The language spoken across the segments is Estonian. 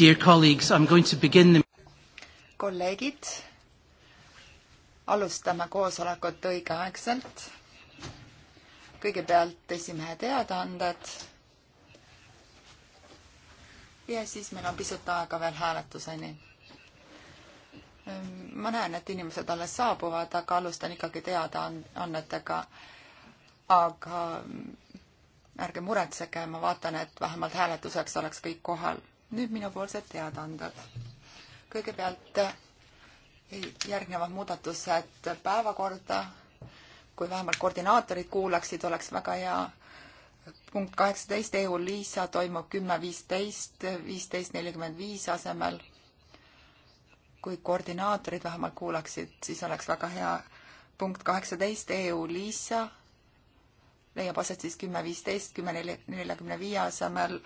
Dear colleagues, I'm going to begin the... kolleegid, alustame koosolekut õigeaegselt. kõigepealt esimehe teadaanded. ja siis meil on pisut aega veel hääletuseni. ma näen, et inimesed alles saabuvad, aga alustan ikkagi teadaannetega. aga ärge muretsege, ma vaatan, et vähemalt hääletuseks oleks kõik kohal nüüd minupoolsed teadaanded. kõigepealt eh, järgnevad muudatused päevakorda. kui vähemalt koordinaatorid kuulaksid, oleks väga hea. punkt kaheksateist EU-Liisa toimub kümme viisteist, viisteist nelikümmend viis asemel. kui koordinaatorid vähemalt kuulaksid, siis oleks väga hea. punkt kaheksateist EU-Liisa leiab aset siis kümme viisteist, kümme neli, neljakümne viie asemel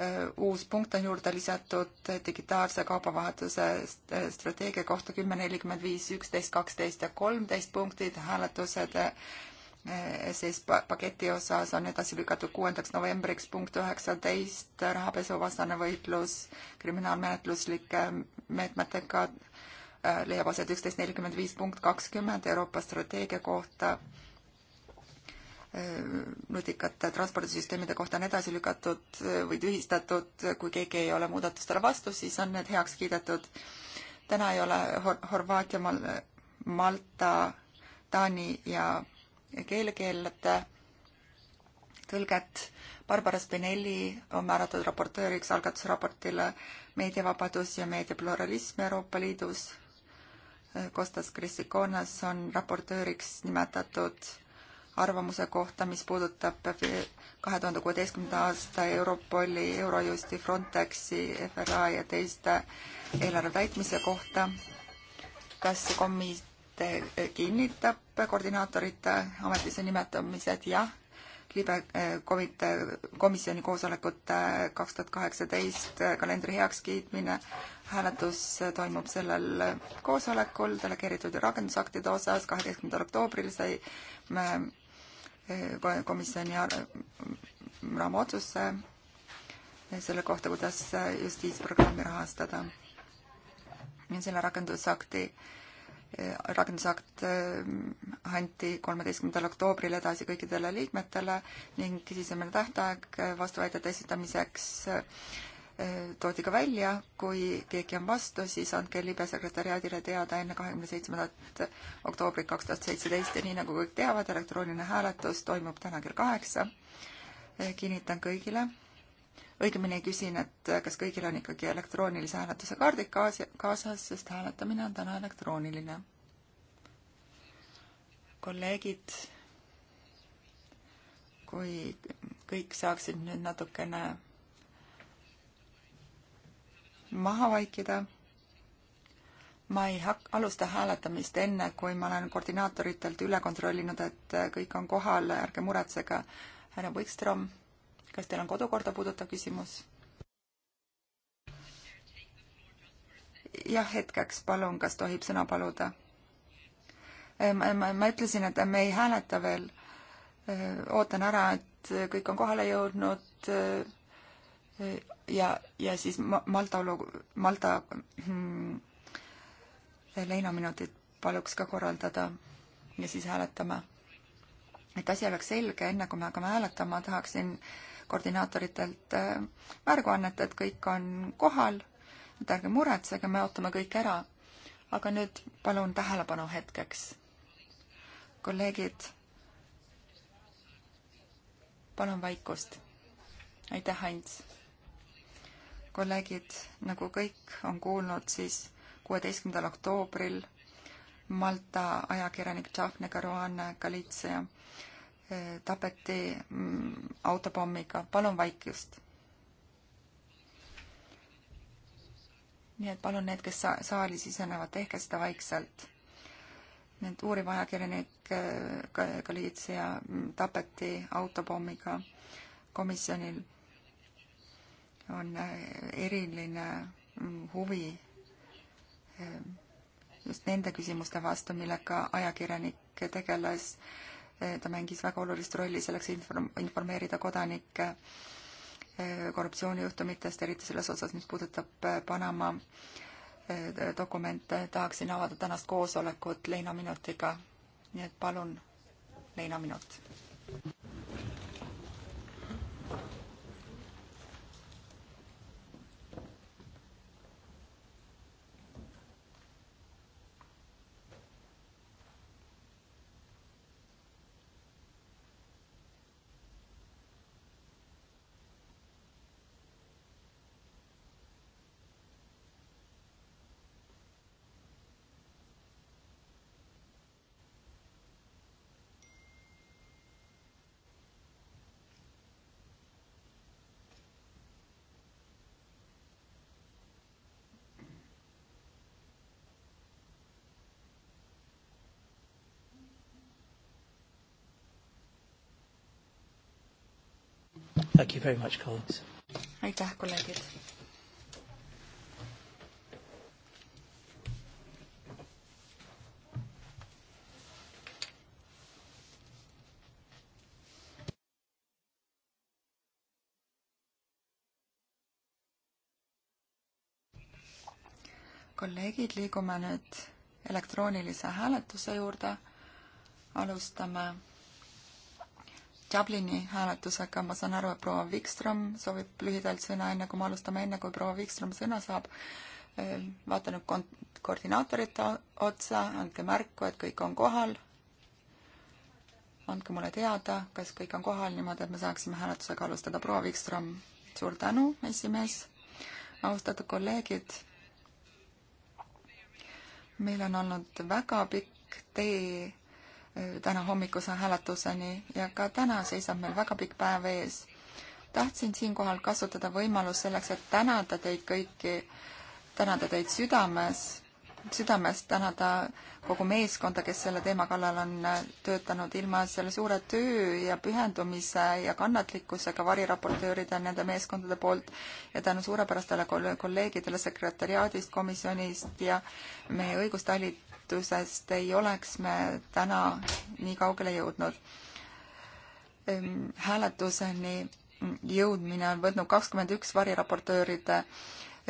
Äh, uus punkt on juurde lisatud digitaalse kaubavahetuse äh, strateegia kohta kümme, nelikümmend viis, üksteist, kaksteist ja kolmteist punktid, hääletused äh, siis paketi osas on edasi lükatud kuuendaks novembriks punkt üheksateist, rahapesuvastane võitlus kriminaalmenetluslike meetmetega leiab aset üksteist nelikümmend viis punkt kakskümmend Euroopa strateegia kohta Äh, nutikate transpordisüsteemide kohta on edasi lükatud äh, või tühistatud, äh, kui keegi ei ole muudatustele vastu, siis on need heaks kiidetud. täna ei ole Hor-, Horvaatia, Mal-, Malta, Taani ja keelekeelete tõlget. Barbara Spinelli on määratud raportööriks algatusraportile Meediavabadus ja meediapluralism Euroopa Liidus. Kostas Kristikonas on raportööriks nimetatud arvamuse kohta, mis puudutab kahe tuhande kuueteistkümnenda aasta Europoli, Eurojusti, Frontexi, FRA ja teiste eelarve täitmise kohta. kas komitee kinnitab koordinaatorite ametisse nimetamised? jah. libe eh, komitee, komisjoni koosolekute kaks tuhat kaheksateist eh, kalendri heakskiitmine hääletus eh, toimub sellel koosolekul delegeeritud rakendusaktide osas kaheteistkümnendal oktoobril sai Eh, komisjoni raama otsuse eh, selle kohta, kuidas eh, justiitsprogrammi rahastada. ja selle rakendusakti, rakendusakt anti kolmeteistkümnendal oktoobril edasi kõikidele liikmetele ning sisemine tähtaeg vastuväidete esitamiseks Eh, toodi ka välja, kui keegi on vastu, siis andke libesekretäriaadile teada enne kahekümne seitsmendat oktoobrit kaks tuhat seitseteist ja nii nagu kõik teavad, elektrooniline hääletus toimub täna kell kaheksa. Eh, kinnitan kõigile, õigemini küsin, et eh, kas kõigil on ikkagi elektroonilise hääletuse kaardid kaasas, sest hääletamine on täna elektrooniline. kolleegid, kui kõik saaksid nüüd natukene maha vaikida. ma ei hak-, alusta hääletamist enne, kui ma olen koordinaatoritelt üle kontrollinud, et äh, kõik on kohal, ärge muretsege. härra Wikström, kas teil on kodukorda puudutav küsimus? jah, hetkeks palun, kas tohib sõna paluda? Äh, ma, ma, ma ütlesin, et me ei hääleta veel. Äh, ootan ära, et kõik on kohale jõudnud ja, ja siis Malta olu-, Malta hmm, leinaminutid paluks ka korraldada ja siis hääletame. et asi oleks selge, enne kui me hakkame hääletama, tahaksin koordinaatoritelt äh, märgu anneta, et kõik on kohal, et ärge muretsege, me ootame kõik ära. aga nüüd palun tähelepanu hetkeks. kolleegid, palun vaikust. aitäh, Ants kolleegid, nagu kõik on kuulnud, siis kuueteistkümnendal oktoobril Malta ajakirjanik Daphne Caruana Galizia eh, tapeti mm, autopommiga. palun vaikust. nii et palun need, kes saali sisenevad, tehke seda vaikselt. nüüd uuriv ajakirjanik eh, Galizia mm, tapeti autopommiga komisjonil on äh, eriline mm, huvi ähm, just nende küsimuste vastu, millega ajakirjanik tegeles. Äh, ta mängis väga olulist rolli selleks inform-, informeerida kodanikke äh, korruptsioonijuhtumitest, eriti selles osas, mis puudutab Panama dokumente. tahaksin avada tänast koosolekut leinaminutiga, nii et palun leinaminut. Thank you very much, colleagues. aitäh, kolleegid. kolleegid, liigume nüüd elektroonilise hääletuse juurde. alustame Dublini hääletusega, ma saan aru, et proua Wikström soovib lühidalt sõna, enne kui me alustame, enne kui proua Wikström sõna saab, äh, vaata nüüd koordinaatorite otsa, andke märku, et kõik on kohal. andke mulle teada, kas kõik on kohal, niimoodi, et me saaksime hääletusega alustada. proua Wikström, suur tänu, esimees. austatud kolleegid, meil on olnud väga pikk tee täna hommikuse hääletuseni ja ka täna seisab meil väga pikk päev ees. tahtsin siinkohal kasutada võimalust selleks, et tänada teid kõiki, tänada teid südames, südamest tänada kogu meeskonda, kes selle teema kallal on töötanud ilma selle suure töö ja pühendumise ja kannatlikkusega variraportööride ja nende meeskondade poolt ja tänu suurepärastele kolleegidele sekretäriaadist, komisjonist ja meie õigustalit-, nähtusest ei oleks me täna nii kaugele jõudnud. Ehm, hääletuseni jõudmine on võtnud kakskümmend üks variraportööride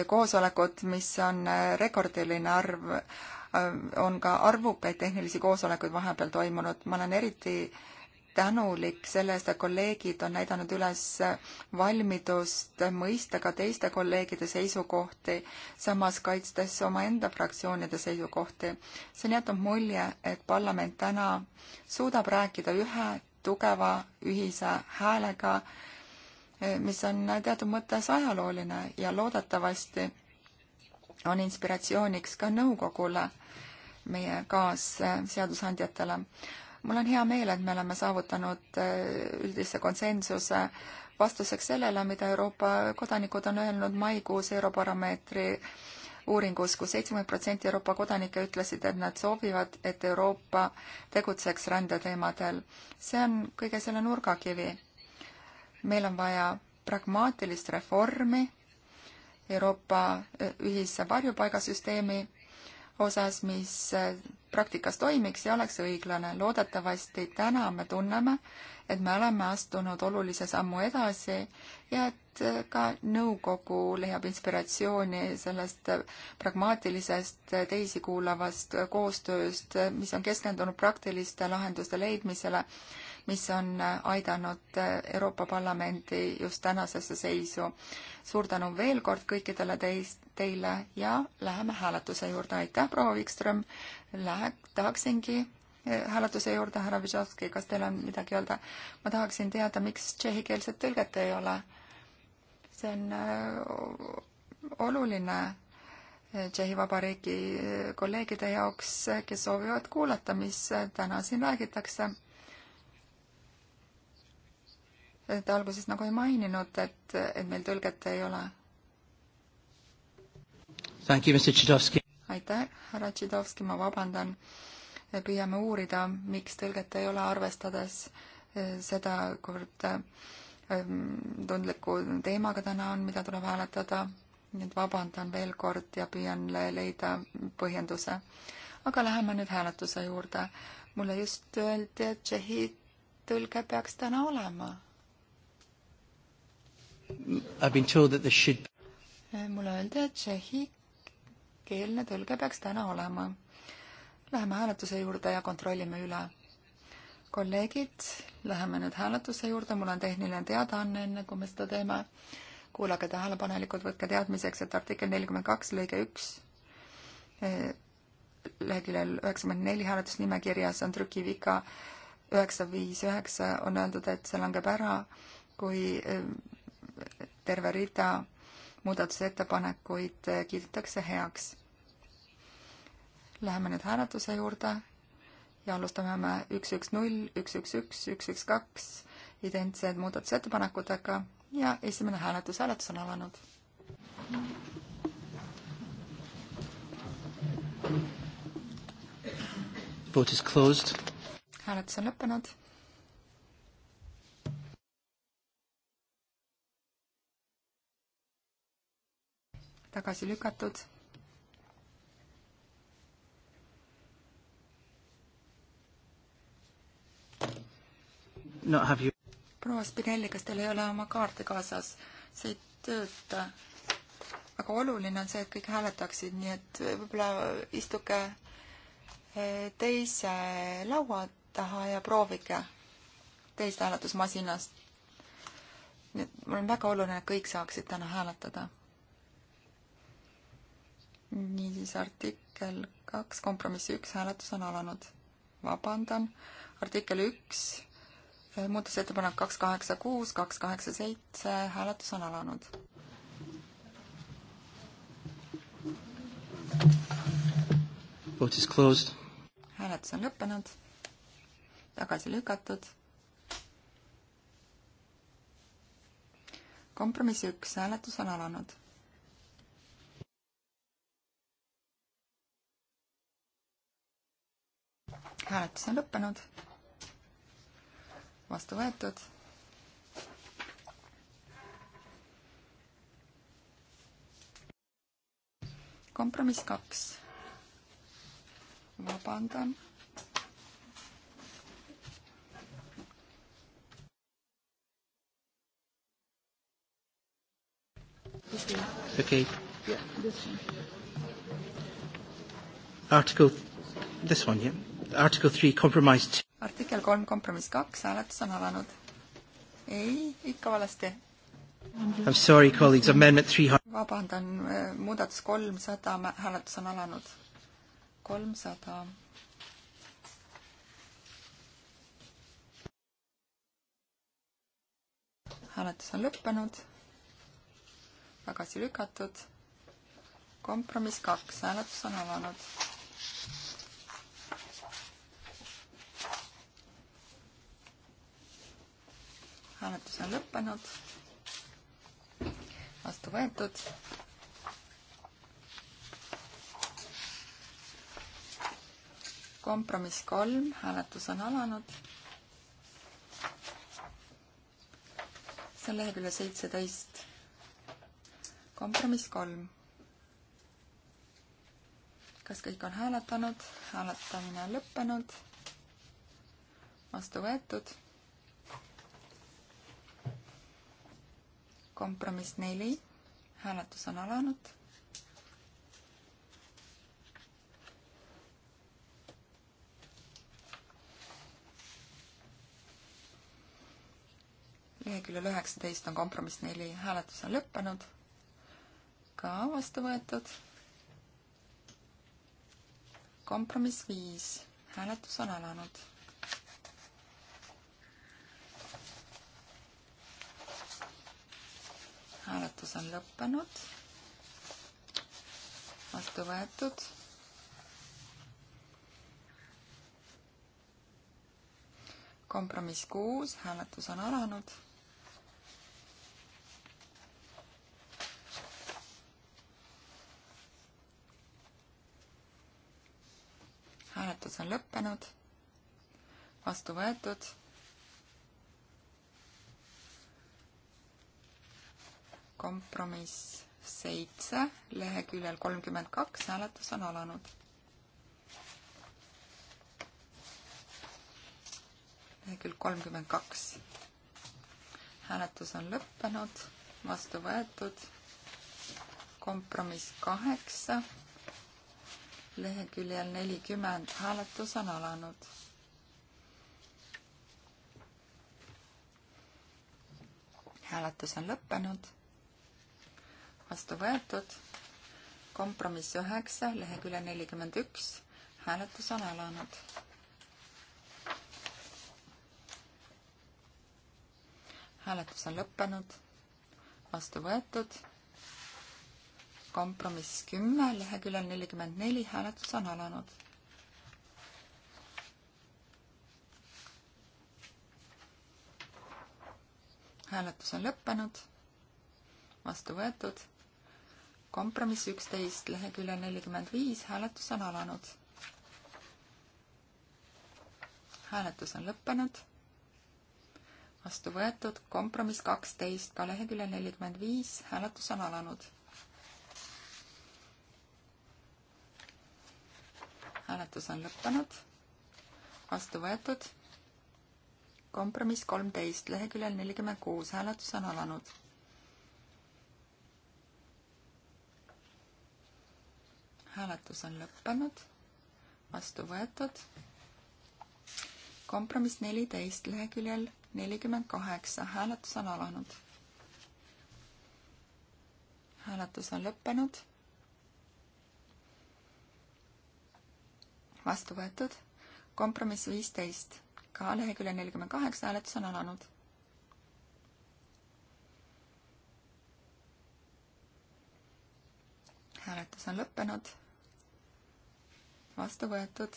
koosolekut, mis on äh, rekordiline arv, äh, on ka arvukaid tehnilisi koosolekuid vahepeal toimunud, ma olen eriti tänulik selle eest, et kolleegid on näidanud üles valmidust mõista ka teiste kolleegide seisukohti, samas kaitstes omaenda fraktsioonide seisukohti. see on jätnud mulje, et parlament täna suudab rääkida ühe tugeva ühise häälega, mis on teatud mõttes ajalooline ja loodetavasti on inspiratsiooniks ka nõukogule, meie kaasseadusandjatele mul on hea meel, et me oleme saavutanud äh, üldise konsensuse vastuseks sellele, mida Euroopa kodanikud on öelnud maikuus Eurobaromeetri uuringus kus, kus seitsekümmend protsenti Euroopa kodanikke ütlesid, et nad soovivad, et Euroopa tegutseks rändeteemadel. see on kõige selle nurgakivi. meil on vaja pragmaatilist reformi Euroopa äh, ühise varjupaigasüsteemi osas, mis äh, praktikas toimiks ja oleks õiglane. loodetavasti täna me tunneme, et me oleme astunud olulise sammu edasi ja et äh, ka nõukogu leiab inspiratsiooni sellest äh, pragmaatilisest teisi kuulavast koostööst, mis on keskendunud praktiliste lahenduste leidmisele mis on aidanud Euroopa Parlamendi just tänasesse seisu. suur tänu veel kord kõikidele teist, teile ja läheme hääletuse juurde. aitäh, proua Wikström. Lähe-, tahaksingi eh, hääletuse juurde, härra Vyšovski, kas teil on midagi öelda? ma tahaksin teada, miks tšehhikeelset tõlget ei ole? see on eh, oluline eh, Tšehhi Vabariigi kolleegide jaoks, kes soovivad kuulata, mis täna siin räägitakse Te alguses nagu ei maininud, et, et meil tõlget ei ole. aitäh, härra Tšidovski, ma vabandan. püüame uurida, miks tõlget ei ole, arvestades eh, seda, kuivõrd ehm, tundliku teemaga täna on, mida tuleb hääletada. nii et vabandan veel kord ja püüan leida põhjenduse. aga läheme nüüd hääletuse juurde. mulle just öeldi, et Tšehhi tõlge peaks täna olema Should... Eh, mulle öeldi, et tšehhikeelne tõlge peaks täna olema. Läheme hääletuse juurde ja kontrollime üle. kolleegid, läheme nüüd hääletuse juurde, mul on tehniline teadaanne, enne kui me seda teeme. kuulage tähelepanelikult, võtke teadmiseks, et artikkel nelikümmend kaks lõige üks eh, leheküljel üheksakümmend neli hääletusnimekirjas on trükiviga üheksa viis üheksa, on öeldud, et see langeb ära, kui eh, terve rida muudatusettepanekuid kiidetakse heaks. Läheme nüüd hääletuse juurde ja alustame me üks, üks, null, üks, üks, üks, üks, üks, kaks identsed muudatusettepanekutega ja esimene hääletus, hääletus on alanud. Vote is closed. hääletus on lõppenud tagasi lükatud. proua Spinelli, kas teil ei ole oma kaarte kaasas? see ei tööta. aga oluline on see, et kõik hääletaksid, nii et võib-olla istuge eh, teise laua taha ja proovige teist hääletusmasinast. nii et mul on väga oluline, et kõik saaksid täna hääletada niisiis artikkel kaks, kompromissi üks hääletus on alanud. vabandan, artikkel üks, eh, muudatusettepanek kaks kaheksa kuus, kaks kaheksa seitse, hääletus on alanud. Vote is closed. hääletus on lõppenud, tagasi lükatud. kompromissi üks hääletus on alanud hääletus on lõppenud. vastu võetud. kompromiss kaks. vabandan Okay. Article, this one, yeah. Article three compromise. artikkel kolm kompromiss kaks, hääletus on alanud. ei, ikka valesti. I m sorry, colleagues, amendment three hundred. vabandan, äh, muudatus kolmsada, hääletus on alanud. kolmsada. hääletus on lõppenud, tagasi lükatud. kompromiss kaks, hääletus on alanud hääletus on lõppenud. vastu võetud. kompromiss kolm, hääletus on alanud. see on lehekülje seitseteist. kompromiss kolm. kas kõik on hääletanud? hääletamine on lõppenud. vastu võetud kompromiss neli, hääletus on alanud. leheküljel üheksateist on kompromiss neli, hääletus on lõppenud, ka vastu võetud. kompromiss viis, hääletus on alanud hääletus on lõppenud. vastu võetud. kompromiss kuus, hääletus on alanud. hääletus on lõppenud. vastu võetud kompromiss seitse, leheküljel kolmkümmend kaks, hääletus on alanud. lehekülg kolmkümmend kaks. hääletus on lõppenud, vastu võetud. kompromiss kaheksa, leheküljel nelikümmend, hääletus on alanud hääletus on lõppenud vastu võetud. kompromiss üheksa, lehekülje nelikümmend üks, hääletus on alanud. hääletus on lõppenud, vastu võetud. kompromiss kümme, leheküljel nelikümmend neli, hääletus on alanud hääletus on lõppenud, vastu võetud kompromiss üksteist, leheküljel nelikümmend viis, hääletus on alanud. hääletus on lõppenud. vastu võetud kompromiss kaksteist, ka leheküljel nelikümmend viis, hääletus on alanud. hääletus on lõppenud. vastu võetud kompromiss kolmteist, leheküljel nelikümmend kuus, hääletus on alanud hääletus on lõppenud, vastu võetud. kompromiss neliteist leheküljel nelikümmend kaheksa, hääletus on alanud. hääletus on lõppenud. vastu võetud. kompromiss viisteist, ka lehekülje nelikümmend kaheksa, hääletus on alanud hääletus on lõppenud vastu võetud.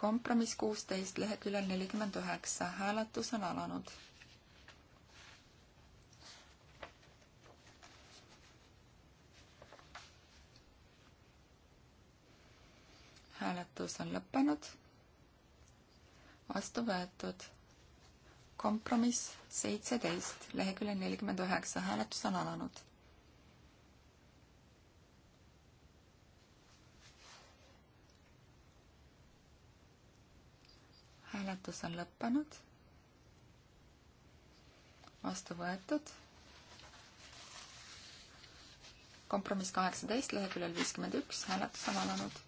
kompromiss kuusteist leheküljel nelikümmend üheksa, hääletus on alanud. hääletus on lõppenud. vastu võetud. kompromiss seitseteist leheküljel nelikümmend üheksa, hääletus on alanud hääletus on lõppenud. vastu võetud. kompromiss kaheksateist, leheküljel viiskümmend üks, hääletus on alanud.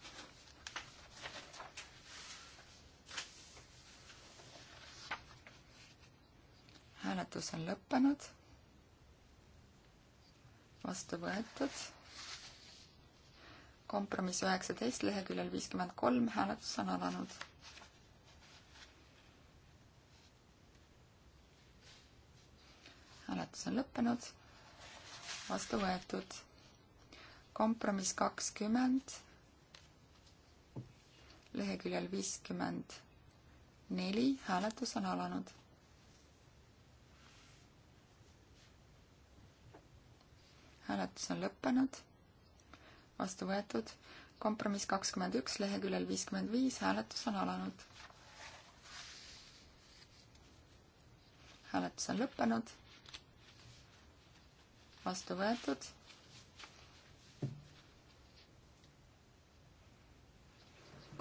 hääletus on lõppenud. vastu võetud. kompromiss üheksateist, leheküljel viiskümmend kolm, hääletus on alanud hääletus on lõppenud, vastu võetud. kompromiss kakskümmend, leheküljel viiskümmend neli, hääletus on alanud. hääletus on lõppenud, vastu võetud. kompromiss kakskümmend üks, leheküljel viiskümmend viis, hääletus on alanud hääletus on lõppenud, vastu võetud.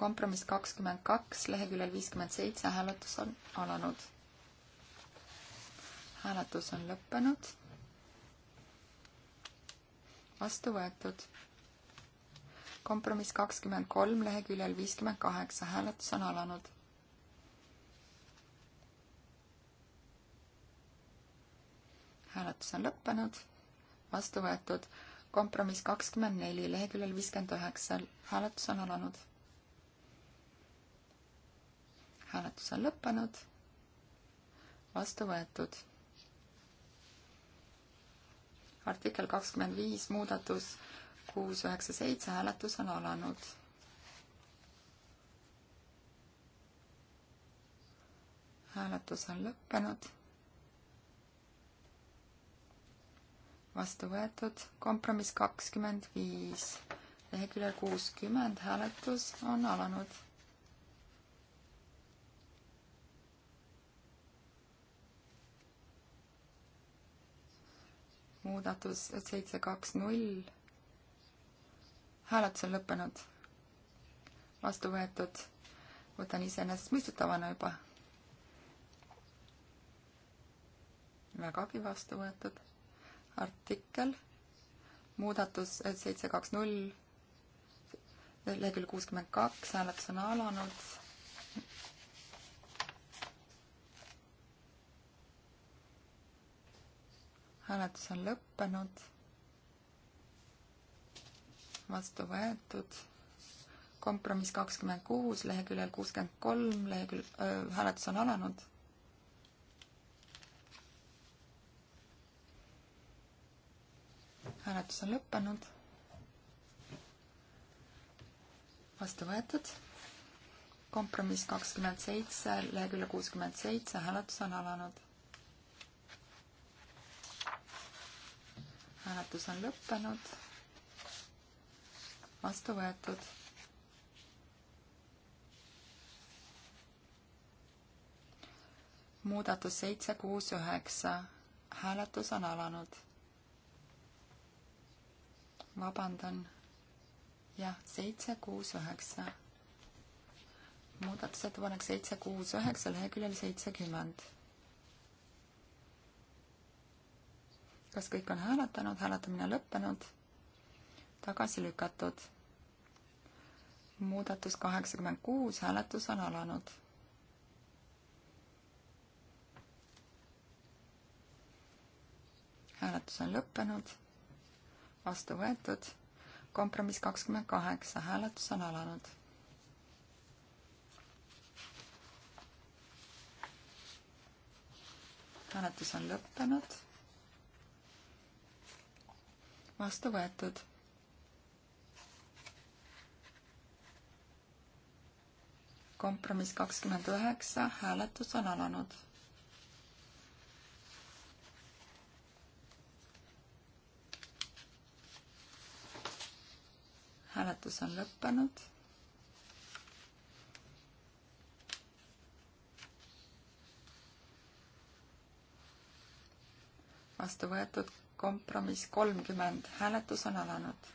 kompromiss kakskümmend kaks, leheküljel viiskümmend seitse, hääletus on alanud. hääletus on lõppenud. vastu võetud. kompromiss kakskümmend kolm, leheküljel viiskümmend kaheksa, hääletus on alanud hääletus on lõppenud vastu võetud. kompromiss kakskümmend neli, leheküljel viiskümmend üheksa, hääletus on alanud. hääletus on lõppenud. vastu võetud. artikkel kakskümmend viis, muudatus kuus, üheksa, seitse, hääletus on alanud. hääletus on lõppenud vastu võetud, kompromiss kakskümmend viis, leheküljel kuuskümmend, hääletus on alanud. muudatus seitse, kaks, null. hääletus on lõppenud. vastu võetud. võtan iseenesestmõistetavana juba. vägagi vastu võetud artikkel, muudatus seitse kaks null, lehekülg kuuskümmend kaks, hääletus on alanud. hääletus on lõppenud. vastu võetud. kompromiss kakskümmend kuus, leheküljel kuuskümmend kolm, lehekülg äh,, hääletus on alanud hääletus on lõppenud. vastu võetud. kompromiss kakskümmend seitse, lehekülje kuuskümmend seitse, hääletus on alanud. hääletus on lõppenud. vastu võetud muudatus seitse, kuus, üheksa. hääletus on alanud vabandan, jah, seitse, kuus, üheksa. muudatusettepanek seitse, kuus, üheksa, leheküljel seitsekümmend. kas kõik on hääletanud, hääletamine lõppenud, tagasi lükatud. muudatus kaheksakümmend kuus, hääletus on alanud hääletus on lõppenud vastu võetud, kompromiss kakskümmend kaheksa, hääletus on alanud. hääletus on lõppenud, vastu võetud kompromiss kakskümmend üheksa, hääletus on alanud hääletus on lõppenud. vastu võetud kompromiss kolmkümmend, hääletus on alanud.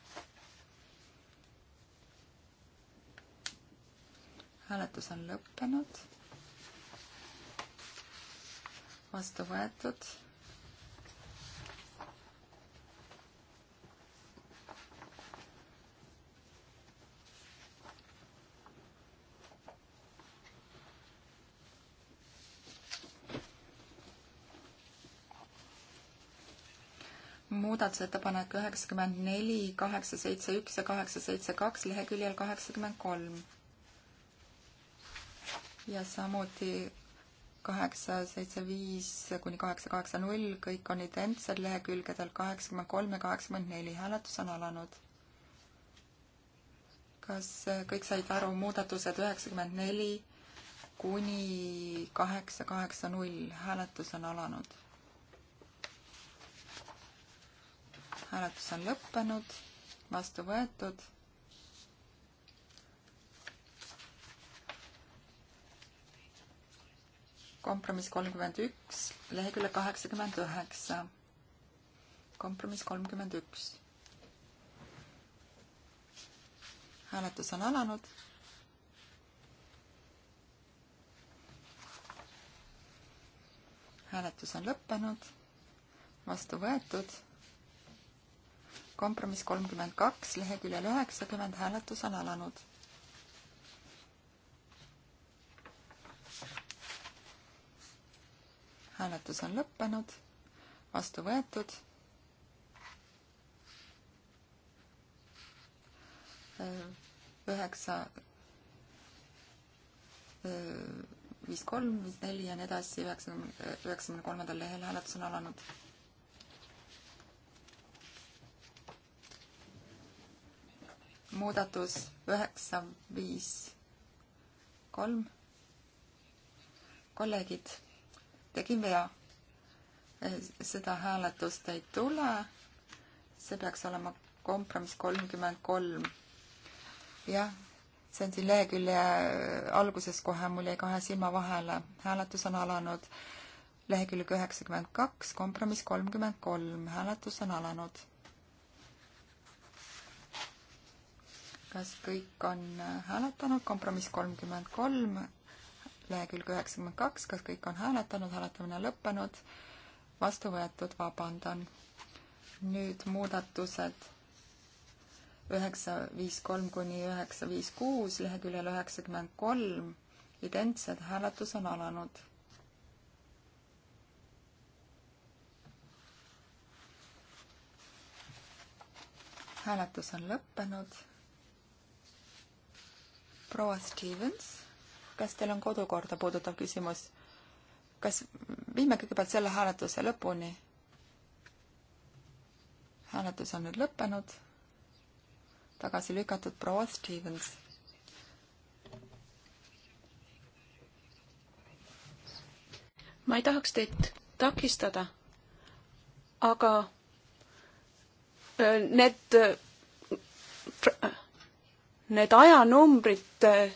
hääletus on lõppenud. vastu võetud muudatusettepanek üheksakümmend neli, kaheksa, seitse, üks ja kaheksa, seitse, kaks leheküljel kaheksakümmend kolm. ja samuti kaheksa, seitse, viis kuni kaheksa, kaheksa, null, kõik on identsed lehekülgedel kaheksakümmend kolm ja kaheksakümmend neli, hääletus on alanud. kas kõik said aru, muudatused üheksakümmend neli kuni kaheksa, kaheksa, null, hääletus on alanud hääletus on lõppenud, vastu võetud. kompromiss kolmkümmend üks, lehekülje kaheksakümmend üheksa. kompromiss kolmkümmend üks. hääletus on alanud. hääletus on lõppenud, vastu võetud kompromiss kolmkümmend kaks, leheküljel üheksakümmend, hääletus on alanud. hääletus on lõppenud, vastu võetud. üheksa, viis kolm, viis neli ja nii edasi, üheksakümne, üheksakümne kolmandal lehel hääletus on alanud muudatus üheksa, viis, kolm. kolleegid, tegin vea. E, seda hääletust ei tule. see peaks olema kompromiss kolmkümmend kolm. jah, see on siin lehekülje e, alguses kohe, mul jäi kahe silma vahele. hääletus on alanud. lehekülg üheksakümmend kaks, kompromiss kolmkümmend kolm, hääletus on alanud kas kõik on äh, hääletanud, kompromiss kolmkümmend kolm, lehekülg üheksakümmend kaks, kas kõik on hääletanud, hääletamine lõppenud, vastu võetud, vabandan. nüüd muudatused üheksa, viis, kolm kuni üheksa, viis, kuus, leheküljel üheksakümmend kolm, identsed, hääletus on alanud. hääletus on lõppenud proua Stevens, kas teil on kodukorda puudutav küsimus? kas viime kõigepealt selle hääletuse lõpuni? hääletus on nüüd lõppenud. tagasi lükatud proua Stevens. ma ei tahaks teid takistada, aga äh, need äh, need ajanumbrid äh,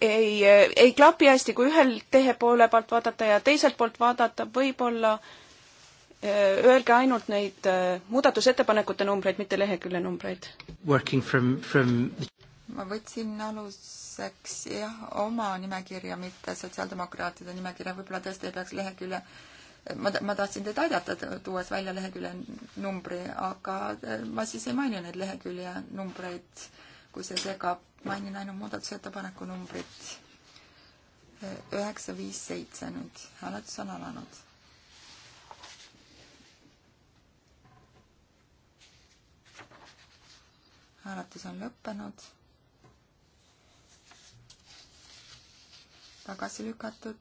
ei, äh, ei klapi hästi, kui ühel tehe poole pealt vaadata ja teiselt poolt vaadata, võib-olla äh, öelge ainult neid muudatusettepanekute numbreid, mitte lehekülje numbreid. From, from... ma võtsin aluseks jah, oma nimekirja, mitte sotsiaaldemokraatide nimekirja, võib-olla tõesti ei peaks lehekülje ma, ma tahtsin teid aidata, tuues välja lehekülje numbri, aga äh, ma siis ei maini neid lehekülje numbreid, kui see segab, mainin ainult muudatusettepaneku numbrit äh, üheksa, viis, seitse nüüd, hääletus on alanud. hääletus on lõppenud. tagasi lükatud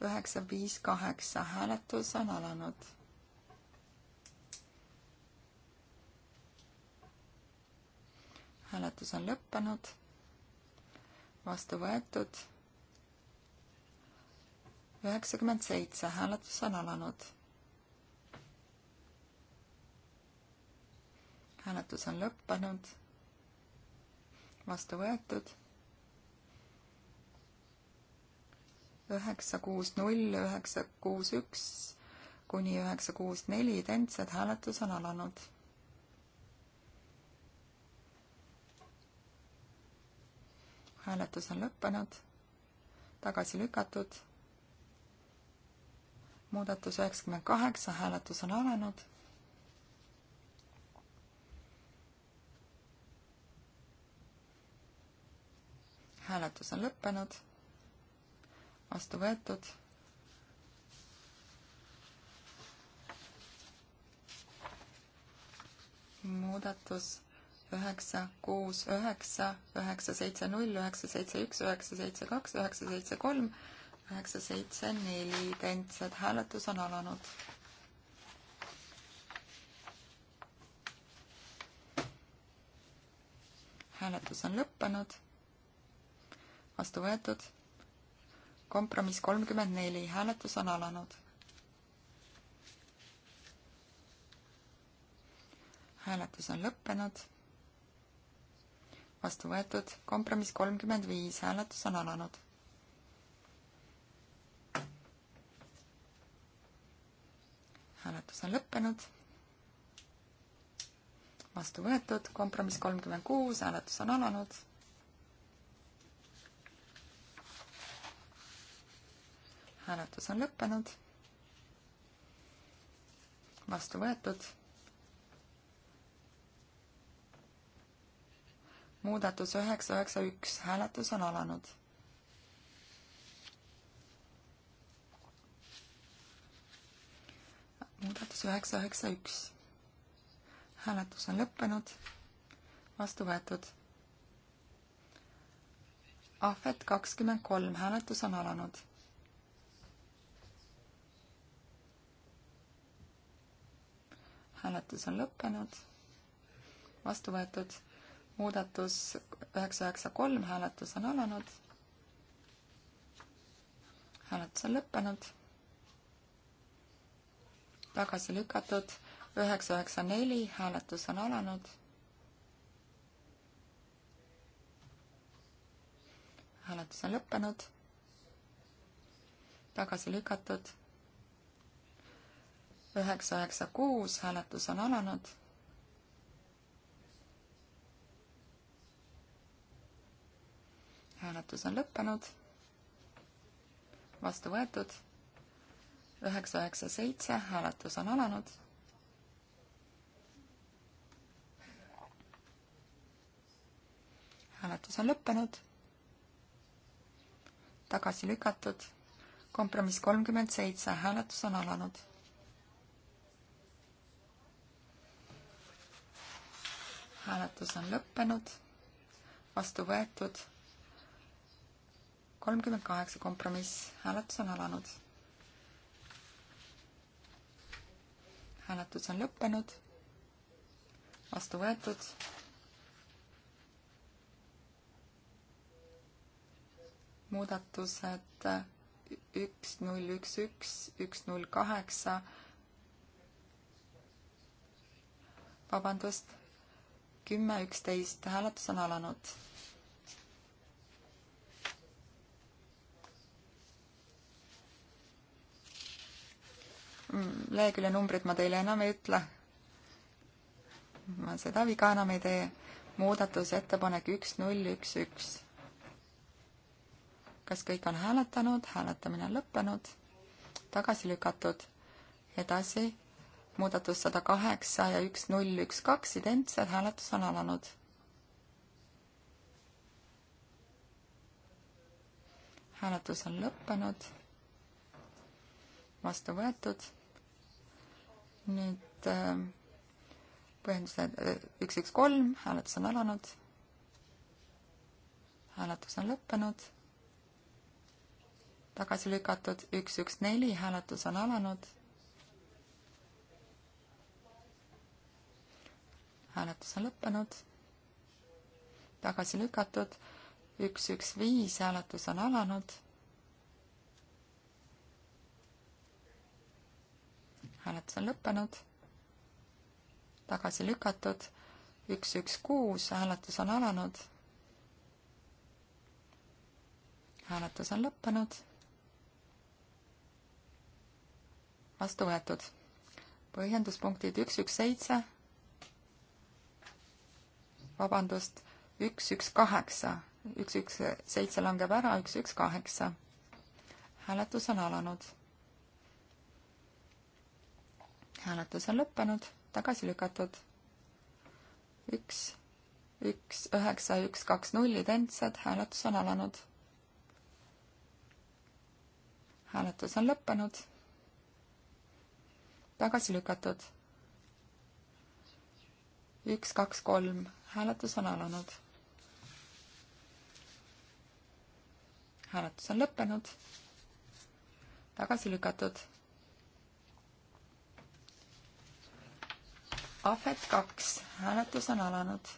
üheksa, viis, kaheksa hääletus on alanud. hääletus on lõppenud, vastu võetud. üheksakümmend seitse hääletus on alanud. hääletus on lõppenud, vastu võetud üheksa, kuus, null, üheksa, kuus, üks kuni üheksa, kuus, neli identsed hääletus on alanud. hääletus on lõppenud, tagasi lükatud. muudatus üheksakümmend kaheksa, hääletus on alanud. hääletus on lõppenud vastu võetud. muudatus üheksa, kuus, üheksa, üheksa, seitse, null, üheksa, seitse, üks, üheksa, seitse, kaks, üheksa, seitse, kolm, üheksa, seitse, neli identsed. hääletus on alanud. hääletus on lõppenud. vastu võetud kompromiss kolmkümmend neli, hääletus on alanud. hääletus on lõppenud. vastu võetud, kompromiss kolmkümmend viis, hääletus on alanud. hääletus on lõppenud. vastu võetud, kompromiss kolmkümmend kuus, hääletus on alanud hääletus on lõppenud. vastu võetud. muudatus üheksa, üheksa, üks, hääletus on alanud. muudatus üheksa, üheksa, üks. hääletus on lõppenud. vastu võetud ahvet kakskümmend kolm hääletus on alanud. hääletus on lõppenud, vastu võetud, muudatus üheksa, üheksa, kolm, hääletus on alanud, hääletus on lõppenud, tagasi lükatud, üheksa, üheksa, neli, hääletus on alanud, hääletus on lõppenud, tagasi lükatud üheksa, üheksa, kuus, hääletus on alanud. hääletus on lõppenud. vastu võetud. üheksa, üheksa, seitse, hääletus on alanud. hääletus on lõppenud. tagasi lükatud. kompromiss kolmkümmend seitse, hääletus on alanud hääletus on lõppenud, vastu võetud, kolmkümmend kaheksa kompromiss, hääletus on alanud. hääletus on lõppenud, vastu võetud, muudatused üks, null, üks, üks, üks, null, kaheksa. vabandust, kümme, üksteist, hääletus on alanud. Mm, lehekülje numbrit ma teile enam ei ütle. ma seda viga enam ei tee. muudatusettepanek üks, null, üks, üks. kas kõik on hääletanud? hääletamine on lõppenud. tagasi lükatud. edasi muudatus sada kaheksa ja üks null üks kaks identsed, hääletus on alanud. hääletus on lõppenud, vastu võetud. nüüd äh, põhjendused äh, üks, üks, kolm, hääletus on alanud. hääletus on lõppenud. tagasi lükatud üks, üks, neli, hääletus on alanud hääletus on lõppenud, tagasi lükatud, üks, üks, viis, hääletus on alanud. hääletus on lõppenud, tagasi lükatud, üks, üks, kuus, hääletus on alanud. hääletus on lõppenud. vastu võetud. põhjenduspunktid üks, üks, seitse vabandust, üks, üks, kaheksa, üks, üks, seitse langeb ära, üks, üks, kaheksa. hääletus on alanud. hääletus on lõppenud, tagasi lükatud. üks, üks, üheksa, üks, kaks, null, identsed, hääletus on alanud. hääletus on lõppenud, tagasi lükatud. üks, kaks, kolm hääletus on alanud. hääletus on lõppenud. tagasi lükatud. ahvet kaks, hääletus on alanud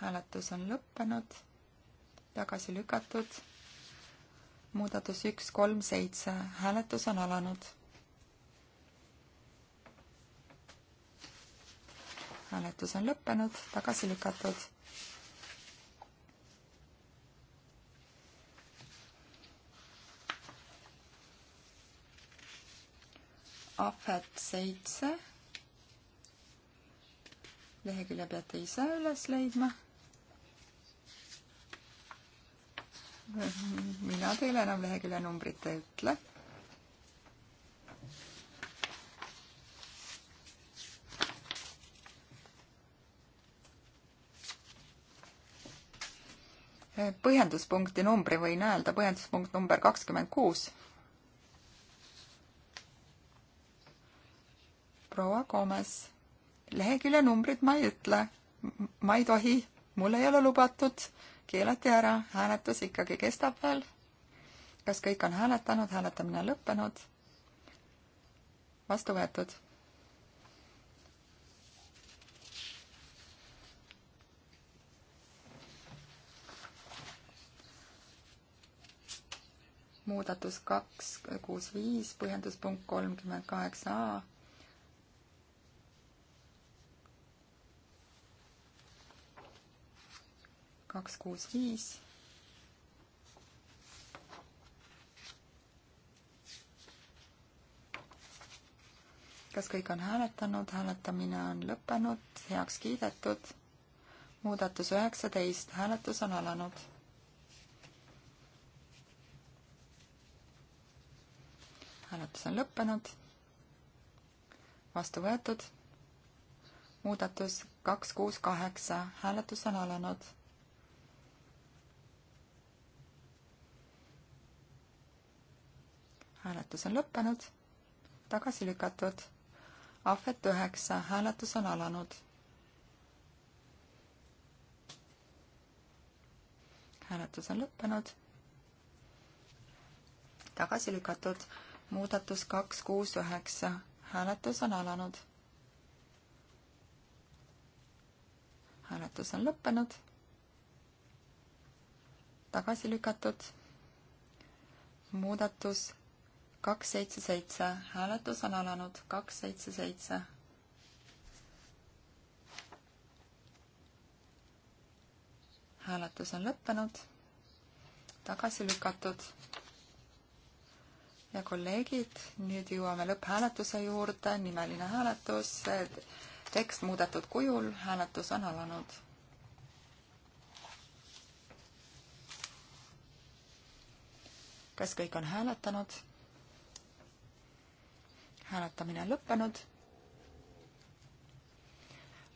hääletus on lõppenud, tagasi lükatud. muudatus üks, kolm, seitse, hääletus on alanud hääletus on lõppenud, tagasi lükatud. ahvet seitse. lehekülje peate ise üles leidma mina teile enam lehekülje numbrit ei ütle põhjenduspunkti numbri võin öelda, põhjenduspunkt number kakskümmend kuus. proua Gomes, lehekülje numbrit ma ei ütle, ma ei tohi, mul ei ole lubatud, keelati ära, hääletus ikkagi kestab veel. kas kõik on hääletanud, hääletamine lõppenud? vastu võetud muudatus kaks, kuus, viis, põhjenduspunkt kolmkümmend kaheksa A. kaks, kuus, viis. kas kõik on hääletanud, hääletamine on lõppenud, heaks kiidetud. muudatus üheksateist, hääletus on alanud hääletus on lõppenud, vastu võetud, muudatus kaks, kuus, kaheksa, hääletus on alanud. hääletus on lõppenud, tagasi lükatud, ahvet üheksa, hääletus on alanud hääletus on lõppenud. tagasi lükatud muudatus kaks, kuus, üheksa. hääletus on alanud. hääletus on lõppenud. tagasi lükatud. muudatus kaks, seitse, seitse. hääletus on alanud. kaks, seitse, seitse. hääletus on lõppenud. tagasi lükatud ja kolleegid, nüüd jõuame lõpphääletuse juurde, nimeline hääletus, tekst muudetud kujul, hääletus on alanud. kas kõik on hääletanud? hääletamine on lõppenud.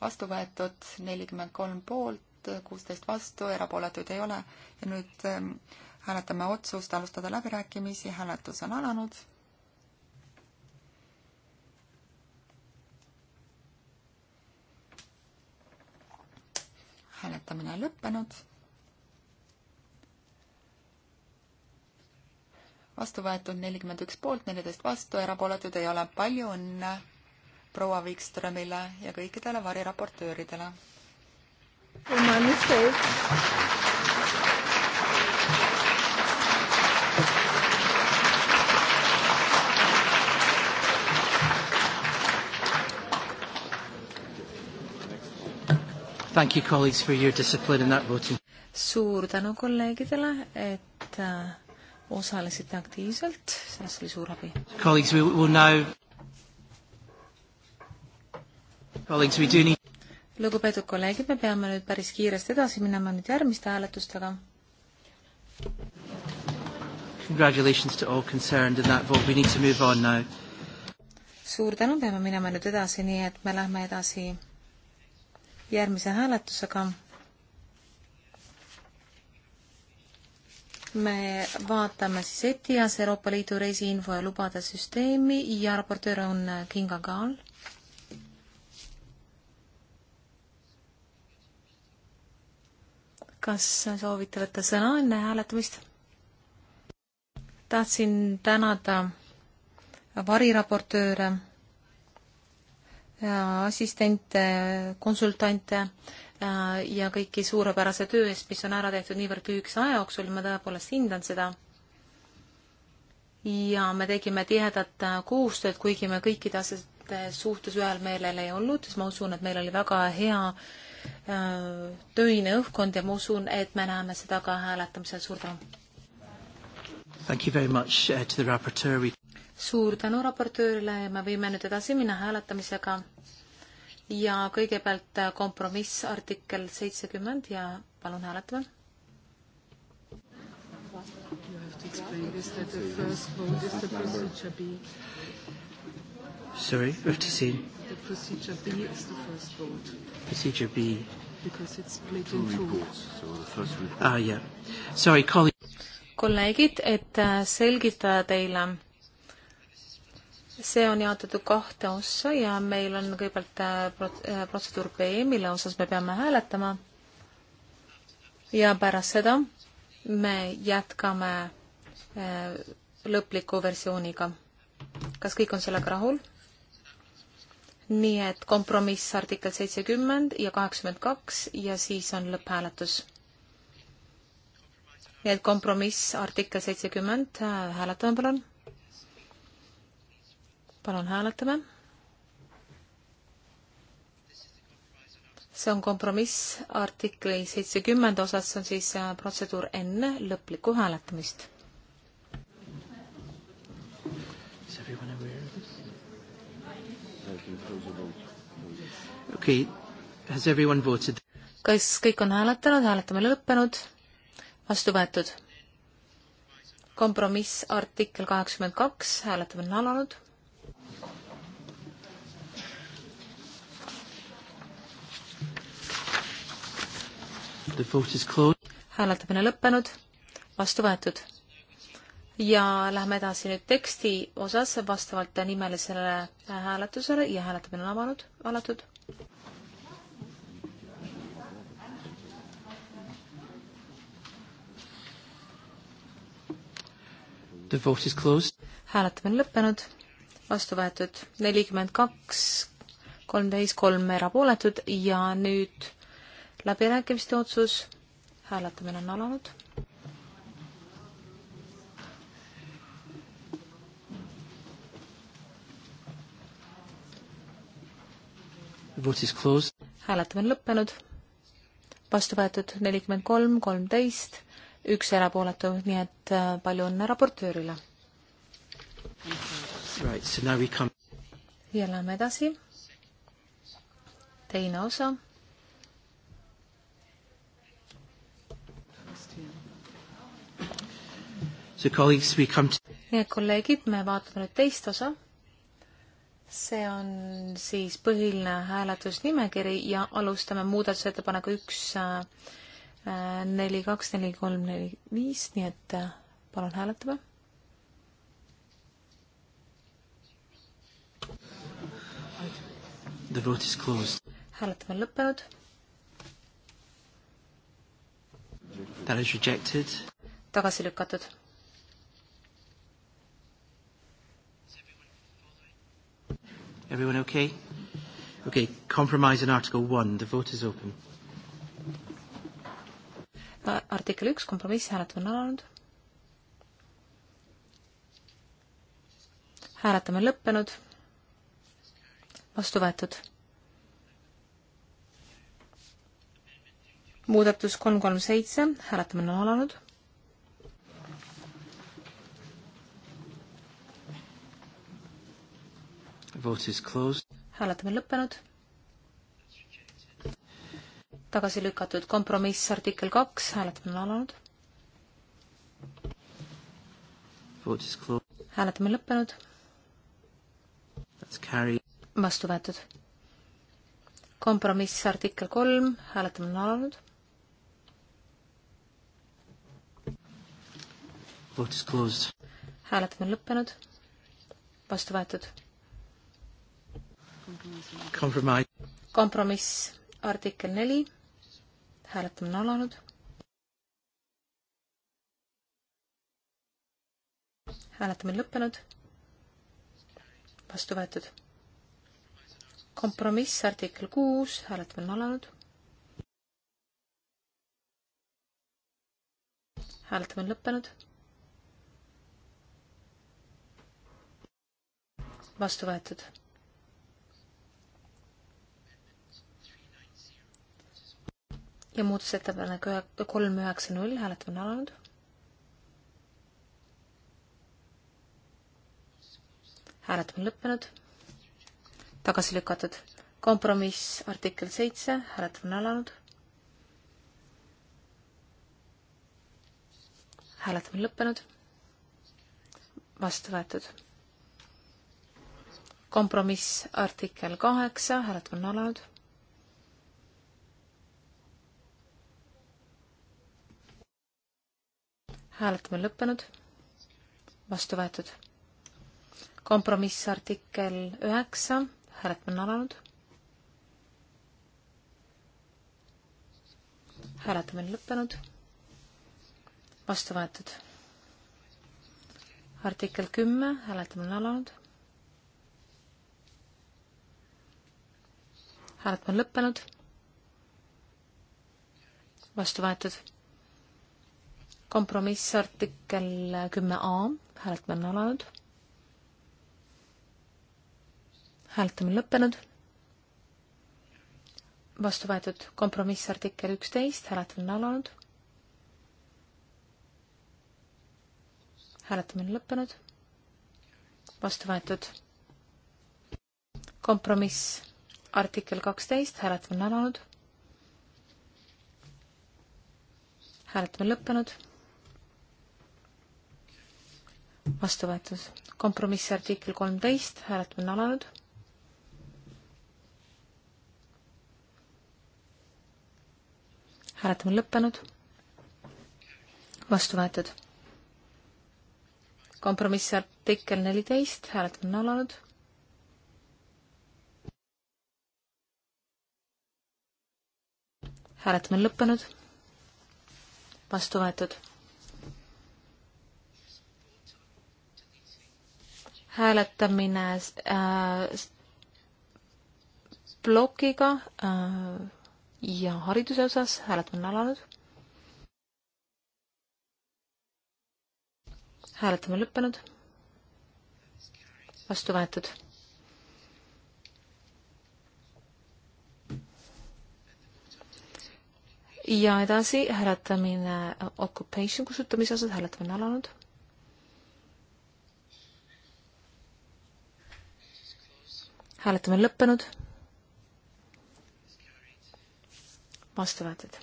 vastu võetud nelikümmend kolm poolt, kuusteist vastu, erapooletuid ei ole ja nüüd ähm, hääletame otsust alustada läbirääkimisi, hääletus on alanud. hääletamine lõppenud. vastu võetud nelikümmend üks poolt, neliteist vastu, erapooletud ei ole. palju õnne proua Wikströmile ja kõikidele variraportööridele. Thank you, colleagues, for your discipline in that voting. suur tänu kolleegidele, et äh, osalesite aktiivselt, sellest oli suur abi. Colleagues, we will now Colleagues, we do need lugupeetud kolleegid, me peame nüüd päris kiiresti edasi minema nüüd järgmiste hääletustega. Congratulations to all concerned in that vote, we need to move on now. suur tänu, peame minema nüüd edasi, nii et me lähme edasi järgmise hääletusega. me vaatame siis ETIAS, Euroopa Liidu reisiinfo ja lubade süsteemi ja raportöör on Kinga Kaal. kas soovite võtta sõna enne hääletamist? tahtsin tänada variraportööre Äh, assistente, konsultante äh, ja kõiki suurepärase töö eest, mis on ära tehtud niivõrd lühikese aja jooksul, ma tõepoolest hindan seda. ja me tegime tihedat äh, koostööd, kuigi me kõikide asjade suhtes ühel meelel ei olnud, siis ma usun, et meil oli väga hea töine õhkkond ja ma usun, et me näeme seda ka hääletamisel. suur tänu! Thank you very much uh, to the rapporteur suur tänu raportöörile ja me võime nüüd edasi minna hääletamisega. ja kõigepealt kompromiss artikkel seitsekümmend ja palun hääletame. Sorry, we have to see. The procedure B is the first vote. Procedure B. Because it's split in two. Reports, so the first report. Ah, yeah. Sorry, colleagues. kolleegid, et selgitada teile see on jaotatud kahte ossa ja meil on kõigepealt äh, äh, protseduur B, mille osas me peame hääletama. ja pärast seda me jätkame äh, lõpliku versiooniga. kas kõik on sellega rahul? nii et kompromiss artikkel seitsekümmend ja kaheksakümmend kaks ja siis on lõpphääletus. nii et kompromiss artikkel seitsekümmend, hääletame palun palun hääletame. see on kompromiss artikli seitsekümmend osas, see on siis äh, protseduur enne lõplikku hääletamist. okei okay., has everyone voted? kas kõik on hääletanud, hääletamine lõppenud, vastu võetud? kompromiss artikkel kaheksakümmend kaks, hääletamine on alanud hääletamine lõppenud, vastu võetud. ja lähme edasi nüüd teksti osas vastavalt nimelisele äh, hääletusele ja hääletamine on avanud, avatud. The vote is closed. hääletamine lõppenud, vastu võetud nelikümmend kaks, kolmteist, kolm erapooletut ja nüüd läbirääkimiste otsus, hääletamine on alanud. hääletamine on lõppenud, vastu võetud nelikümmend kolm, kolmteist, üks erapooletu, nii et äh, palju õnne raportöörile. ja lähme edasi. teine osa nii et kolleegid, me vaatame nüüd teist osa. see on siis põhiline hääletusnimekiri ja alustame muudatusettepaneku üks, äh, neli, kaks, neli, kolm, neli, viis, nii et äh, palun hääletame. hääletamine on lõppenud. tagasi lükatud Everyone okay? Okay, compromise on article one, the vote is open. Uh, artikkel üks, kompromiss, hääletamine on alanud. hääletamine on lõppenud. vastu võetud. muudatus kolm kolm seitse, hääletamine on alanud hääletamine lõppenud. tagasi lükatud kompromiss artikkel kaks, hääletamine on alanud. hääletamine lõppenud. vastu võetud. kompromiss artikkel kolm, hääletamine on alanud Vote is closed. hääletamine lõppenud. vastu võetud kompromiss artikkel neli, hääletamine alanud. hääletamine lõppenud. vastu võetud. kompromiss artikkel kuus, hääletamine alanud. hääletamine lõppenud. vastu võetud ja muudatusettepanek kolm üheksa null, hääletamine alanud. hääletamine lõppenud. tagasi lükatud. kompromiss artikkel seitse, hääletamine alanud. hääletamine lõppenud. vastu võetud. kompromiss artikkel kaheksa, hääletamine alanud hääletamine lõppenud, vastu võetud. kompromissartikkel üheksa, hääletamine on alanud. hääletamine lõppenud, vastu võetud. artikkel kümme, hääletamine on alanud. hääletamine lõppenud, vastu võetud kompromissartikkel kümme A, hääletamine on alanud. hääletamine lõppenud. vastu võetud kompromissartikkel üksteist, hääletamine alanud. hääletamine lõppenud. vastu võetud kompromiss artikkel kaksteist, hääletamine alanud. hääletamine lõppenud vastu võetud. kompromissi artikkel kolmteist, hääletamine on alanud. hääletamine on lõppenud. vastu võetud. kompromissi artikkel neliteist, hääletamine on alanud. hääletamine on lõppenud. vastu võetud hääletamine äh, plokiga äh, ja hariduse osas hääletamine on alanud. hääletamine lõppenud. vastu võetud. ja edasi hääletamine occupation kustutamise osas hääletamine alanud hääletamine lõppenud. vastu võetud.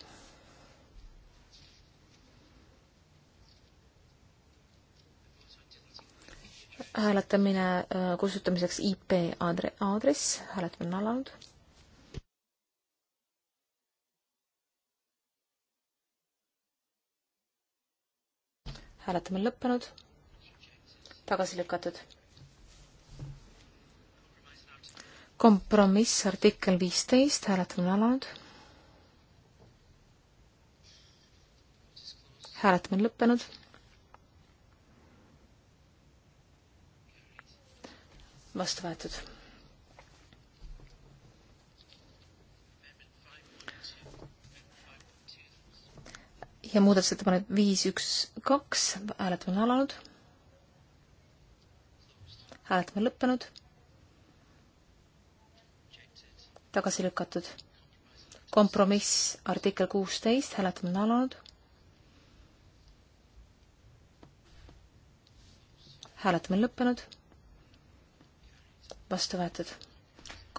hääletamine äh, kustutamiseks IP aadre-, aadress, hääletamine on alanud hääletamine lõppenud, tagasi lükatud kompromiss artikkel viisteist, hääletamine alanud. hääletamine lõppenud. vastu võetud. ja muudatusettepanek viis, üks, kaks, hääletamine alanud. hääletamine lõppenud tagasi lükatud. kompromiss artikkel kuusteist, hääletamine on alanud. hääletamine lõppenud. vastu võetud.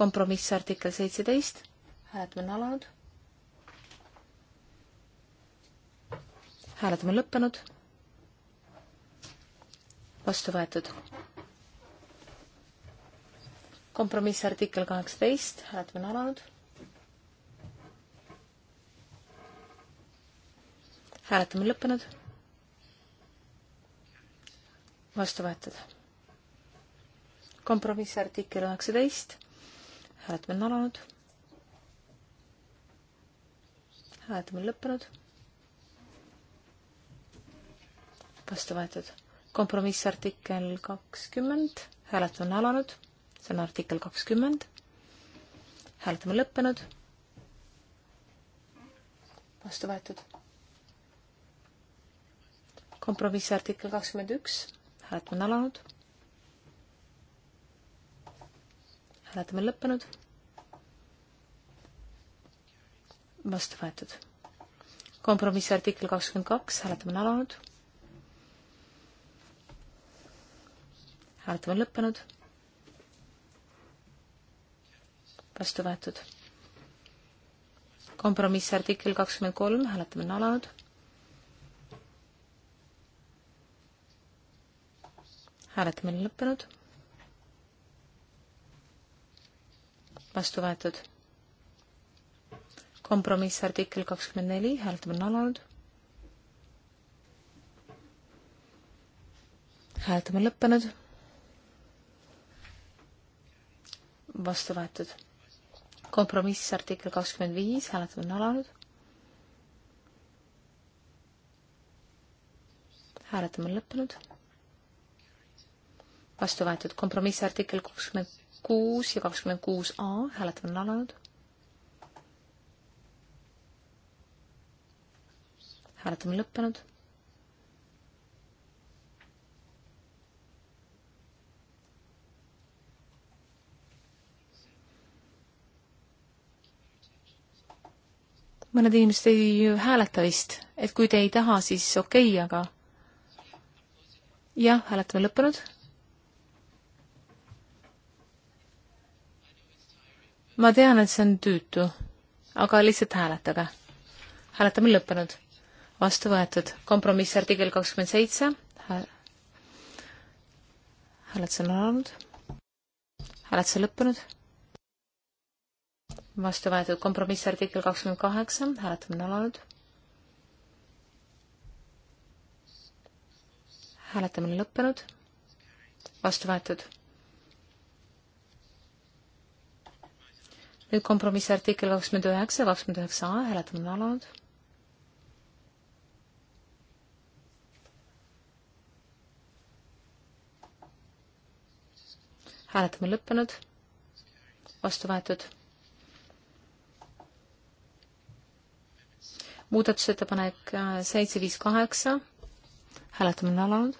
kompromiss artikkel seitseteist, hääletamine on alanud. hääletamine lõppenud. vastu võetud kompromissartikkel kaheksateist, hääletamine alanud. hääletamine lõppenud. vastu võetud. kompromissartikkel üheksateist, hääletamine alanud. hääletamine lõppenud. vastu võetud. kompromissartikkel kakskümmend, hääletamine alanud see on artikkel kakskümmend. hääletamine lõppenud. vastu võetud. kompromissi artikkel kakskümmend üks, hääletamine alanud. hääletamine lõppenud. vastu võetud. kompromissi artikkel kakskümmend kaks, hääletamine alanud. hääletamine lõppenud vastu võetud. kompromiss artikkel kakskümmend kolm, hääletamine on alanud. hääletamine lõppenud. vastu võetud. kompromiss artikkel kakskümmend neli, hääletamine on alanud. hääletamine lõppenud. vastu võetud kompromiss artikkel kakskümmend viis, hääletamine on alanud. hääletamine on lõppenud. vastu võetud kompromiss artikkel kakskümmend kuus ja kakskümmend kuus A, hääletamine on alanud. hääletamine lõppenud mõned inimesed ei hääleta vist, et kui te ei taha, siis okei okay,, aga jah, hääletamine lõppenud. ma tean, et see on tüütu, aga lihtsalt hääletage. hääletamine lõppenud, vastu võetud, kompromiss artikkel kakskümmend seitse. hääletus on alanud, hääletus on lõppenud vastu võetud kompromiss artikkel kakskümmend kaheksa, hääletamine on alanud. hääletamine lõppenud, vastu võetud. nüüd kompromissi artikkel kakskümmend üheksa, kakskümmend üheksa A, hääletamine on alanud. hääletamine lõppenud, vastu võetud muudatusettepanek äh, seitse, viis, kaheksa, hääletamine on alanud.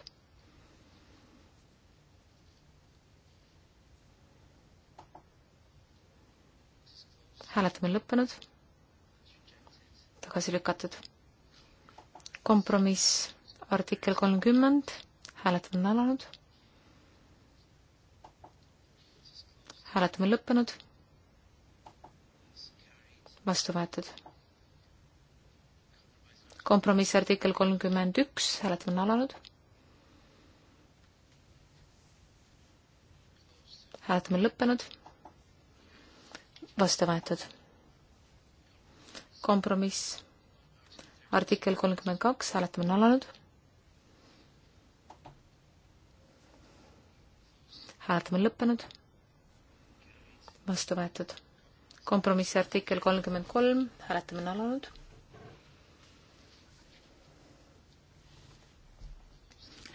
hääletamine lõppenud, tagasi lükatud. kompromiss artikkel kolmkümmend, hääletamine on alanud. hääletamine lõppenud, vastu võetud kompromissi artikkel kolmkümmend üks, hääletamine on alanud. hääletamine on lõppenud. vastu võetud. kompromiss artikkel kolmkümmend kaks, hääletamine on alanud. hääletamine on lõppenud. vastu võetud. kompromissi artikkel kolmkümmend kolm, hääletamine on alanud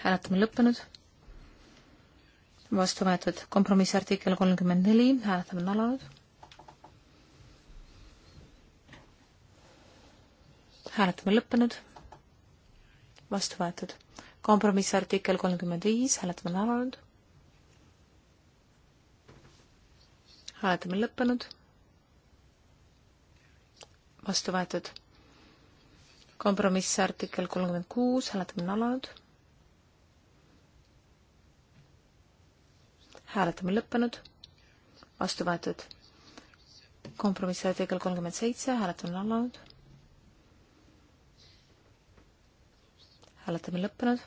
hääletamine lõppenud. vastu võetud kompromissi artikkel kolmkümmend neli, hääletamine on alanud. hääletamine lõppenud. vastu võetud kompromissi artikkel kolmkümmend viis, hääletamine on alanud. hääletamine lõppenud. vastu võetud kompromissi artikkel kolmkümmend kuus, hääletamine on alanud hääletamine lõppenud, vastu võetud. kompromissi artikkel kolmkümmend seitse, hääletamine alanud. hääletamine lõppenud,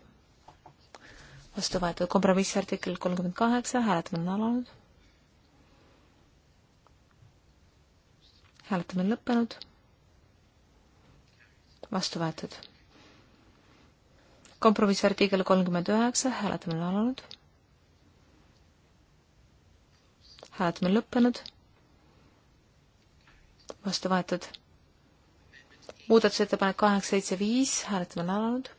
vastu võetud. kompromissi artikkel kolmkümmend kaheksa, hääletamine alanud. hääletamine lõppenud, vastu võetud. kompromissi artikkel kolmkümmend üheksa, hääletamine alanud hääletamine on lõppenud. vastu võetud. muudatusettepanek kaheksa, seitse, viis, hääletamine on alanud.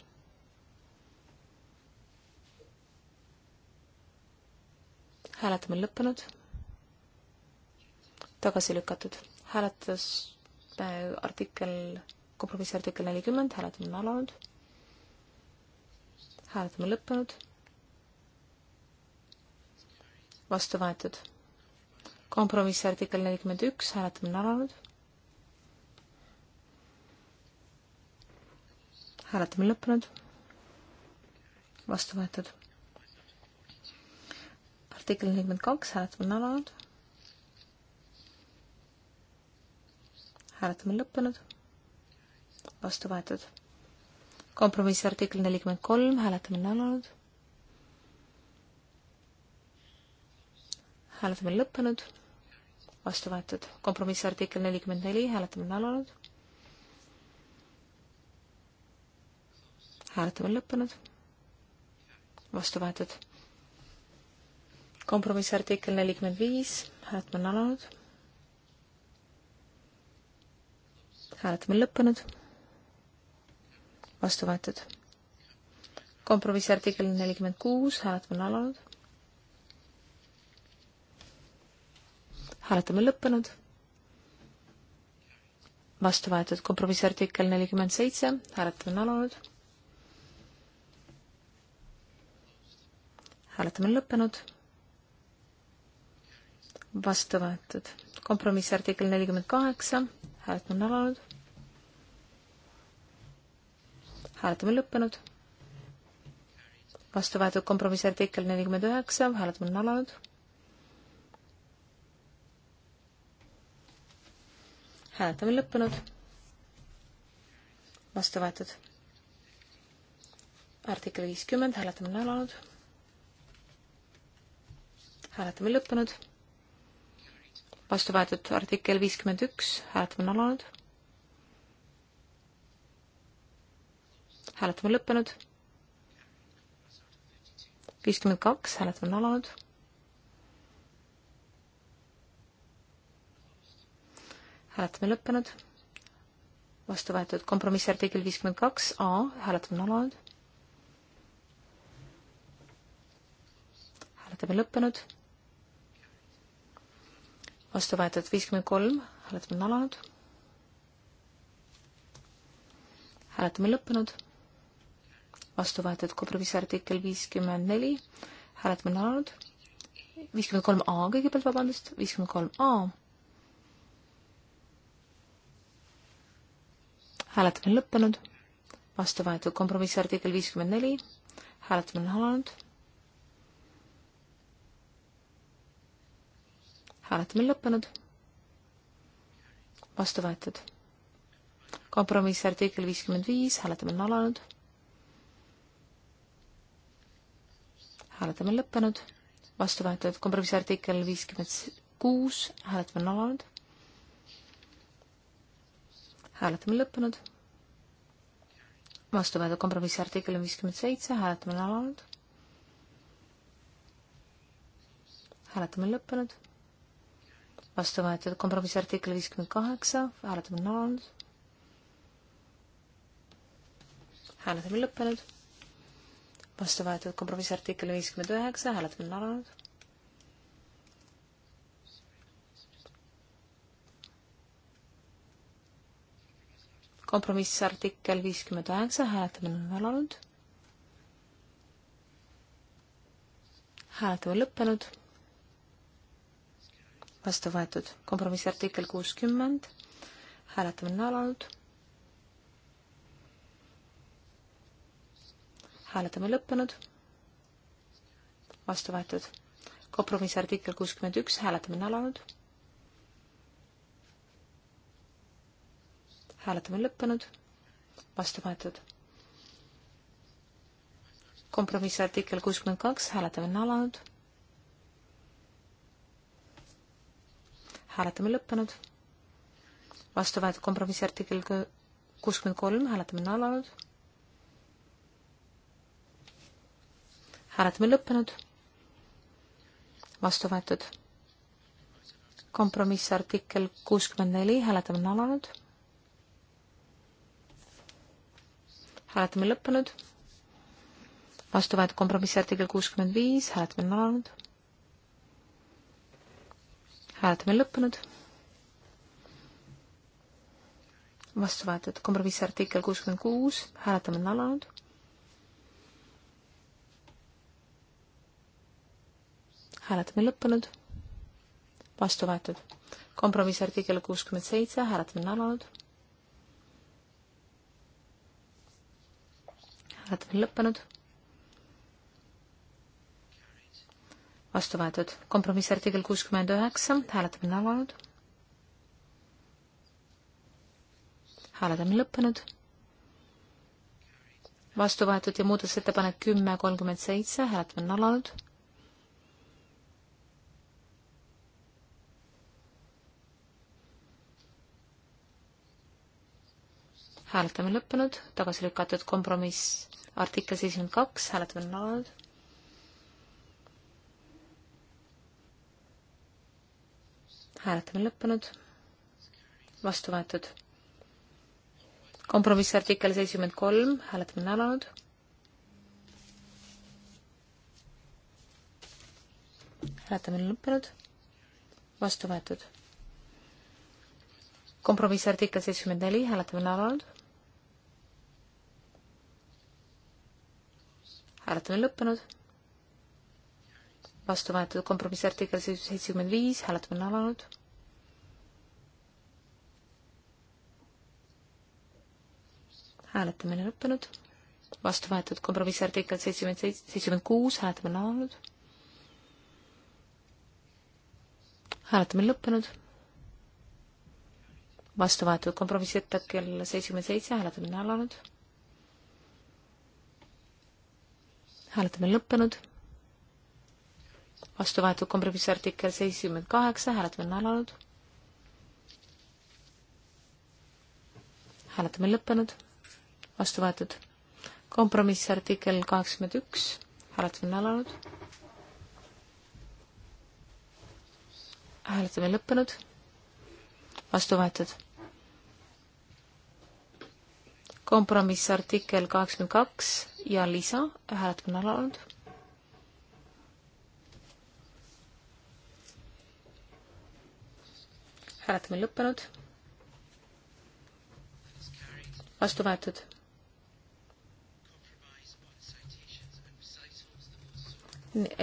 hääletamine on lõppenud. tagasi lükatud. hääletas artikkel, kompromissi artikkel nelikümmend, hääletamine on alanud. hääletamine lõppenud vastu võetud kompromissi artikkel nelikümmend üks, hääletamine alanud. hääletamine lõppenud. vastu võetud. artikkel nelikümmend kaks, hääletamine alanud. hääletamine lõppenud. vastu võetud. kompromissi artikkel nelikümmend kolm, hääletamine alanud hääletamine lõppenud vastu võetud. kompromissartikkel nelikümmend neli, hääletamine on alanud. hääletamine lõppenud. vastu võetud. kompromissartikkel nelikümmend viis, hääletamine on alanud. hääletamine lõppenud. vastu võetud. kompromissartikkel nelikümmend kuus, hääletamine on alanud. hääletamine lõppenud. vastu võetud kompromissartikkel nelikümmend seitse, hääletamine alanud. hääletamine lõppenud. vastu võetud kompromissartikkel nelikümmend kaheksa, hääletamine alanud. hääletamine lõppenud. vastu võetud kompromissartikkel nelikümmend üheksa, hääletamine alanud hääletamine lõppenud. vastu võetud. artikkel viiskümmend, hääletamine alanud. hääletamine lõppenud. vastu võetud artikkel viiskümmend üks, hääletamine alanud hääletamine lõppenud. viiskümmend kaks, hääletamine alanud. hääletame lõppenud. vastu võetud kompromissi artikkel viiskümmend kaks A, hääletamine on alanud. hääletamine lõppenud. vastu võetud viiskümmend kolm, hääletamine on alanud. hääletamine lõppenud. vastu võetud kompromissi artikkel viiskümmend neli, hääletamine on alanud. viiskümmend kolm A kõigepealt, vabandust, viiskümmend kolm A hääletamine lõppenud, vastu võetud kompromissi artikkel viiskümmend neli, hääletamine on alanud. hääletamine lõppenud, vastu võetud. kompromissi artikkel viiskümmend viis, hääletamine on alanud. hääletamine lõppenud, vastu võetud kompromissi artikkel viiskümmend kuus, hääletamine on alanud hääletamine lõppenud. vastu võetud kompromissi artikkel on viiskümmend seitse, hääletamine alanud. hääletamine lõppenud. vastu võetud kompromissi artikkel viiskümmend kaheksa, hääletamine alanud. hääletamine lõppenud. vastu võetud kompromissi artikkel viiskümmend üheksa, hääletamine alanud kompromissartikkel viiskümmend üheksa, hääletamine on alanud. hääletamine lõppenud. vastu võetud kompromissartikkel kuuskümmend, hääletamine on alanud. hääletamine lõppenud. vastu võetud kompromissartikkel kuuskümmend üks, hääletamine on alanud hääletamine lõppenud, vastu võetud. kompromissi artikkel kuuskümmend kaks, hääletamine alanud. hääletamine lõppenud, vastu võetud kompromissi artikkel kuuskümmend kolm, hääletamine alanud. hääletamine lõppenud, vastu võetud kompromissi artikkel kuuskümmend neli, hääletamine alanud hääletamine lõppenud. vastu võetud kompromissi artikkel kuuskümmend viis, hääletamine on alanud. hääletamine lõppenud. vastu võetud kompromissi artikkel kuuskümmend kuus, hääletamine on alanud. hääletamine lõppenud. vastu võetud kompromissi artikkel kuuskümmend seitse, hääletamine on alanud hääletamine lõppenud. vastu võetud kompromissi artikkel kuuskümmend üheksa, hääletamine alanud. hääletamine lõppenud. vastu võetud ja muudatusettepanek kümme kolmkümmend seitse, hääletamine alanud hääletamine lõppenud, tagasi lükatud kompromiss, artikkel seitsekümmend kaks, hääletamine on alanud. hääletamine lõppenud, vastu võetud. kompromiss artikkel seitsekümmend kolm, hääletamine alanud. hääletamine lõppenud, vastu võetud kompromissi artikkel seitsekümmend neli, hääletamine alanud. hääletamine lõppenud. vastu võetud kompromissartikkel seitsekümmend viis, hääletamine on alanud. hääletamine lõppenud, vastu võetud kompromissartikkel seitsekümmend seitse, seitsekümmend kuus, hääletamine on alanud. hääletamine lõppenud, vastu võetud kompromissettekell seitsekümmend seitse, hääletamine on alanud hääletamine lõppenud. vastu võetud kompromissartikkel seitsekümmend kaheksa, hääletamine on alanud. hääletamine lõppenud, vastu võetud. kompromissartikkel kaheksakümmend üks, hääletamine on alanud. hääletamine lõppenud, vastu võetud. kompromissartikkel kaheksakümmend kaks ja lisa, hääletamine on alanud. hääletamine lõppenud. vastu võetud.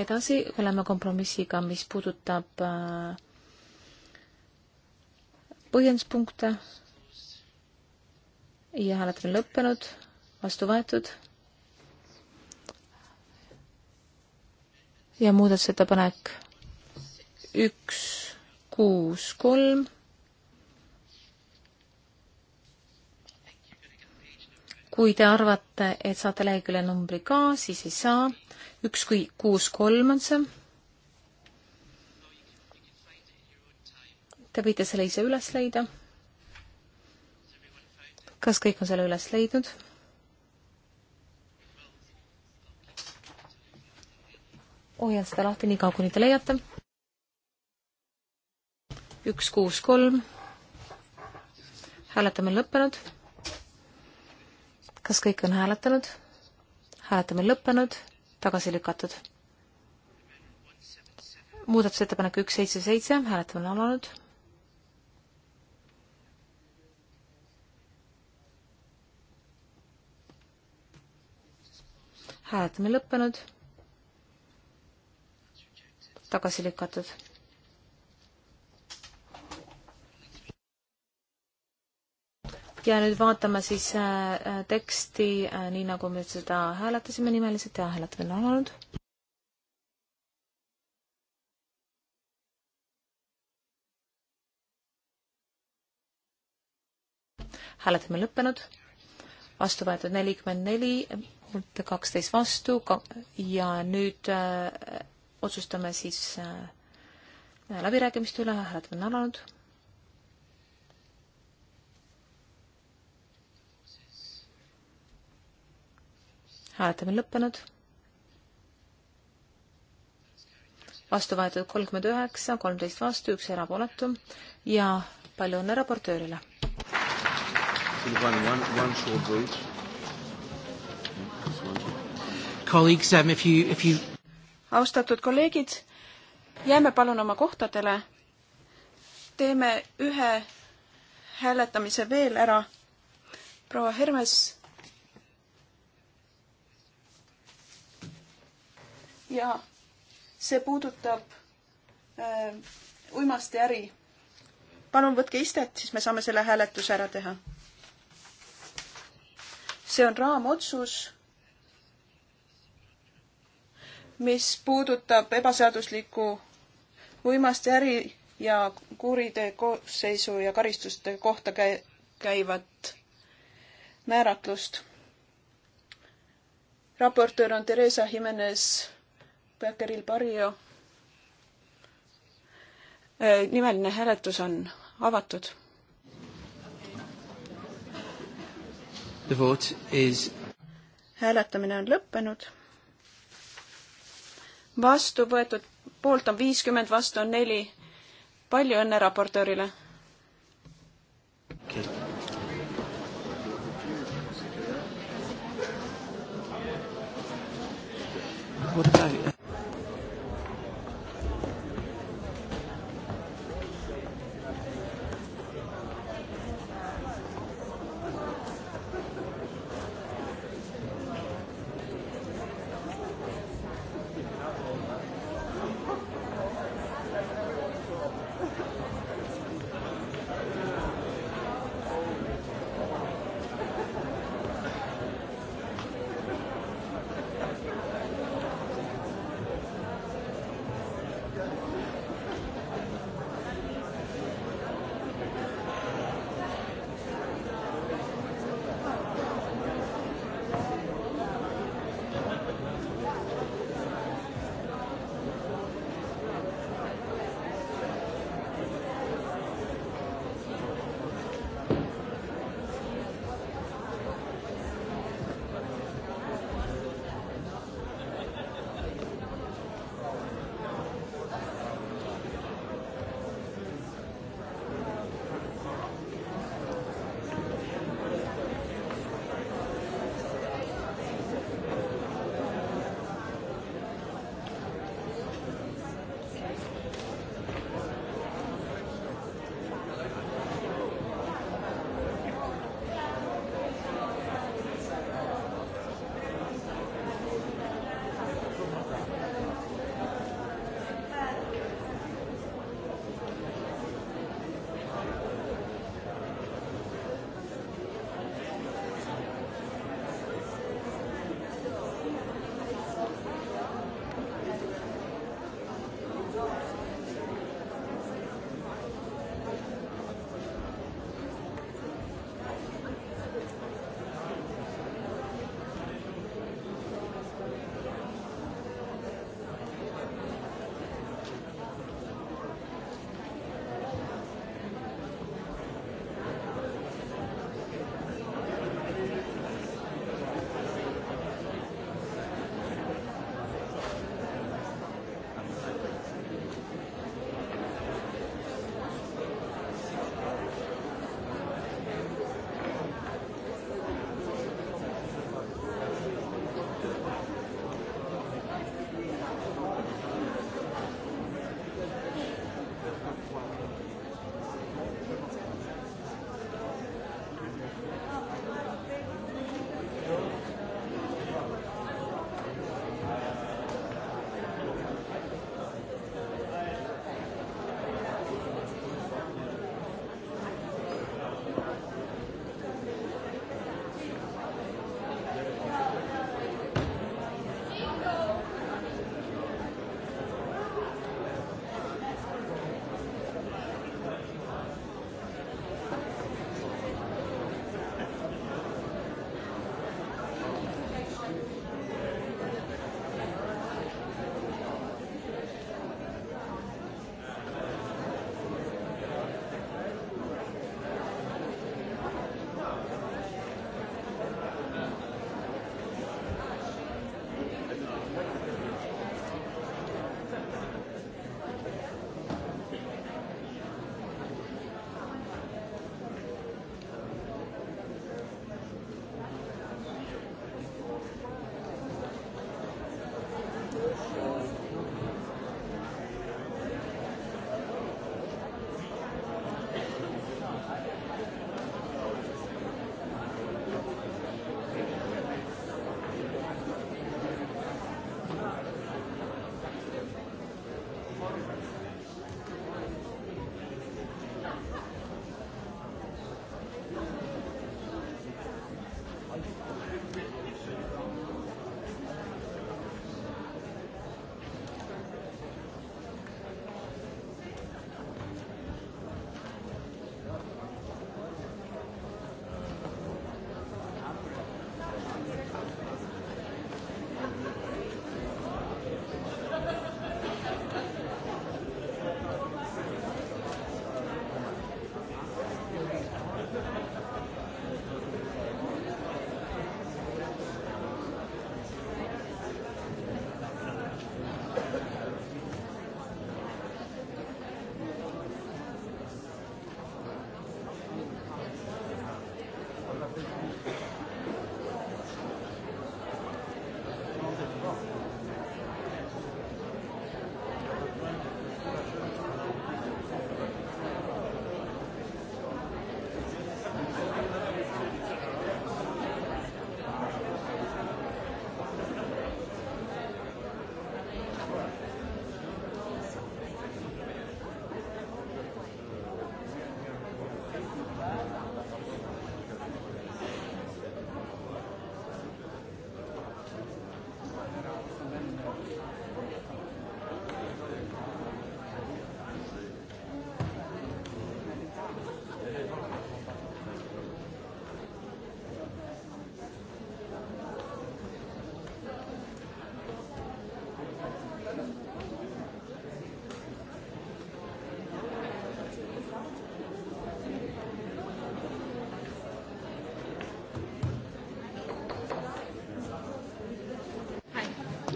edasi oleme kompromissiga, mis puudutab äh, põhjenduspunkte ja hääletamine lõppenud, vastu võetud ja muudatusettepanek üks, kuus, kolm. kui te arvate, et saate lehekülje numbri ka, siis ei saa. üks, kui kuus, kolm on see. Te võite selle ise üles leida. kas kõik on selle üles leidnud? hoian seda lahti nii kaua, kuni te leiate. üks, kuus, kolm. hääletamine lõppenud. kas kõik on hääletanud? hääletamine lõppenud, tagasi lükatud. muudatusettepanek üks, seitse, seitse, hääletamine alanud hääletamine lõppenud tagasi lükatud. ja nüüd vaatame siis äh, äh, teksti, äh, nii nagu me seda hääletasime nimeliselt ja hääletamine on alanud. hääletamine lõppenud, vastu võetud nelikümmend neli, kaksteist vastu ja nüüd otsustame siis äh, läbirääkimiste üle, hääletamine on alanud. hääletamine lõppenud. vastu võetud kolmkümmend üheksa, kolmteist vastu, üks erapooletu ja palju õnne raportöörile. Colleagues, um, if you, if you austatud kolleegid, jääme palun oma kohtadele. teeme ühe hääletamise veel ära. proua Hermes. ja see puudutab äh, uimastiäri. palun võtke istet, siis me saame selle hääletuse ära teha. see on raamotsus mis puudutab ebaseaduslikku uimast äri ja kuritee koosseisu ja karistuste kohta käi-, käivat määratlust. raportöör on Theresa Jimenez Becerril Barrio. Äh, nimeline hääletus on avatud. Is... hääletamine on lõppenud vastu võetud, poolt on viiskümmend, vastu on neli. palju õnne raportöörile! What about it?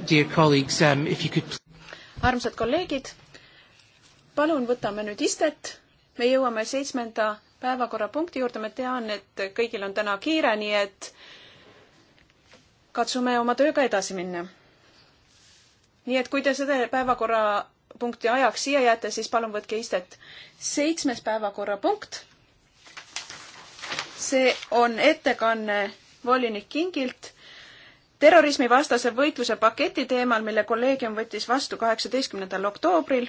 dear colleagues, um, if you could... armsad kolleegid, palun võtame nüüd istet. me jõuame seitsmenda päevakorrapunkti juurde, ma tean, et kõigil on täna kiire, nii et katsume oma tööga edasi minna. nii et kui te seda päevakorrapunkti ajaks siia jääte, siis palun võtke istet. seitsmes päevakorrapunkt. see on ettekanne volinik Kingilt terrorismivastase võitluse paketi teemal, mille kolleegium võttis vastu kaheksateistkümnendal oktoobril.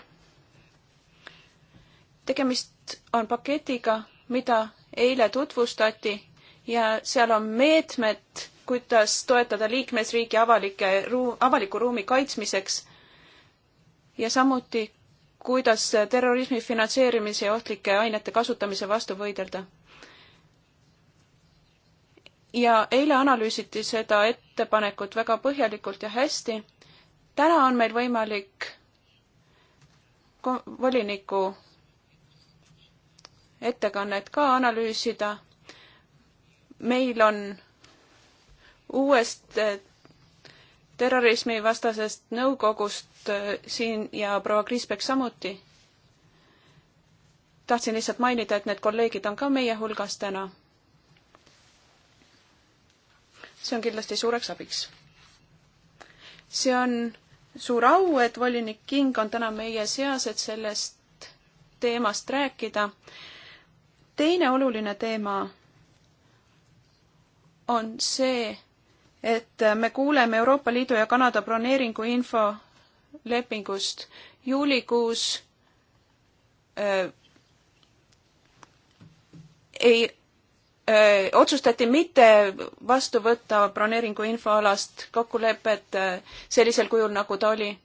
tegemist on paketiga, mida eile tutvustati ja seal on meetmed, kuidas toetada liikmesriigi avalike ruu-, avaliku ruumi kaitsmiseks ja samuti, kuidas terrorismi finantseerimise ja ohtlike ainete kasutamise vastu võidelda ja eile analüüsiti seda ettepanekut väga põhjalikult ja hästi. täna on meil võimalik voliniku ettekannet ka analüüsida. meil on uuest eh, terrorismivastasest nõukogust eh, siin ja proua Kriisbeck samuti. tahtsin lihtsalt mainida, et need kolleegid on ka meie hulgas täna see on kindlasti suureks abiks. see on suur au, et volinik King on täna meie seas, et sellest teemast rääkida. teine oluline teema on see, et me kuuleme Euroopa Liidu ja Kanada broneeringu infolepingust juulikuus äh, ei otsustati mitte vastu võtta broneeringu infoalast kokkulepet sellisel kujul, nagu ta oli.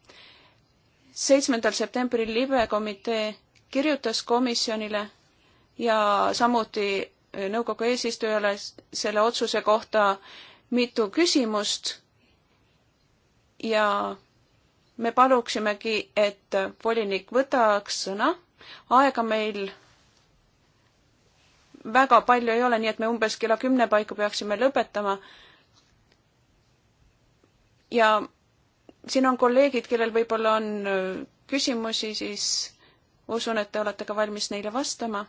seitsmendal septembril libe komitee kirjutas komisjonile ja samuti nõukogu eesistujale selle otsuse kohta mitu küsimust ja me paluksimegi, et volinik võtaks sõna, aega meil väga palju ei ole, nii et me umbes kella kümne paiku peaksime lõpetama. ja siin on kolleegid, kellel võib-olla on äh, küsimusi, siis usun, et te olete ka valmis neile vastama.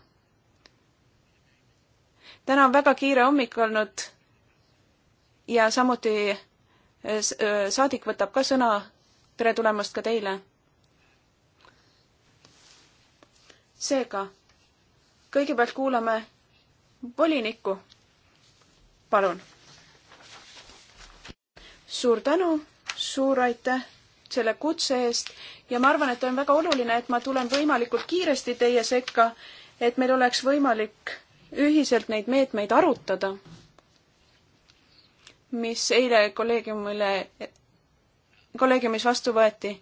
täna on väga kiire hommik olnud ja samuti äh, äh, saadik võtab ka sõna. tere tulemast ka teile. seega, kõigepealt kuulame volinikku, palun. suur tänu, suur aitäh selle kutse eest ja ma arvan, et on väga oluline, et ma tulen võimalikult kiiresti teie sekka, et meil oleks võimalik ühiselt neid meetmeid arutada, mis eile kolleegiumile, kolleegiumis vastu võeti.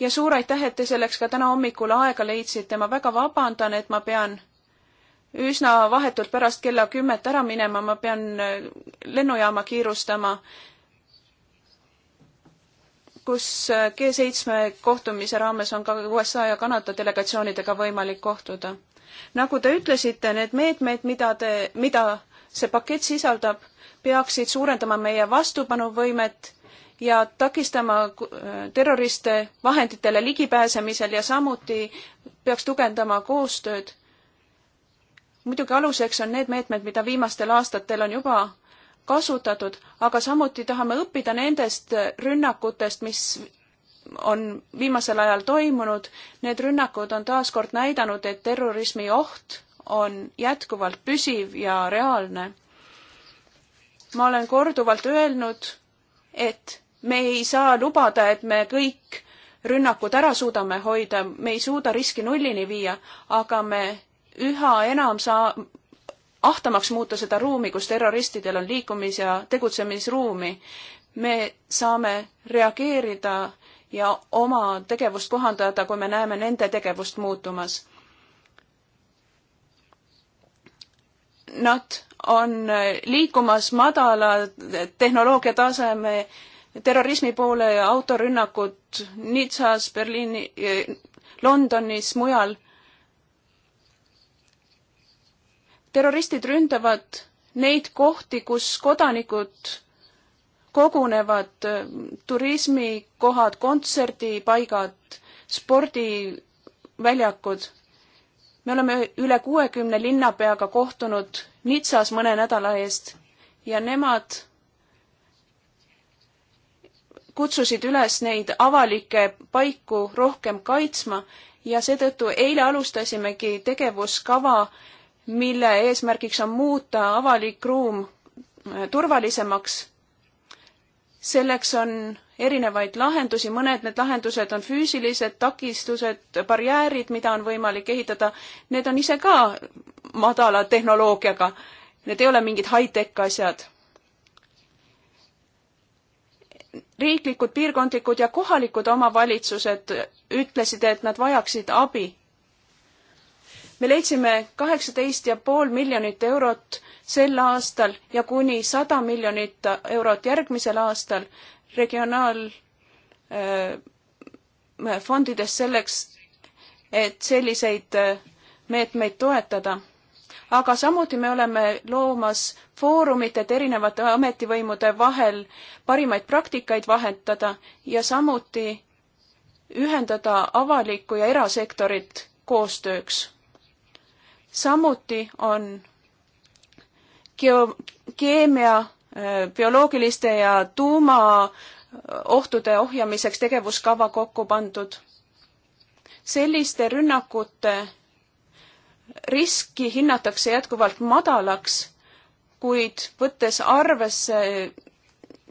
ja suur aitäh, et te selleks ka täna hommikul aega leidsite, ma väga vabandan, et ma pean üsna vahetult pärast kella kümmet ära minema, ma pean äh, lennujaama kiirustama, kus äh, G7 kohtumise raames on ka USA ja Kanada delegatsioonidega võimalik kohtuda. nagu te ütlesite, need meetmed, mida te, mida see pakett sisaldab, peaksid suurendama meie vastupanuvõimet ja takistama äh, terroriste vahenditele ligipääsemisel ja samuti peaks tugevdama koostööd muidugi aluseks on need meetmed, mida viimastel aastatel on juba kasutatud, aga samuti tahame õppida nendest rünnakutest, mis on viimasel ajal toimunud. Need rünnakud on taaskord näidanud, et terrorismi oht on jätkuvalt püsiv ja reaalne. ma olen korduvalt öelnud, et me ei saa lubada, et me kõik rünnakud ära suudame hoida, me ei suuda riski nullini viia, aga me üha enam saa-, ahtamaks muuta seda ruumi, kus terroristidel on liikumis- ja tegutsemisruumi. me saame reageerida ja oma tegevust kohandada, kui me näeme nende tegevust muutumas. Nad on liikumas madala tehnoloogia taseme terrorismi poole ja autorünnakud Nizzas, Berliini, Londonis, mujal terroristid ründavad neid kohti, kus kodanikud kogunevad, äh, turismikohad, kontserdipaigad, spordiväljakud. me oleme üle kuuekümne linnapeaga kohtunud Nitsas mõne nädala eest ja nemad kutsusid üles neid avalikke paiku rohkem kaitsma ja seetõttu eile alustasimegi tegevuskava mille eesmärgiks on muuta avalik ruum äh, turvalisemaks. selleks on erinevaid lahendusi, mõned need lahendused on füüsilised takistused, barjäärid, mida on võimalik ehitada, need on ise ka madala tehnoloogiaga. Need ei ole mingid high-tech asjad. riiklikud, piirkondlikud ja kohalikud omavalitsused ütlesid, et nad vajaksid abi me leidsime kaheksateist ja pool miljonit eurot sel aastal ja kuni sada miljonit eurot järgmisel aastal regionaalfondides äh, selleks, et selliseid äh, meetmeid toetada. aga samuti me oleme loomas foorumit, et erinevate ametivõimude vahel parimaid praktikaid vahetada ja samuti ühendada avalikku ja erasektorit koostööks samuti on geo-, keemia, äh, bioloogiliste ja tuumaohtude ohjamiseks tegevuskava kokku pandud. selliste rünnakute riski hinnatakse jätkuvalt madalaks, kuid võttes arvesse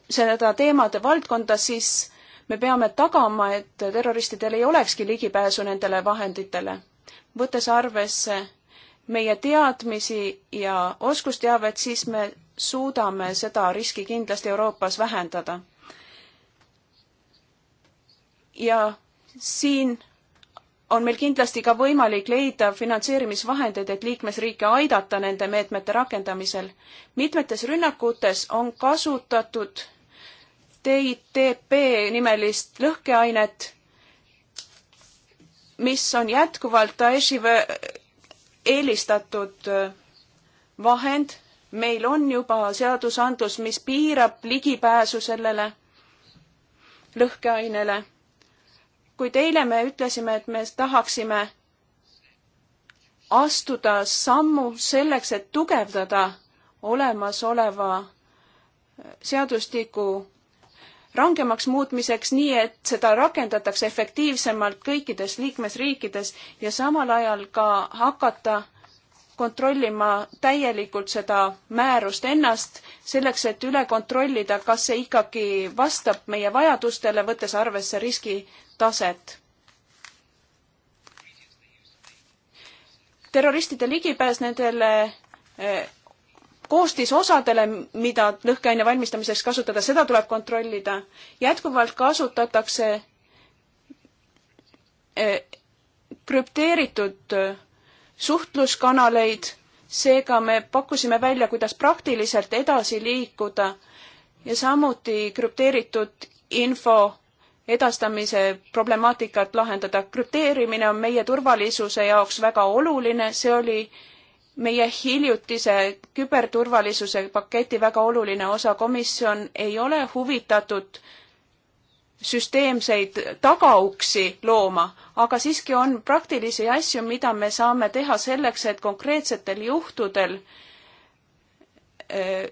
seda teemade valdkonda, siis me peame tagama, et terroristidel ei olekski ligipääsu nendele vahenditele. võttes arvesse meie teadmisi ja oskusteavet, siis me suudame seda riski kindlasti Euroopas vähendada. ja siin on meil kindlasti ka võimalik leida finantseerimisvahendeid, et liikmesriike aidata nende meetmete rakendamisel. mitmetes rünnakutes on kasutatud DITB nimelist lõhkeainet, mis on jätkuvalt Daeshi eelistatud äh, vahend, meil on juba seadusandlus, mis piirab ligipääsu sellele lõhkeainele. kuid eile me ütlesime, et me tahaksime astuda sammu selleks, et tugevdada olemasoleva äh, seadustiku rangemaks muutmiseks, nii et seda rakendatakse efektiivsemalt kõikides liikmesriikides ja samal ajal ka hakata kontrollima täielikult seda määrust ennast, selleks et üle kontrollida, kas see ikkagi vastab meie vajadustele, võttes arvesse riskitaset. terroristide ligipääs nendele eh, koostisosadele, mida lõhkeaine valmistamiseks kasutada, seda tuleb kontrollida. jätkuvalt kasutatakse eh, krüpteeritud eh, suhtluskanaleid, seega me pakkusime välja, kuidas praktiliselt edasi liikuda ja samuti krüpteeritud info edastamise problemaatikat lahendada. krüpteerimine on meie turvalisuse jaoks väga oluline, see oli äh, meie hiljutise küberturvalisuse paketi väga oluline osa, komisjon ei ole huvitatud süsteemseid tagauksi looma, aga siiski on praktilisi asju, mida me saame teha selleks, et konkreetsetel juhtudel eh,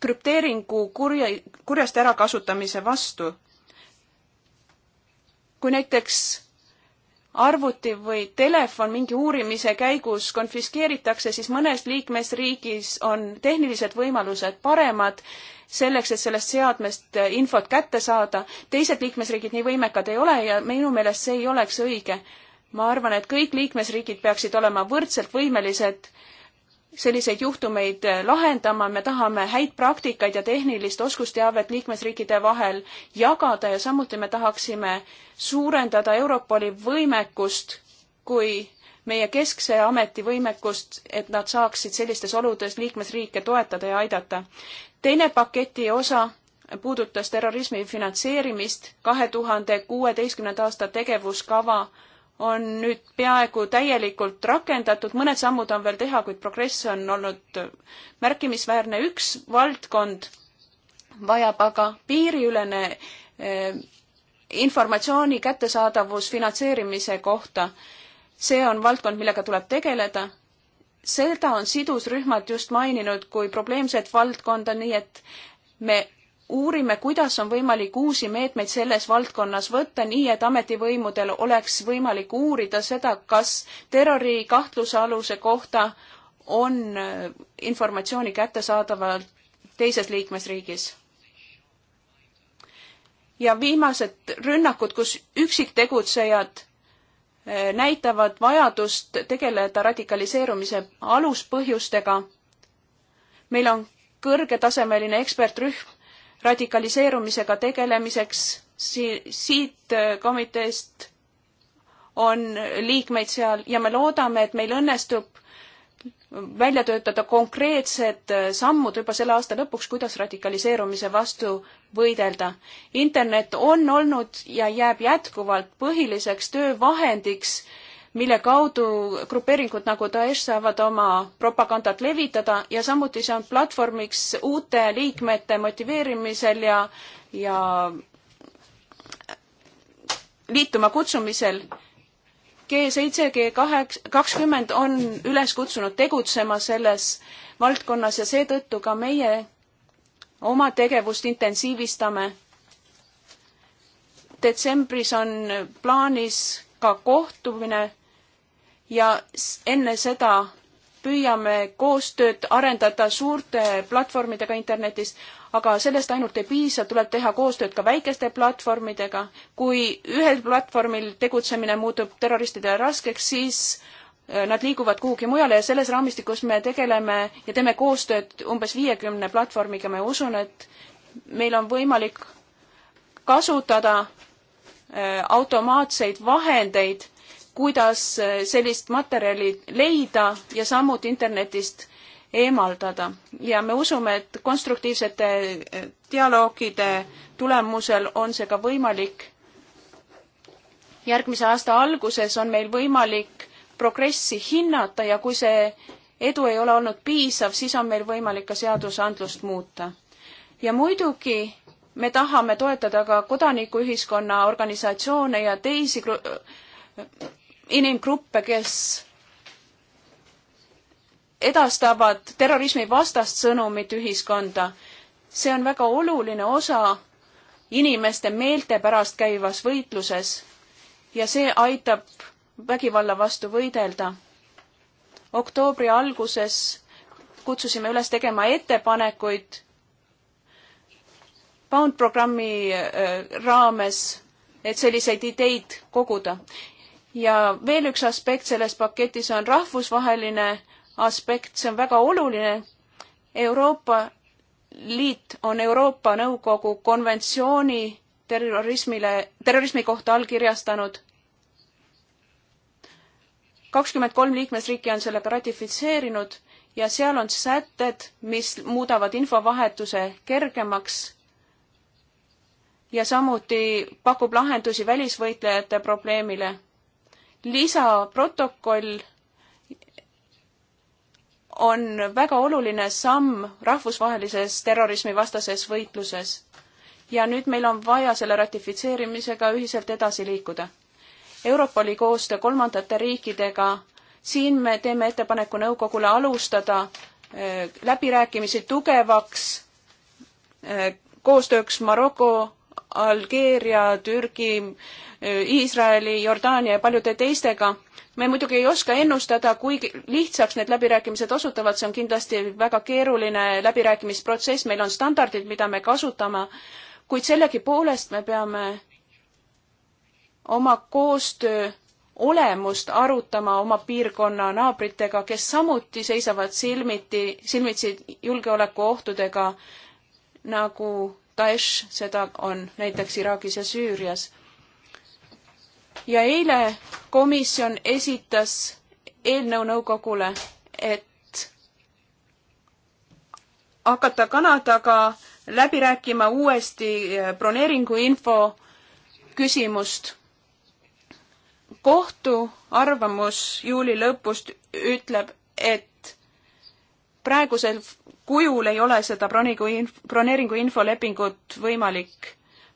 krüpteeringu kurja, kurjast ärakasutamise vastu. kui näiteks arvuti või telefon mingi uurimise käigus konfiskeeritakse, siis mõnes liikmesriigis on tehnilised võimalused paremad selleks, et sellest seadmest infot kätte saada. teised liikmesriigid nii võimekad ei ole ja minu meelest see ei oleks õige. ma arvan, et kõik liikmesriigid peaksid olema võrdselt võimelised selliseid juhtumeid eh, lahendama, me tahame häid praktikaid ja tehnilist oskusteavet liikmesriikide vahel jagada ja samuti me tahaksime suurendada Europoli võimekust kui meie keskse ameti võimekust, et nad saaksid sellistes oludes liikmesriike toetada ja aidata. teine paketi osa puudutas terrorismi finantseerimist, kahe tuhande kuueteistkümnenda aasta tegevuskava on nüüd peaaegu täielikult rakendatud, mõned sammud on veel teha, kuid progress on olnud märkimisväärne. üks valdkond vajab aga piiriülene eh, informatsiooni kättesaadavus finantseerimise kohta. see on valdkond, millega tuleb tegeleda. seda on sidusrühmad just maininud kui probleemset valdkonda, nii et me uurime, kuidas on võimalik uusi meetmeid selles valdkonnas võtta, nii et ametivõimudel oleks võimalik uurida seda, kas terrori kahtlusaluse kohta on äh, informatsiooni kättesaadaval teises liikmesriigis. ja viimased rünnakud, kus üksiktegutsejad äh, näitavad vajadust tegeleda radikaliseerumise aluspõhjustega. meil on kõrgetasemeline ekspertrühm, radikaliseerumisega tegelemiseks si. siit äh, komiteest on liikmeid seal ja me loodame, et meil õnnestub välja töötada konkreetsed äh, sammud juba selle aasta lõpuks, kuidas radikaliseerumise vastu võidelda. internet on olnud ja jääb jätkuvalt põhiliseks töövahendiks äh, mille kaudu grupeeringud nagu Daesh saavad oma propagandat levitada ja samuti see on platvormiks uute liikmete motiveerimisel ja, ja liituma kutsumisel. G7, G8, kakskümmend on üles kutsunud tegutsema selles valdkonnas ja seetõttu ka meie oma tegevust intensiivistame. detsembris on plaanis ka kohtumine ja enne seda püüame koostööd arendada suurte platvormidega internetis, aga sellest ainult ei piisa, tuleb teha koostööd ka väikeste platvormidega. kui ühel platvormil tegutsemine muutub terroristidele raskeks, siis äh, nad liiguvad kuhugi mujale ja selles raamistikus me tegeleme ja teeme koostööd umbes viiekümne platvormiga, ma usun, et meil on võimalik kasutada äh, automaatseid vahendeid kuidas eh, sellist materjali leida ja samuti internetist eemaldada ja me usume, et konstruktiivsete eh, dialoogide tulemusel on see ka võimalik. järgmise aasta alguses on meil võimalik progressi hinnata ja kui see edu ei ole olnud piisav, siis on meil võimalik ka seadusandlust muuta. ja muidugi me tahame toetada ka kodanikuühiskonna organisatsioone ja teisi inimgruppe, kes edastavad terrorismivastast sõnumit ühiskonda. see on väga oluline osa inimeste meelte pärast käivas võitluses ja see aitab vägivalla vastu võidelda. oktoobri alguses kutsusime üles tegema ettepanekuid Bound programmi äh, raames, et selliseid ideid koguda ja veel üks aspekt selles paketis on rahvusvaheline aspekt, see on väga oluline. Euroopa Liit on Euroopa Nõukogu konventsiooni terrorismile, terrorismi kohta allkirjastanud. kakskümmend kolm liikmesriiki on sellega ratifitseerinud ja seal on sätted, mis muudavad infovahetuse kergemaks ja samuti pakub lahendusi välisvõitlejate probleemile lisaprotokoll on väga oluline samm rahvusvahelises terrorismivastases võitluses. ja nüüd meil on vaja selle ratifitseerimisega ühiselt edasi liikuda. Europoli koostöö kolmandate riikidega, siin me teeme ettepaneku nõukogule alustada äh, läbirääkimisi tugevaks äh, koostööks Maroko Algeeria, Türgi, Iisraeli, Jordaania ja paljude teistega. me muidugi ei oska ennustada, kui lihtsaks need läbirääkimised osutuvad, see on kindlasti väga keeruline läbirääkimisprotsess, meil on standardid, mida me kasutame, kuid sellegipoolest me peame oma koostöö olemust arutama oma piirkonna naabritega, kes samuti seisavad silmiti, silmitsi julgeolekuohtudega nagu Daesh, seda on näiteks Iraagis ja Süürias. ja eile komisjon esitas eelnõu nõukogule, et hakata Kanadaga läbi rääkima uuesti eh, broneeringuinfo küsimust. kohtu arvamus juuli lõpust ütleb, et praegusel kujul ei ole seda broningu inf-, broneeringu infolepingut võimalik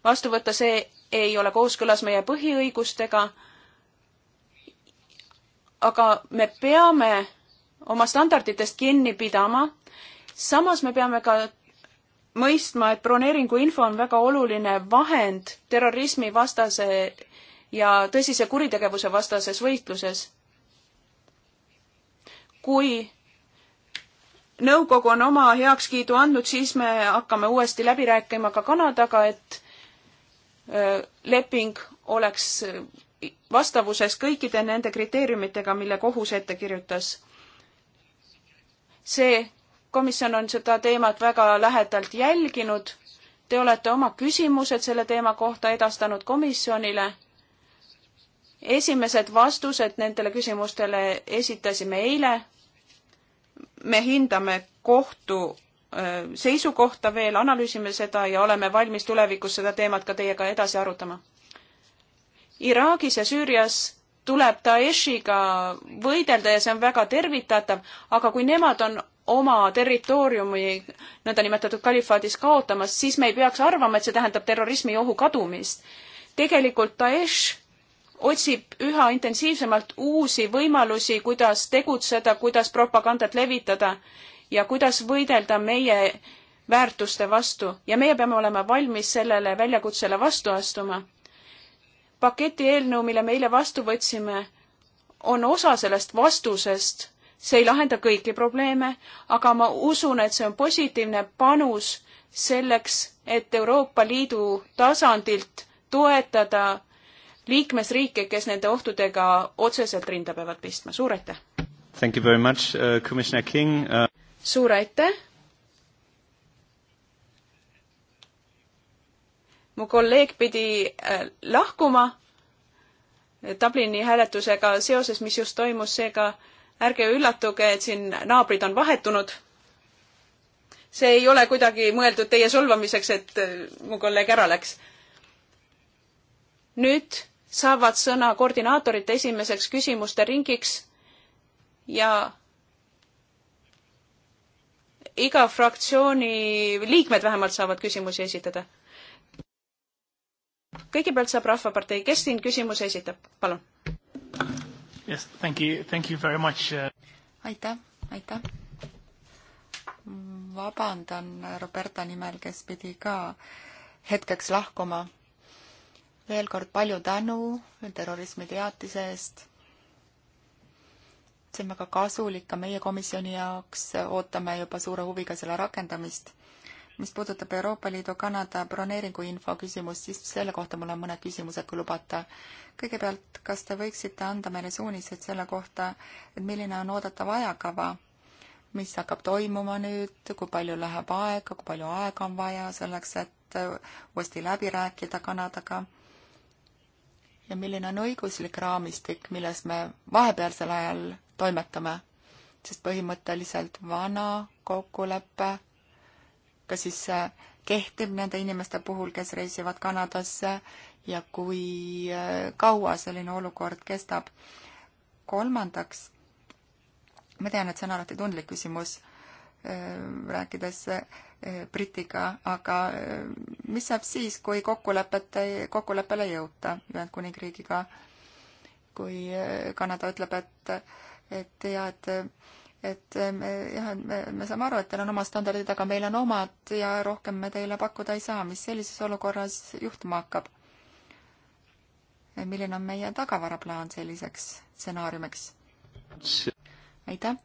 vastu võtta, see ei ole kooskõlas meie põhiõigustega, aga me peame oma standarditest kinni pidama, samas me peame ka mõistma, et broneeringu info on väga oluline vahend terrorismivastase ja tõsise kuritegevuse vastases võitluses. kui nõukogu on oma heakskiidu andnud, siis me hakkame uuesti läbi rääkima ka Kanadaga, et leping oleks vastavuses kõikide nende kriteeriumitega, mille kohus ette kirjutas. see komisjon on seda teemat väga lähedalt jälginud. Te olete oma küsimused selle teema kohta edastanud komisjonile. esimesed vastused nendele küsimustele esitasime eile me hindame kohtu äh, seisukohta veel, analüüsime seda ja oleme valmis tulevikus seda teemat ka teiega edasi arutama. Iraagis ja Süürias tuleb Daeshiga võidelda ja see on väga tervitatav, aga kui nemad on oma territooriumi nõndanimetatud kalifaadis kaotamas, siis me ei peaks arvama, et see tähendab terrorismiohu kadumist. tegelikult Daesh otsib üha intensiivsemalt uusi võimalusi, kuidas tegutseda, kuidas propagandat levitada ja kuidas võidelda meie väärtuste vastu ja meie peame olema valmis sellele väljakutsele vastu astuma. paketi eelnõu, mille me eile vastu võtsime, on osa sellest vastusest, see ei lahenda kõiki probleeme, aga ma usun, et see on positiivne panus selleks, et Euroopa Liidu tasandilt toetada liikmesriike, kes nende ohtudega otseselt rinda peavad pistma. suur aitäh! Thank you very much uh,, Commissioner King uh.... suur aitäh! mu kolleeg pidi äh, lahkuma Dublini hääletusega seoses, mis just toimus, seega ärge üllatuge, et siin naabrid on vahetunud. see ei ole kuidagi mõeldud teie solvamiseks, et äh, mu kolleeg ära läks. nüüd saavad sõna koordinaatorite esimeseks küsimuste ringiks ja iga fraktsiooni liikmed vähemalt saavad küsimusi esitada. kõigepealt saab Rahvapartei, kes siin küsimuse esitab, palun? Yes, thank you, thank you very much. Uh, aitäh, aitäh. vabandan Roberta nimel, kes pidi ka hetkeks lahkuma veel kord palju tänu terrorismi teatise eest. see on väga kasulik ka meie komisjoni jaoks, ootame juba suure huviga selle rakendamist. mis puudutab Euroopa Liidu Kanada broneeringuinfo küsimust, siis selle kohta mul on mõned küsimused, kui lubate. kõigepealt, kas te võiksite anda meile suunised selle kohta, et milline on oodatav ajakava? mis hakkab toimuma nüüd, kui palju läheb aega, kui palju aega on vaja selleks, et uuesti läbi rääkida Kanadaga ja milline on õiguslik raamistik, milles me vahepealsel ajal toimetame. sest põhimõtteliselt vana kokkulepe, ka siis äh, kehtib nende inimeste puhul, kes reisivad Kanadasse ja kui äh, kaua selline olukord kestab. kolmandaks, ma tean, et see on alati tundlik küsimus, äh, rääkides Eh, Britiga, aga eh, mis saab siis, kui kokkulepet ei, kokkuleppele ei jõuta Ühendkuningriigiga? kui eh, Kanada ütleb, et, et ja, et, et me, jah, et me, me saame aru, et teil on oma standardid, aga meil on omad ja rohkem me teile pakkuda ei saa, mis sellises olukorras juhtuma hakkab? milline on meie tagavaraplaan selliseks stsenaariumiks? aitäh!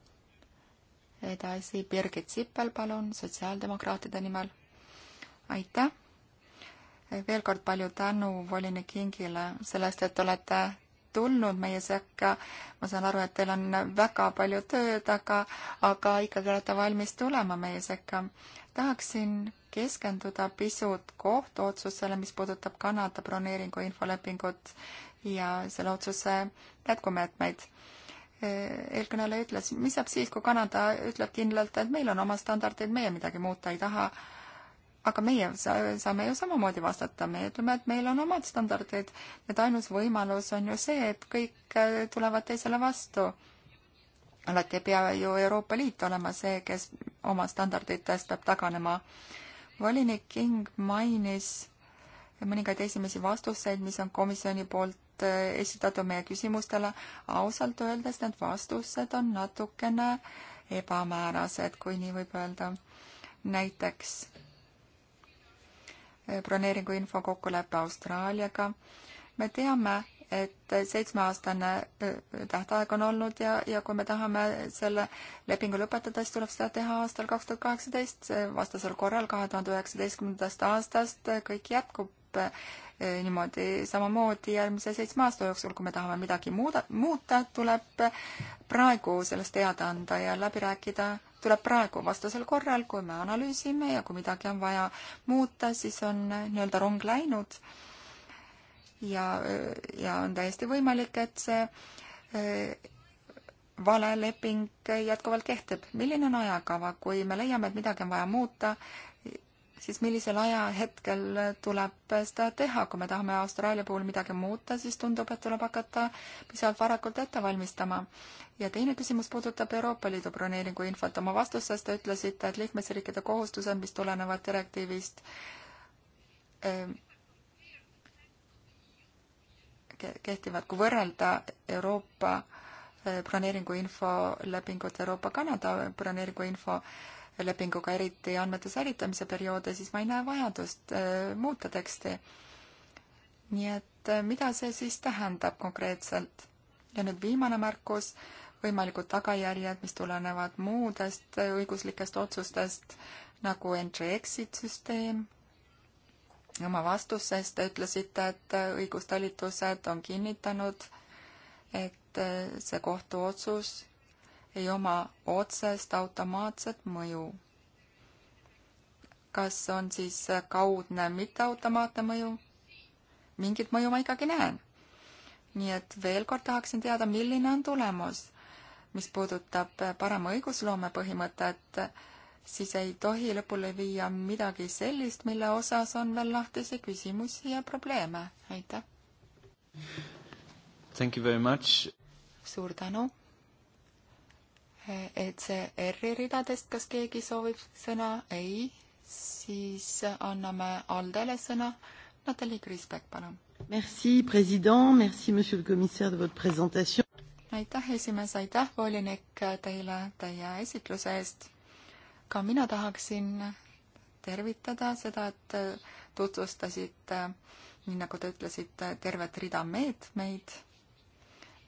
edasi Birgit Sippel, palun, sotsiaaldemokraatide nimel. aitäh! veel kord palju tänu volinik Kingile selle eest, et olete tulnud meie sekka. ma saan aru, et teil on väga palju tööd, aga, aga ikkagi olete valmis tulema meie sekka. tahaksin keskenduda pisut kohtuotsusele, mis puudutab Kanada broneeringu infolepingut ja selle otsuse jätkumeetmeid eelkõneleja ütles, mis saab siis, kui Kanada ütleb kindlalt, et meil on oma standardid, meie midagi muuta ei taha. aga meie saame ju samamoodi vastata, me ütleme, et meil on omad standardid, et ainus võimalus on ju see, et kõik äh, tulevad teisele vastu. alati ei pea ju Euroopa Liit olema see, kes oma standarditest peab taganema. volinik King mainis mõningaid esimesi vastuseid, mis on komisjoni poolt et äh, esitada meie küsimustele. ausalt öeldes need vastused on natukene ebamäärased, kui nii võib öelda. näiteks äh, broneeringuinfo kokkulepe Austraaliaga. me teame, et seitsmeaastane äh, tähtaeg on olnud ja, ja kui me tahame selle lepingu lõpetada, siis tuleb seda teha aastal kaks tuhat kaheksateist, vastasel korral kahe tuhande üheksateistkümnendast aastast kõik jätkub Eh, niimoodi samamoodi järgmise seitsme aasta jooksul, kui me tahame midagi muuda, muuta, tuleb praegu sellest teada anda ja läbi rääkida tuleb praegu, vastasel korral, kui me analüüsime ja kui midagi on vaja muuta, siis on eh, nii-öelda rong läinud ja, eh, ja on täiesti võimalik, et see vale leping jätkuvalt kehtib. milline on ajakava, kui me leiame, et midagi on vaja muuta, siis millisel ajahetkel tuleb seda teha, kui me tahame Austraalia puhul midagi muuta, siis tundub, et tuleb hakata piisavalt varakult ette valmistama. ja teine küsimus puudutab Euroopa Liidu broneeringu infot. oma vastustes te ütlesite, et liikmesriikide kohustused, mis tulenevad direktiivist, ehm, kehtivad, kui võrrelda Euroopa eh, broneeringuinfo lepingut Euroopa-Kanada broneeringuinfo lepinguga, eriti andmete säilitamise perioode, siis ma ei näe vajadust äh, muuta teksti. nii et äh, mida see siis tähendab konkreetselt? ja nüüd viimane märkus, võimalikud tagajärjed, mis tulenevad muudest äh, õiguslikest otsustest, nagu entry-exit süsteem, oma vastuses te ütlesite, et õigustalitused on kinnitanud, et see kohtuotsus ei oma otsest automaatset mõju. kas on siis kaudne mitteautomaatne mõju? mingit mõju ma ikkagi näen. nii et veel kord tahaksin teada, milline on tulemus. mis puudutab parema õigusloome põhimõtet, siis ei tohi lõpule viia midagi sellist, mille osas on veel lahtisi küsimusi ja probleeme. aitäh! Thank you very much! suur tänu! ECR-i ridadest, kas keegi soovib sõna? ei, siis anname Aldele sõna. Natalja Kriisbeck, palun. Merci, president, merci, monsieur le commissaire de votre présentation. aitäh, esimees, aitäh, volinik, teile teie esitluse eest. ka mina tahaksin tervitada seda, et tutvustasite, nii nagu te ütlesite, tervet rida meetmeid,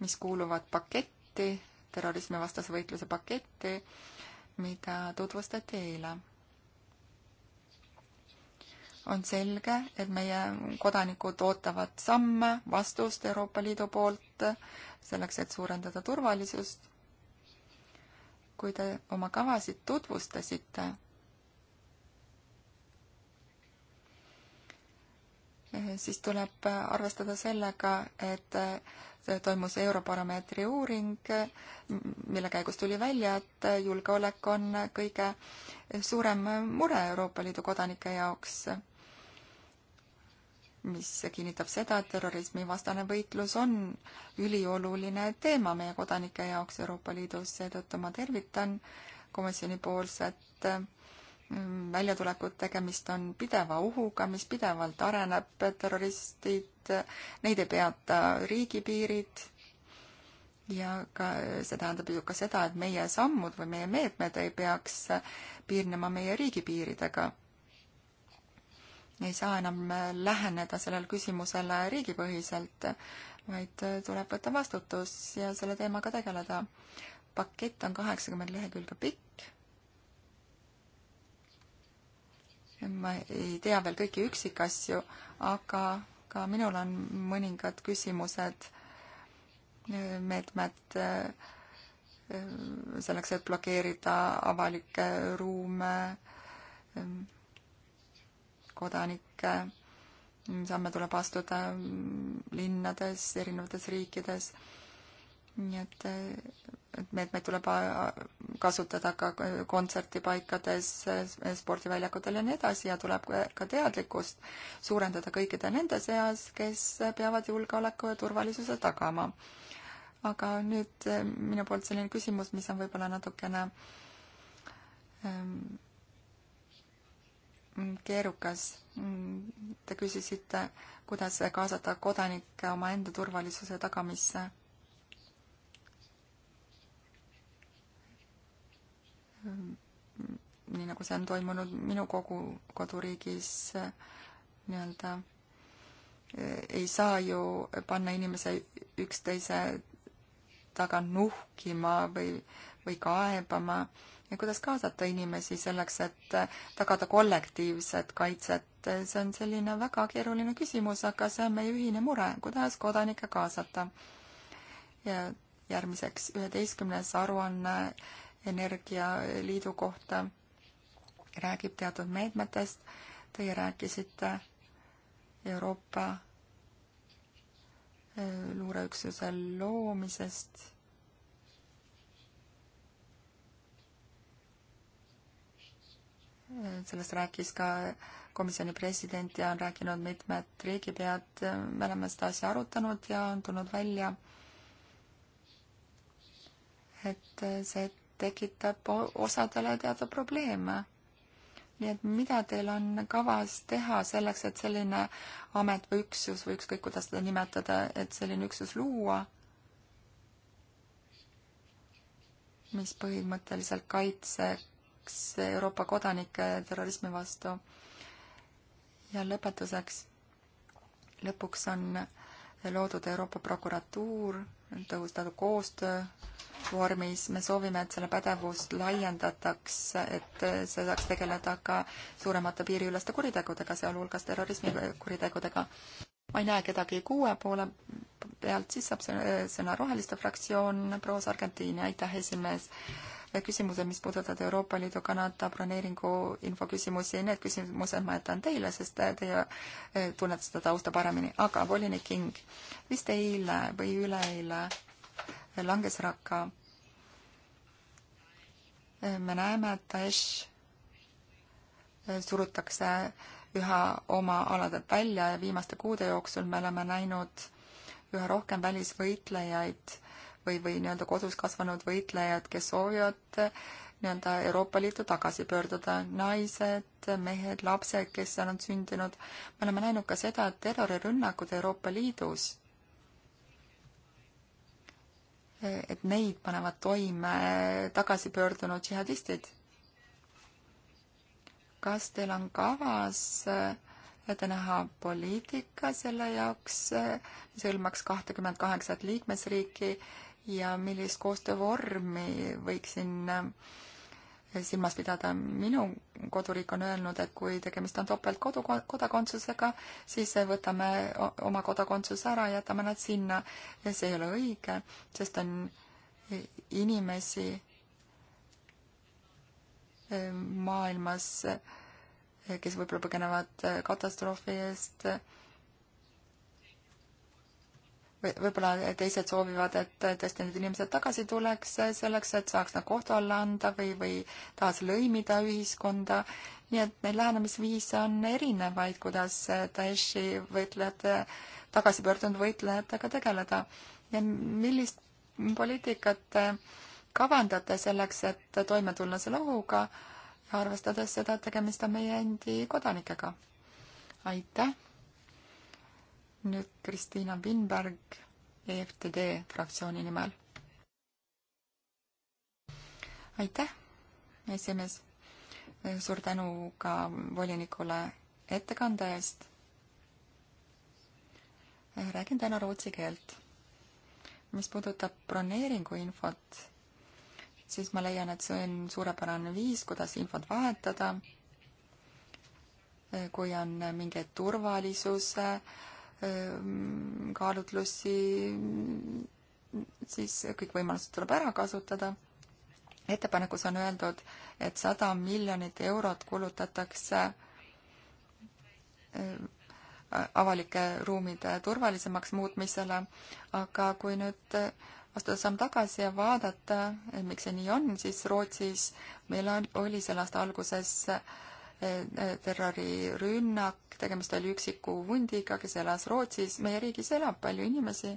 mis kuuluvad paketti terrorismivastase võitluse paketti, mida tutvustati eile. on selge, et meie kodanikud ootavad samme, vastust Euroopa Liidu poolt selleks, et suurendada turvalisust. kui te oma kavasid tutvustasite, eh, siis tuleb arvestada sellega, et toimus Eurobaromeetri uuring, mille käigus tuli välja, et julgeolek on kõige suurem mure Euroopa Liidu kodanike jaoks, mis kinnitab seda, et terrorismivastane võitlus on ülioluline teema meie kodanike jaoks Euroopa Liidus, seetõttu ma tervitan komisjonipoolset väljatulekut, tegemist on pideva ohuga, mis pidevalt areneb, terroristid, neid ei peata riigipiirid ja ka see tähendab ju ka seda, et meie sammud või meie meetmed ei peaks piirnema meie riigipiiridega. ei saa enam läheneda sellele küsimusele riigipõhiselt, vaid tuleb võtta vastutus ja selle teemaga tegeleda. pakett on kaheksakümmend lehekülge pikk ma ei tea veel kõiki üksikasju, aga ka minul on mõningad küsimused, äh, meetmed äh, äh, selleks, et blokeerida avalikke ruume, kodanikke, samme tuleb astuda mm, linnades, erinevates riikides nii et, et meetmeid tuleb äh, kasutada ka kontserdipaikades, äh, spordiväljakudel ja nii edasi ja tuleb ka teadlikkust suurendada kõikide nende seas, kes peavad julgeoleku ja turvalisuse tagama. aga nüüd äh, minu poolt selline küsimus, mis on võib-olla natukene ähm, keerukas. Te küsisite, kuidas kaasata kodanikke omaenda turvalisuse tagamisse nii nagu see on toimunud minu kogu koduriigis nii-öelda eh, ei saa ju panna inimese üksteise taga nuhkima või, või kaebama ja kuidas kaasata inimesi selleks, et eh, tagada kollektiivset kaitset, see on selline väga keeruline küsimus, aga see on meie ühine mure, kuidas kodanikke kaasata. ja järgmiseks üheteistkümnes aruanne energialiidu kohta, räägib teatud meetmetest. Teie rääkisite Euroopa äh, luureüksuse loomisest. Äh, sellest rääkis ka komisjoni president ja on rääkinud mitmed riigipead, me oleme seda asja arutanud ja on tulnud välja, et äh, see tekitab osadele teada probleeme. nii et mida teil on kavas teha selleks, et selline amet või üksus või ükskõik, kuidas seda nimetada, et selline üksus luua, mis põhimõtteliselt kaitseks Euroopa kodanikke terrorismi vastu. ja lõpetuseks, lõpuks on loodud Euroopa prokuratuur, tõhustatud koostöö vormis, me soovime, et selle pädevust laiendataks, et see saaks tegeleda ka suuremate piiriüleste kuritegudega, sealhulgas terrorismikuritegudega. ma ei näe kedagi kuue poole pealt, siis saab sõna Roheliste fraktsioon, proua Sargentini, aitäh, esimees. küsimused, mis puudutavad Euroopa Liidu, Kanada broneeringu infoküsimusi, need küsimused ma jätan teile, sest teie eh, tunnete seda tausta paremini, aga volinik King, vist eile või üleeile langesraka. me näeme, et Daesh surutakse üha oma aladelt välja ja viimaste kuude jooksul me oleme näinud üha rohkem välisvõitlejaid või, või nii-öelda kodus kasvanud võitlejad, kes soovivad nii-öelda Euroopa Liitu tagasi pöörduda, naised, mehed, lapsed, kes seal on sündinud. me oleme näinud ka seda, et terrorirünnakud Euroopa Liidus et neid panevad toime tagasipöördunud džihadistid. kas teil on kavas äh, ette näha poliitika selle jaoks, äh, mis hõlmaks kahtekümmet kaheksat liikmesriiki ja millist koostöövormi võiks siin äh, silmas pidada. minu koduriik on öelnud, et kui tegemist on topeltkodakondsusega, siis võtame oma kodakondsuse ära, jätame nad sinna ja see ei ole õige, sest on inimesi e, maailmas, e, kes võib-olla põgenevad e, katastroofi eest võib-olla teised soovivad, et tõesti need inimesed tagasi tuleks selleks, et saaks nad kohtu alla anda või, või taas lõimida ühiskonda. nii et neid lähenemisviise on erinevaid, kuidas Daeshi võitlejate, tagasi pöördunud võitlejatega tegeleda ja millist poliitikat kavandate selleks, et toime tulla selle ohuga ja arvestades seda, et tegemist on meie endi kodanikega. aitäh! nüüd Kristiina Vinberg EFTD fraktsiooni nimel. aitäh, esimees. suur tänu ka volinikule ettekande eest. räägin täna rootsi keelt. mis puudutab broneeringu infot, siis ma leian, et see on suurepärane viis, kuidas infot vahetada. kui on mingeid turvalisuse äh, Ehm, kaalutlusi, siis kõik võimalused tuleb ära kasutada. ettepanekus on öeldud, et sada miljonit eurot kulutatakse ehm, avalike ruumide turvalisemaks muutmisele, aga kui nüüd astuda samm tagasi ja vaadata, et miks see nii on, siis Rootsis meil on, oli selle aasta alguses ehm, terrorirünnak, tegemist oli üksiku hundiga, kes elas Rootsis, meie riigis elab palju inimesi,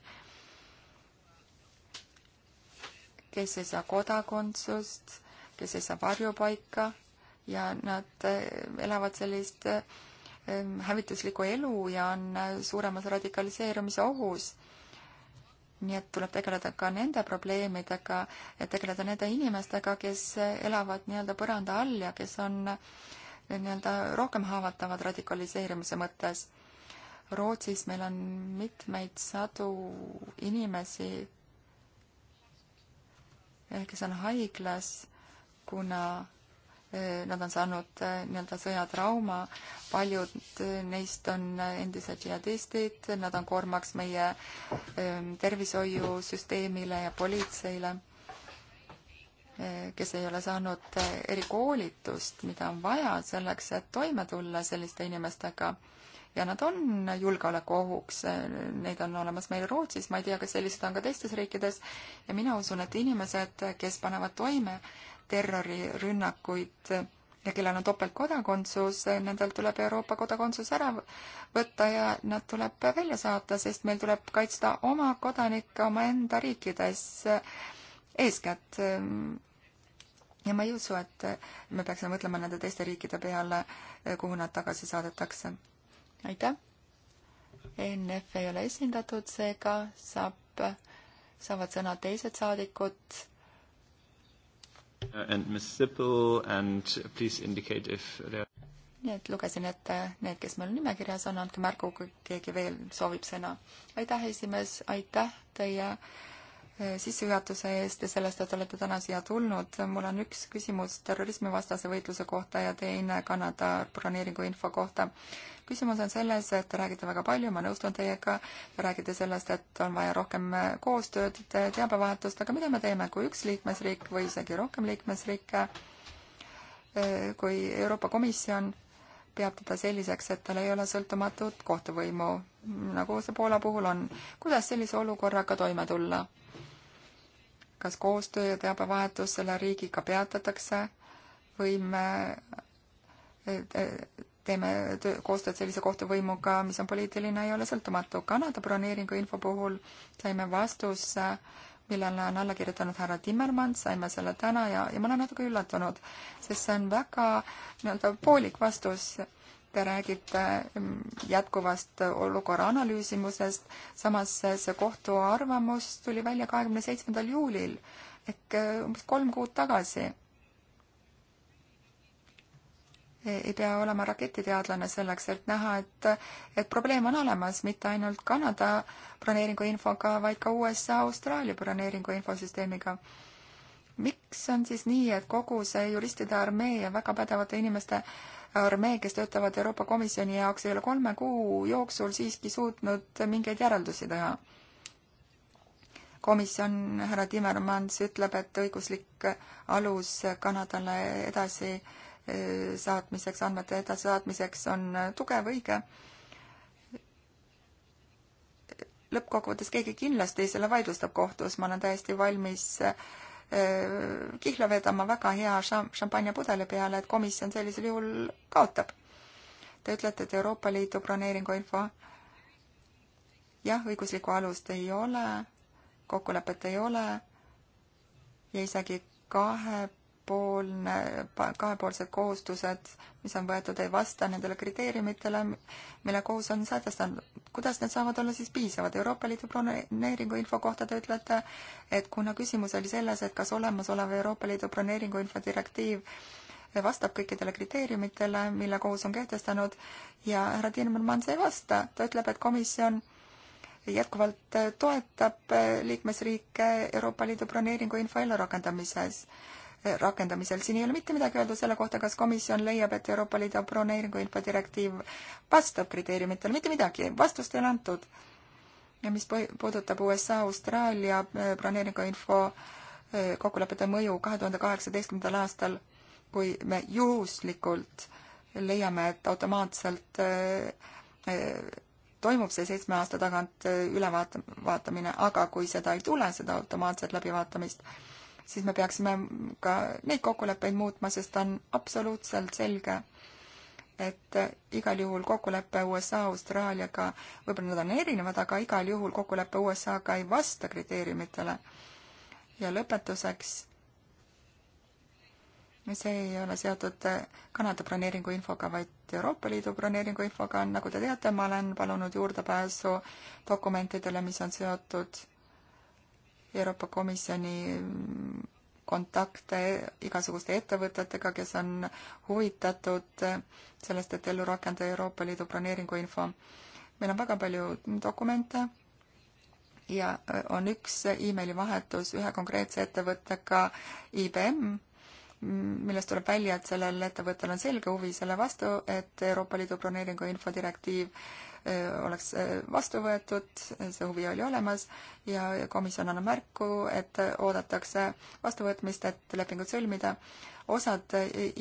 kes ei saa kodakondsust, kes ei saa varjupaika ja nad äh, elavad sellist ähm, hävituslikku elu ja on äh, suuremas radikaliseerumise ohus. nii et tuleb tegeleda ka nende probleemidega ja tegeleda nende inimestega, kes äh, elavad nii-öelda põranda all ja kes on äh, nii-öelda rohkem haavatavad radikaliseerimise mõttes. Rootsis meil on mitmeid sadu inimesi, eh, kes on haiglas, kuna eh, nad on saanud eh, nii-öelda sõjatrauma, paljud neist on endised džihadistid, nad on koormaks meie tervishoiusüsteemile ja politseile kes ei ole saanud eh, erikoolitust, mida on vaja selleks, et toime tulla selliste inimestega. ja nad on julgeolekuohuks, eh, neid on olemas meil Rootsis, ma ei tea, kas sellised on ka teistes riikides, ja mina usun, et inimesed, kes panevad toime terrorirünnakuid ja kellel on topeltkodakondsus, eh, nendel tuleb Euroopa kodakondsus ära võtta ja nad tuleb välja saata, sest meil tuleb kaitsta oma kodanikke omaenda riikides eeskätt ehm, ja ma ei usu, et me peaksime mõtlema nende teiste riikide peale, kuhu nad tagasi saadetakse. aitäh! ENF ei ole esindatud, seega saab, saavad sõna teised saadikud. Uh, and Miss Sippel and please indicate if there nii et lugesin ette need, kes meil nimekirjas on, andke märku, kui keegi veel soovib sõna. aitäh, esimees, aitäh teie äh, Eh, sissejuhatuse eest ja sellest, et olete täna siia tulnud. mul on üks küsimus terrorismivastase võitluse kohta ja teine Kanada broneeringu info kohta. küsimus on selles, et te räägite väga palju, ma nõustun teiega, te räägite sellest, et on vaja rohkem eh, koostööd, teabevahetust, aga mida me teeme, kui üks liikmesriik või isegi rohkem liikmesriike, eh, kui Euroopa Komisjon peab teda selliseks, et tal ei ole sõltumatut kohtuvõimu, nagu see Poola puhul on. kuidas sellise olukorraga toime tulla? kas koostöö ja teabevahetus selle riigiga peatatakse või me e, e, teeme töö, koostööd sellise kohtuvõimuga, mis on poliitiline ja ei ole sõltumatu. Kanada broneeringu info puhul saime vastuse, millele on alla kirjutanud härra Timmermann, saime selle täna ja, ja ma olen natuke üllatunud, sest see on väga nii-öelda poolik vastus te räägite mm, jätkuvast olukorra analüüsimusest, samas see kohtu arvamus tuli välja kahekümne seitsmendal juulil ehk äh, umbes kolm kuud tagasi. E, ei pea olema raketiteadlane selleks, et näha, et, et probleem on olemas mitte ainult Kanada broneeringuinfoga, vaid ka USA, Austraalia broneeringu infosüsteemiga miks on siis nii, et kogu see juristide armee ja väga pädevate inimeste armee, kes töötavad Euroopa Komisjoni jaoks, ei ole kolme kuu jooksul siiski suutnud mingeid järeldusi teha. komisjon, härra Timmermans ütleb, et õiguslik alus Kanadale edasi e, saatmiseks, andmete edasisaatmiseks on tugev, õige. lõppkokkuvõttes keegi kindlasti selle vaidlustab kohtus, ma olen täiesti valmis äh, kihla vedama väga hea šampanjapudeli peale, et komisjon sellisel juhul kaotab. Te ütlete, et Euroopa Liidu broneeringu info jah, õiguslikku alust ei ole, kokkulepet ei ole ja isegi kahe kahepoolne, kahepoolsed kohustused, mis on võetud, ei vasta nendele kriteeriumitele, mille kohus on sätestanud. kuidas need saavad olla siis piisavad? Euroopa Liidu broneeringu info kohta te ütlete, et kuna küsimus oli selles, et kas olemasolev Euroopa Liidu broneeringu info direktiiv vastab kõikidele kriteeriumitele, mille kohus on kehtestanud ja härra Timmermann, see ei vasta. ta ütleb, et komisjon jätkuvalt toetab liikmesriike Euroopa Liidu broneeringu info ellurakendamises rakendamisel. siin ei ole mitte midagi öelda selle kohta, kas komisjon leiab, et Euroopa Liidu broneeringu infodirektiiv vastab kriteeriumitele, mitte midagi, vastust ei ole antud. ja mis puudutab USA, Austraalia äh, broneeringu info äh, kokkulepete mõju kahe tuhande kaheksateistkümnendal aastal, kui me juhuslikult leiame, et automaatselt äh, toimub see seitsme aasta tagant ülevaatamine, aga kui seda ei tule, seda automaatset läbivaatamist, siis me peaksime ka neid kokkuleppeid muutma, sest on absoluutselt selge, et igal juhul kokkulepe USA, Austraaliaga, võib-olla nad on erinevad, aga igal juhul kokkulepe USA-ga ei vasta kriteeriumitele. ja lõpetuseks, see ei ole seotud Kanada broneeringu infoga, vaid Euroopa Liidu broneeringu infoga, nagu te teate, ma olen palunud juurdepääsu dokumentidele, mis on seotud Euroopa Komisjoni kontakte igasuguste ettevõtetega, kes on huvitatud sellest, et ellu rakendada Euroopa Liidu broneeringuinfo. meil on väga palju dokumente ja äh, on üks emailivahetus ühe konkreetse ettevõttega IBM, millest tuleb välja, et sellel ettevõttel on selge huvi selle vastu, et Euroopa Liidu broneeringu infodirektiiv Äh, oleks äh, vastu võetud, see huvi oli olemas ja komisjon annab märku, et oodatakse vastuvõtmist, et lepingut sõlmida. osad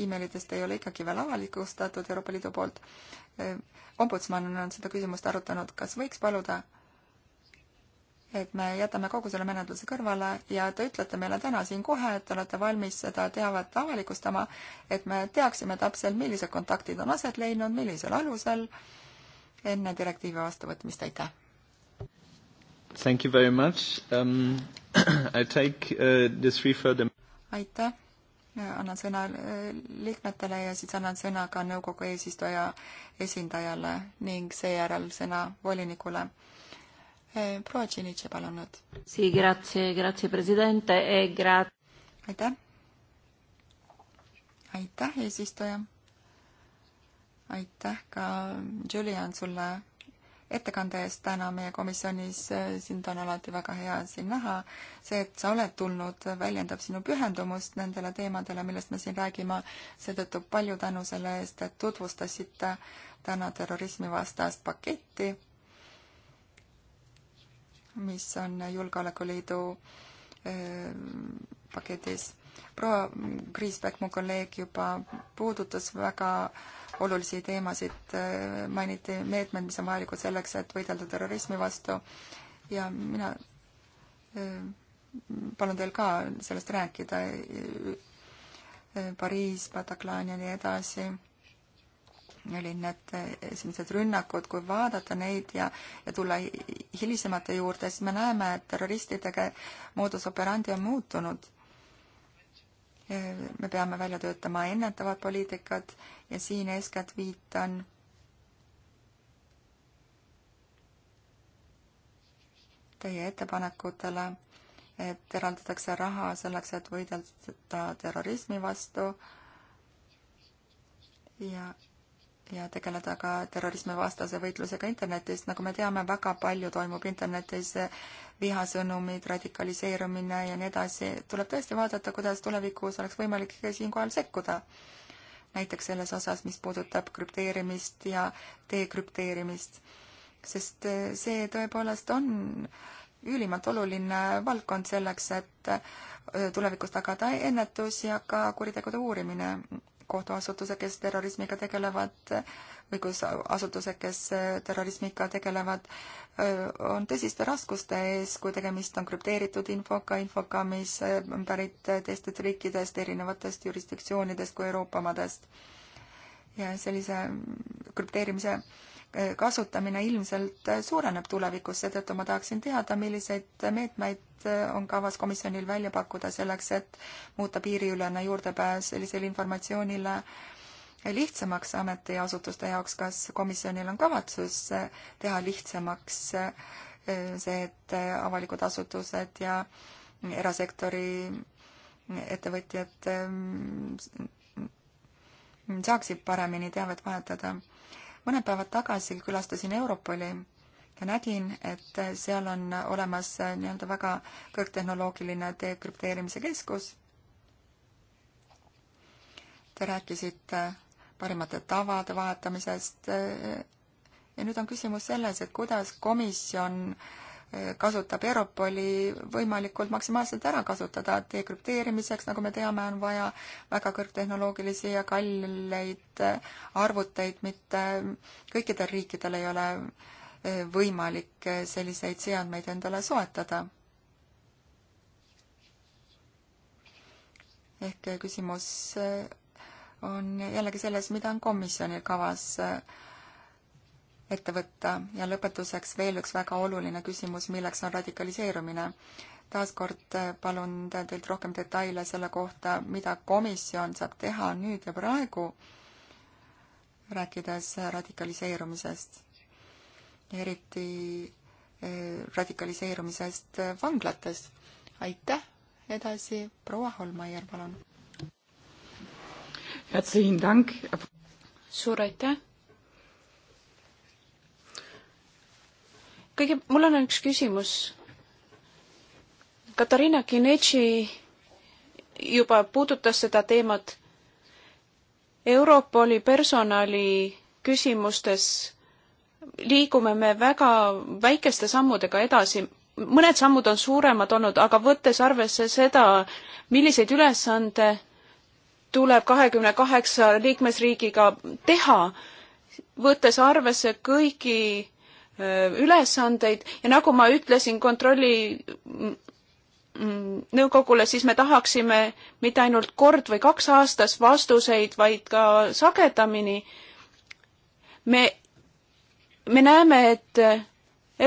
emailidest ei ole ikkagi veel avalikustatud Euroopa Liidu poolt. Äh, ombudsman on seda küsimust arutanud, kas võiks paluda, et me jätame kogu selle menetluse kõrvale ja te ütlete meile täna siin kohe, et olete valmis seda teavet avalikustama, et me teaksime täpselt, millised kontaktid on aset leidnud, millisel alusel äh, enne direktiivi vastuvõtmist, aitäh! Thank you very much um,. I take uh, the three further aitäh! annan sõna äh, liikmetele ja siis annan sõna ka nõukogu eesistuja esindajale ning seejärel sõna volinikule. Äh, proua Tšinitši, palun nüüd. E aitäh! aitäh, eesistuja! aitäh ka, Julian, sulle ettekande eest täna meie komisjonis, sind on alati väga hea siin näha. see, et sa oled tulnud, väljendab sinu pühendumust nendele teemadele, millest me siin räägime. seetõttu palju tänu selle eest, et tutvustasite täna terrorismivastast paketti, mis on Julgeolekuliidu paketis. proua Kriisbeck, mu kolleeg, juba puudutas väga äh, olulisi teemasid, äh, mainiti meetmed, mis on vajalikud selleks, et võidelda terrorismi vastu ja mina äh, palun teil ka sellest rääkida, äh, Pariis, Bataclan ja nii edasi, olid need esimesed rünnakud, kui vaadata neid ja, ja tulla hilisemate juurde, siis me näeme, et terroristidega moodus operandi on muutunud me peame välja töötama ennetavad poliitikad ja siin eeskätt viitan teie ettepanekutele, et eraldatakse raha selleks, et võidelda terrorismi vastu ja, ja tegeleda ka terrorismivastase võitlusega internetis. nagu me teame, väga palju toimub internetis vihasõnumid, radikaliseerumine ja nii edasi, tuleb tõesti vaadata, kuidas tulevikus oleks võimalik siinkohal sekkuda. näiteks selles osas, mis puudutab krüpteerimist ja dekrüpteerimist. sest eh, see tõepoolest on ülimalt oluline valdkond selleks, et eh, tulevikus tagada ennetus ja ka kuritegude uurimine kohtuasutuse, kes terrorismiga tegelevad, õigusasutused, kes terrorismiga tegelevad, on tõsiste raskuste ees, kui tegemist on krüpteeritud infoga, infoga, mis on pärit teistest riikidest, erinevatest jurisdiktsioonidest kui Euroopa omadest. ja sellise krüpteerimise kasutamine ilmselt suureneb tulevikus, seetõttu ma tahaksin teada, milliseid meetmeid on kavas komisjonil välja pakkuda selleks, et muuta piiriülene juurdepääs sellisele informatsioonile lihtsamaks ametiasutuste jaoks, kas komisjonil on kavatsus teha lihtsamaks see, et avalikud asutused ja erasektori ettevõtjad saaksid paremini teavet vahetada mõned päevad tagasi külastasin Europoli ja nägin, et seal on olemas äh, nii-öelda väga kõrgtehnoloogiline dekrüpteerimise keskus. Te rääkisite äh, parimate tavade vahetamisest äh, ja nüüd on küsimus selles, et kuidas komisjon äh, kasutab Europoli võimalikult maksimaalselt ära kasutada. dekrüpteerimiseks, nagu me teame, on vaja väga kõrgtehnoloogilisi ja kalleid arvuteid, mitte kõikidel riikidel ei ole e, võimalik selliseid seadmeid endale soetada. ehk küsimus e, on jällegi selles, mida on komisjonil kavas e, ette võtta ja lõpetuseks veel üks väga oluline küsimus, milleks on radikaliseerumine. taaskord äh, palun teilt rohkem detaile selle kohta, mida komisjon saab teha nüüd ja praegu, rääkides äh, radikaliseerumisest, eriti äh, radikaliseerumisest vanglates. aitäh, edasi proua Holmeier, palun. suur aitäh kõige, mul on üks küsimus. Katariina Kinetši juba puudutas seda teemat. Europoli personali küsimustes liigume me väga väikeste sammudega edasi. mõned sammud on suuremad olnud, aga võttes arvesse seda, milliseid ülesande tuleb kahekümne kaheksa liikmesriigiga teha, võttes arvesse kõigi Äh, ülesandeid ja nagu ma ütlesin kontrolli mm, mm, nõukogule, siis me tahaksime mitte ainult kord või kaks aastas vastuseid, vaid ka sagedamini. me, me näeme, et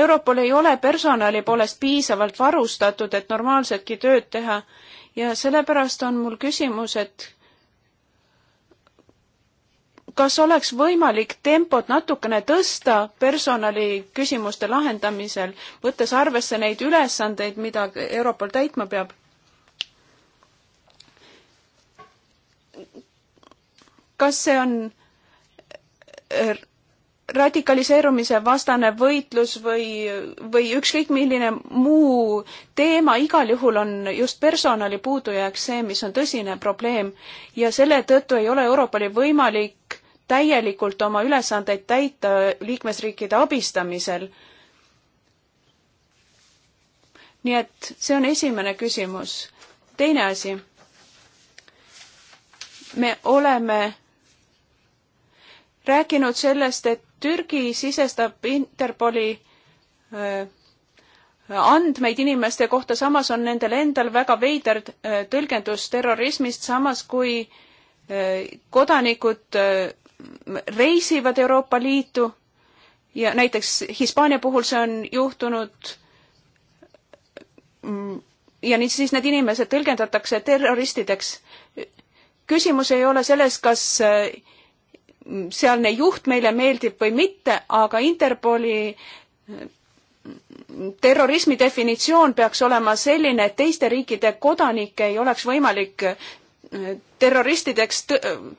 Europol ei ole personali poolest piisavalt varustatud, et normaalsetki tööd teha ja sellepärast on mul küsimus, et kas oleks võimalik tempot natukene tõsta personali küsimuste lahendamisel, võttes arvesse neid ülesandeid, mida Europol täitma peab? kas see on äh, radikaliseerumise vastane võitlus või, või ükskõik milline muu teema, igal juhul on just personali puudujääk see, mis on tõsine probleem ja selle tõttu ei ole Euroopal võimalik täielikult oma ülesandeid täita liikmesriikide abistamisel. nii et see on esimene küsimus. teine asi. me oleme rääkinud sellest, et Türgi sisestab Interpoli öö, äh, andmeid inimeste kohta, samas on nendel endal väga veider äh, tõlgendus terrorismist, samas kui äh, kodanikud reisivad Euroopa Liitu ja näiteks Hispaania puhul see on juhtunud mm, ja nii siis need inimesed tõlgendatakse terroristideks. küsimus ei ole selles, kas mm, sealne juht meile meeldib või mitte, aga Interpoli mm, terrorismi definitsioon peaks olema selline, et teiste riikide kodanikke ei oleks võimalik terroristideks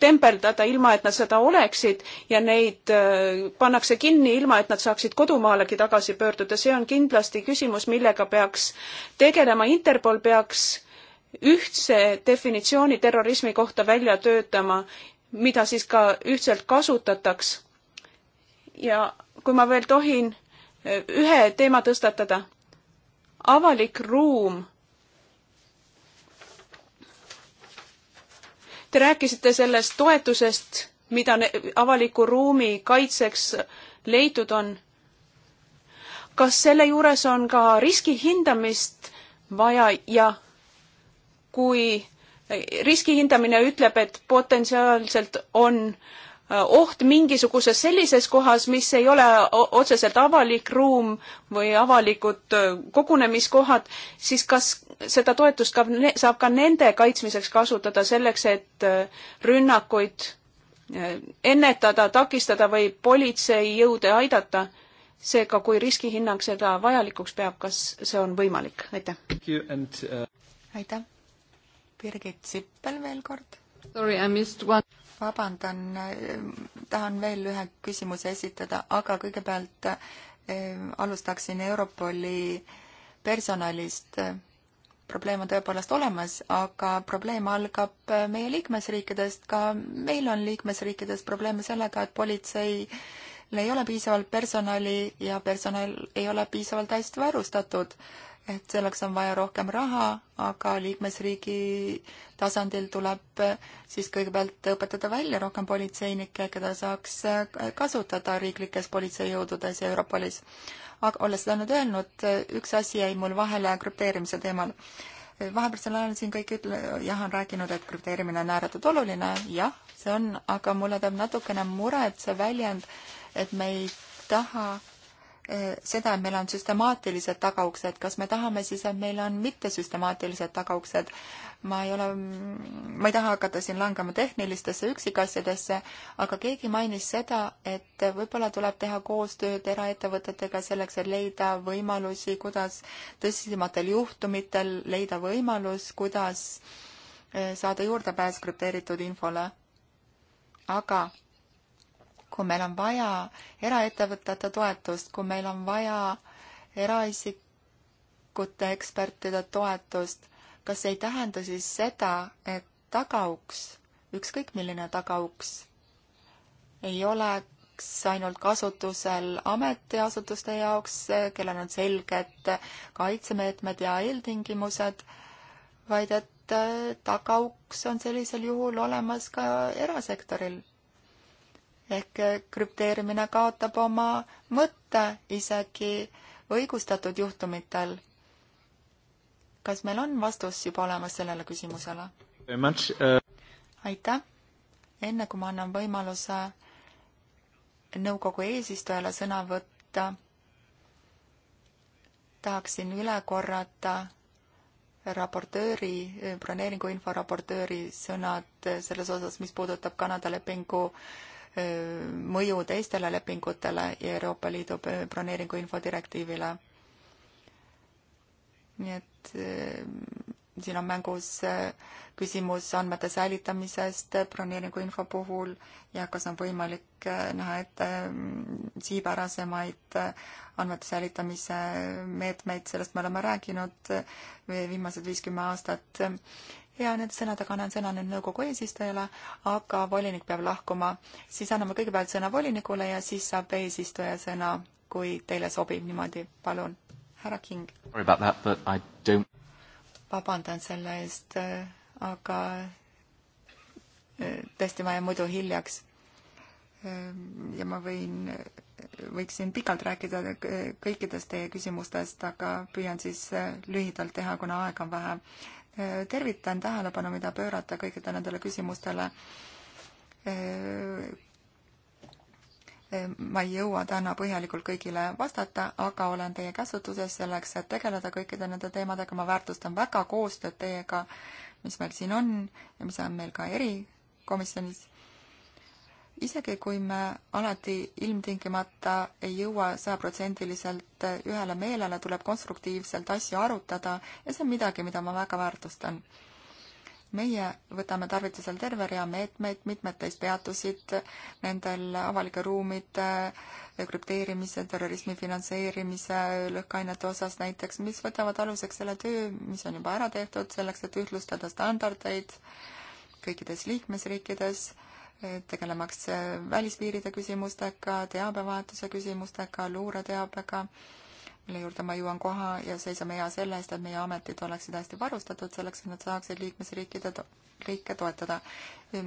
tembeldada, ilma et nad seda oleksid ja neid äh, pannakse kinni, ilma et nad saaksid kodumaalegi tagasi pöörduda, see on kindlasti küsimus, millega peaks tegelema. Interpol peaks ühtse definitsiooni terrorismi kohta välja töötama, mida siis ka ühtselt kasutataks. ja kui ma veel tohin äh, ühe teema tõstatada. avalik ruum Te rääkisite sellest toetusest, mida avaliku ruumi kaitseks leitud on. kas selle juures on ka riski hindamist vaja ja kui riski hindamine ütleb, et potentsiaalselt on äh, oht mingisuguses sellises kohas, mis ei ole otseselt avalik ruum või avalikud äh, kogunemiskohad, siis kas seda toetust ka, saab ka nende kaitsmiseks kasutada, selleks et äh, rünnakuid äh, ennetada, takistada või politseijõude aidata. seega, kui riskihinnang seda vajalikuks peab, kas see on võimalik? aitäh! Uh, aitäh! Birgit Sippel veel kord. Sorry, I missed one. vabandan, äh, tahan veel ühe küsimuse esitada, aga kõigepealt äh, alustaksin Europoli personalist äh, probleem on tõepoolest olemas, aga probleem algab äh, meie liikmesriikidest, ka meil on liikmesriikides probleeme sellega, et politseil ei ole piisavalt personali ja personal ei ole piisavalt hästi varustatud et selleks on vaja rohkem raha, aga liikmesriigi tasandil tuleb siis kõigepealt õpetada välja rohkem politseinikke, keda saaks kasutada riiklikes politseijõududes ja Europolis. aga olles seda nüüd öelnud, üks asi jäi mul vahele krüpteerimise teemal. vahepealsel ajal siin kõik ütle-, jah, on rääkinud, et krüpteerimine on ääretult oluline, jah, see on, aga mulle teeb natukene muret see väljend, et me ei taha Eh, seda, et meil on süstemaatilised tagauksed, kas me tahame siis, et meil on mittesüstemaatilised tagauksed. ma ei ole, ma ei taha hakata siin langema tehnilistesse üksikasjadesse, aga keegi mainis seda, et võib-olla tuleb teha koostööd eraettevõtetega selleks, et leida võimalusi, kuidas tõsisematel juhtumitel leida võimalus, kuidas eh, saada juurdepääs krüpteeritud infole. aga kui meil on vaja eraettevõtete toetust, kui meil on vaja eraisikute ekspertide toetust, kas ei tähenda siis seda, et tagauks, ükskõik milline tagauks, ei oleks ainult kasutusel ametiasutuste jaoks, kellel on selged kaitsemeetmed ja eeltingimused, vaid et tagauks on sellisel juhul olemas ka erasektoril ehk eh, krüpteerimine kaotab oma mõtte isegi õigustatud juhtumitel. kas meil on vastus juba olemas sellele küsimusele? Eh. aitäh! enne kui ma annan võimaluse nõukogu eesistujale sõna võtta, tahaksin üle korrata raportööri, broneeringu inforaportööri sõnad selles osas, mis puudutab Kanada lepingu äh, Äh, mõju teistele lepingutele ja Euroopa Liidu broneeringu infodirektiivile. nii et äh, siin on mängus äh, küsimus andmete säilitamisest broneeringu info puhul ja kas on võimalik näha ette mm, siipärasemaid andmete säilitamise meetmeid, sellest me oleme rääkinud viimased viiskümmend aastat ja nende sõnadega annan sõna nüüd nõukogu eesistujale, aga volinik peab lahkuma. siis anname kõigepealt sõna volinikule ja siis saab eesistuja sõna, kui teile sobib niimoodi, palun. härra King. vabandan selle eest, aga e, tõesti, ma jään muidu hiljaks. E, ja ma võin, e, võiksin pikalt rääkida kõikidest teie küsimustest, aga püüan siis lühidalt teha, kuna aega on vähe tervitan tähelepanu, mida pöörata kõikidele nendele küsimustele. ma ei jõua täna põhjalikult kõigile vastata, aga olen teie käsutuses selleks, et tegeleda kõikide nende teemadega, ma väärtustan väga koostööd teiega, mis meil siin on ja mis on meil ka erikomisjonis isegi kui me alati ilmtingimata ei jõua sajaprotsendiliselt ühele meelele, tuleb konstruktiivselt asju arutada ja see on midagi, mida ma väga väärtustan. meie võtame tarvitusel terve rea meetmeid, mitmed teist peatusid nendel avalike ruumide krüpteerimise, terrorismi finantseerimise lõhkeainete osas näiteks, mis võtavad aluseks selle töö, mis on juba ära tehtud, selleks et ühtlustada standardeid kõikides liikmesriikides tegelemaks välispiiride küsimustega, teabevahetuse küsimustega, luureteabega mille juurde ma jõuan kohe ja seisame hea selle eest, et meie ametid oleksid hästi varustatud selleks, et nad saaksid liikmesriikide to riike toetada.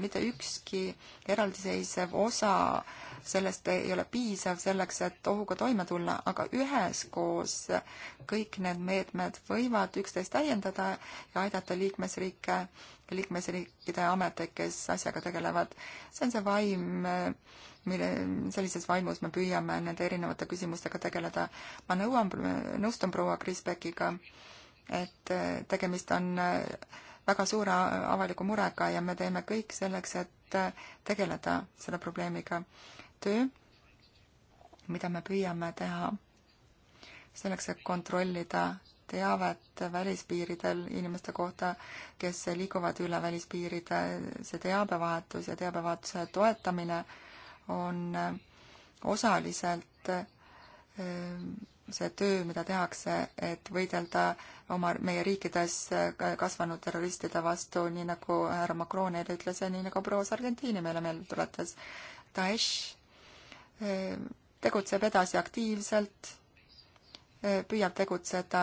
mitte ükski eraldiseisev osa sellest ei ole piisav selleks, et ohuga toime tulla, aga üheskoos kõik need meetmed võivad üksteist täiendada ja aidata liikmesriike, liikmesriikide ameteid, kes asjaga tegelevad. see on see vaim mille, sellises vaimus me püüame nende erinevate küsimustega tegeleda. ma nõuan, nõustun proua Kriisbeckiga, et äh, tegemist on äh, väga suure avaliku murega ja me teeme kõik selleks, et äh, tegeleda selle probleemiga. töö, mida me püüame teha selleks, et kontrollida teavet välispiiridel inimeste kohta, kes liiguvad üle välispiiride, see teabevahetus ja teabevahetuse toetamine äh, on äh, osaliselt äh, see töö, mida tehakse, et võidelda oma, meie riikides äh, kasvanud terroristide vastu, nii nagu härra Macron eile ütles ja nii nagu proua Sargentini meile meelde tuletas. Daesh tegutseb edasi aktiivselt, püüab tegutseda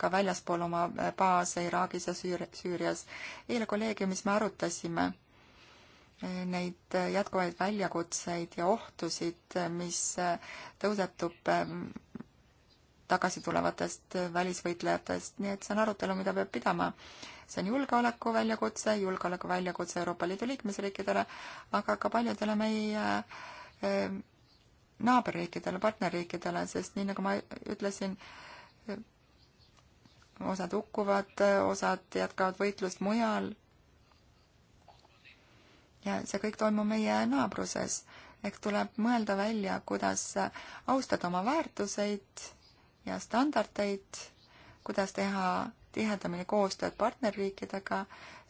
ka väljaspool oma baase Iraagis ja Süüri-, Süürias. eile kolleegiumis me arutasime neid jätkuvaid väljakutseid ja ohtusid, mis tõusetub ähm, tagasi tulevatest välisvõitlejatest, nii et see on arutelu, mida peab pidama. see on julgeoleku väljakutse, julgeoleku väljakutse Euroopa Liidu liikmesriikidele, aga ka paljudele meie ähm, naaberriikidele, partnerriikidele, sest nii nagu ma ütlesin, äh, osad hukkuvad, osad jätkavad võitlust mujal ja see kõik toimub meie naabruses. ehk tuleb mõelda välja, kuidas austada oma väärtuseid ja standardeid, kuidas teha tihedamini koostööd partnerriikidega,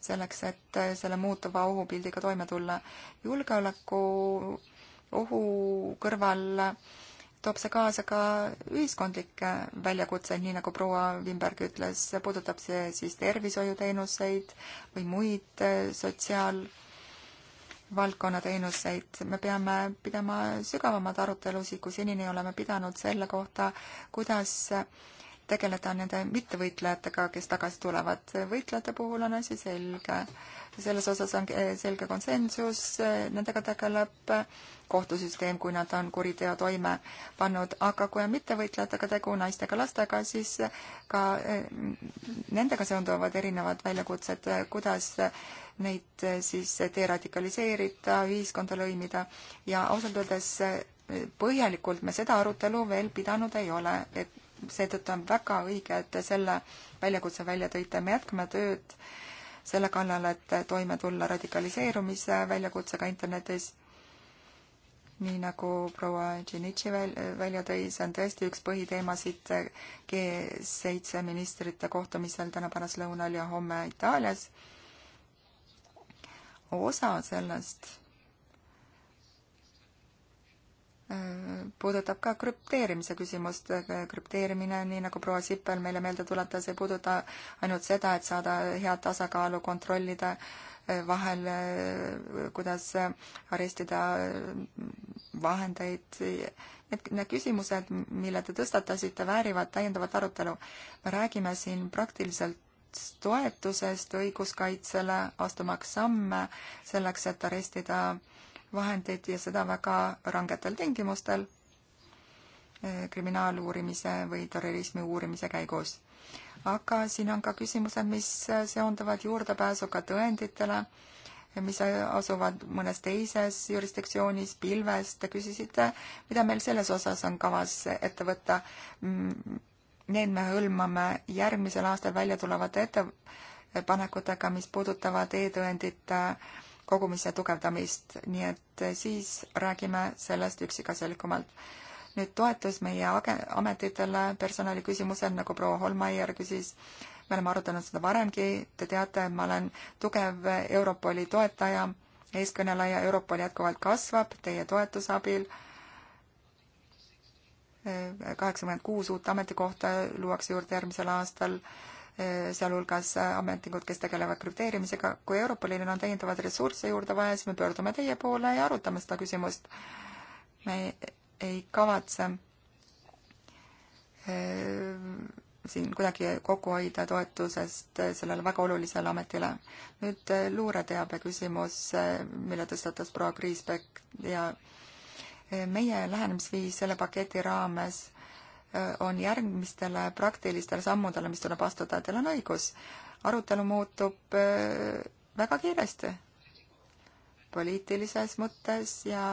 selleks et selle muutuva ohupildiga toime tulla. julgeoleku ohu kõrval toob see kaasa ka ühiskondlikke väljakutseid, nii nagu proua Wimberg ütles, puudutab see siis tervishoiuteenuseid või muid sotsiaal- valdkonna teenuseid, me peame pidama sügavamad arutelusid, kui senini oleme pidanud selle kohta, kuidas tegeleda nende mittevõitlejatega, kes tagasi tulevad. võitlejate puhul on asi selge. selles osas on selge konsensus, nendega tegeleb kohtusüsteem, kui nad on kuriteo toime pannud, aga kui on mittevõitlejatega tegu, naistega, lastega, siis ka eh, nendega seonduvad erinevad väljakutsed, kuidas neid siis deradikaliseerida, ühiskonda lõimida ja ausalt öeldes eh, põhjalikult me seda arutelu veel pidanud ei ole, et seetõttu on väga õige, et te selle väljakutse välja tõite, me jätkame tööd selle kallal, et toime tulla radikaliseerumise väljakutsega internetis. nii nagu proua Džinitši välja tõi, see on tõesti üks põhiteemasid G7 ministrite kohtumisel täna pärastlõunal ja homme Itaalias. osa sellest puudutab ka krüpteerimise küsimust. krüpteerimine, nii nagu proua Sippel meile meelde tuletas, ei puuduta ainult seda, et saada head tasakaalu, kontrollida vahel, kuidas arestida vahendeid. Need, need küsimused, mille te tõstatasite, väärivad täiendavat arutelu. me räägime siin praktiliselt toetusest õiguskaitsele, astumaks samme selleks, et arestida äh, vahendeid ja seda väga rangetel tingimustel eh, kriminaaluurimise või terrorismi uurimise käigus. aga siin on ka küsimused, mis eh, seonduvad juurdepääsuga tõenditele, mis eh, asuvad mõnes teises jurisdiktsioonis, pilves. Te küsisite, mida meil selles osas on kavas ette võtta. Mm, need me hõlmame järgmisel aastal välja tulevate ettepanekutega, mis puudutavad e-tõendite äh, kogumise tugevdamist, nii et siis räägime sellest üksikasjalikumalt. nüüd toetus meie ametitele, personaliküsimused, nagu proua Holmeier küsis, me oleme arutanud seda varemgi, te teate, ma olen tugev Europoli toetaja, eeskõneleja, Europol jätkuvalt kasvab teie toetuse abil kaheksakümmend kuus uut ametikohta luuakse juurde järgmisel aastal Eh, sealhulgas eh, ametnikud, kes tegelevad krüpteerimisega. kui Euroopa Liidul on täiendavaid ressursse juurde vaja, siis me pöördume teie poole ja arutame seda küsimust. me ei, ei kavatse eh, siin kuidagi kokku hoida toetusest sellele väga olulisele ametile. nüüd luureteabe küsimus, mille tõstatas proua Kriisbeck ja meie lähenemisviis selle paketi raames Äh, on järgmistele praktilistele sammudele, mis tuleb astuda, teil on õigus. arutelu muutub äh, väga kiiresti poliitilises mõttes ja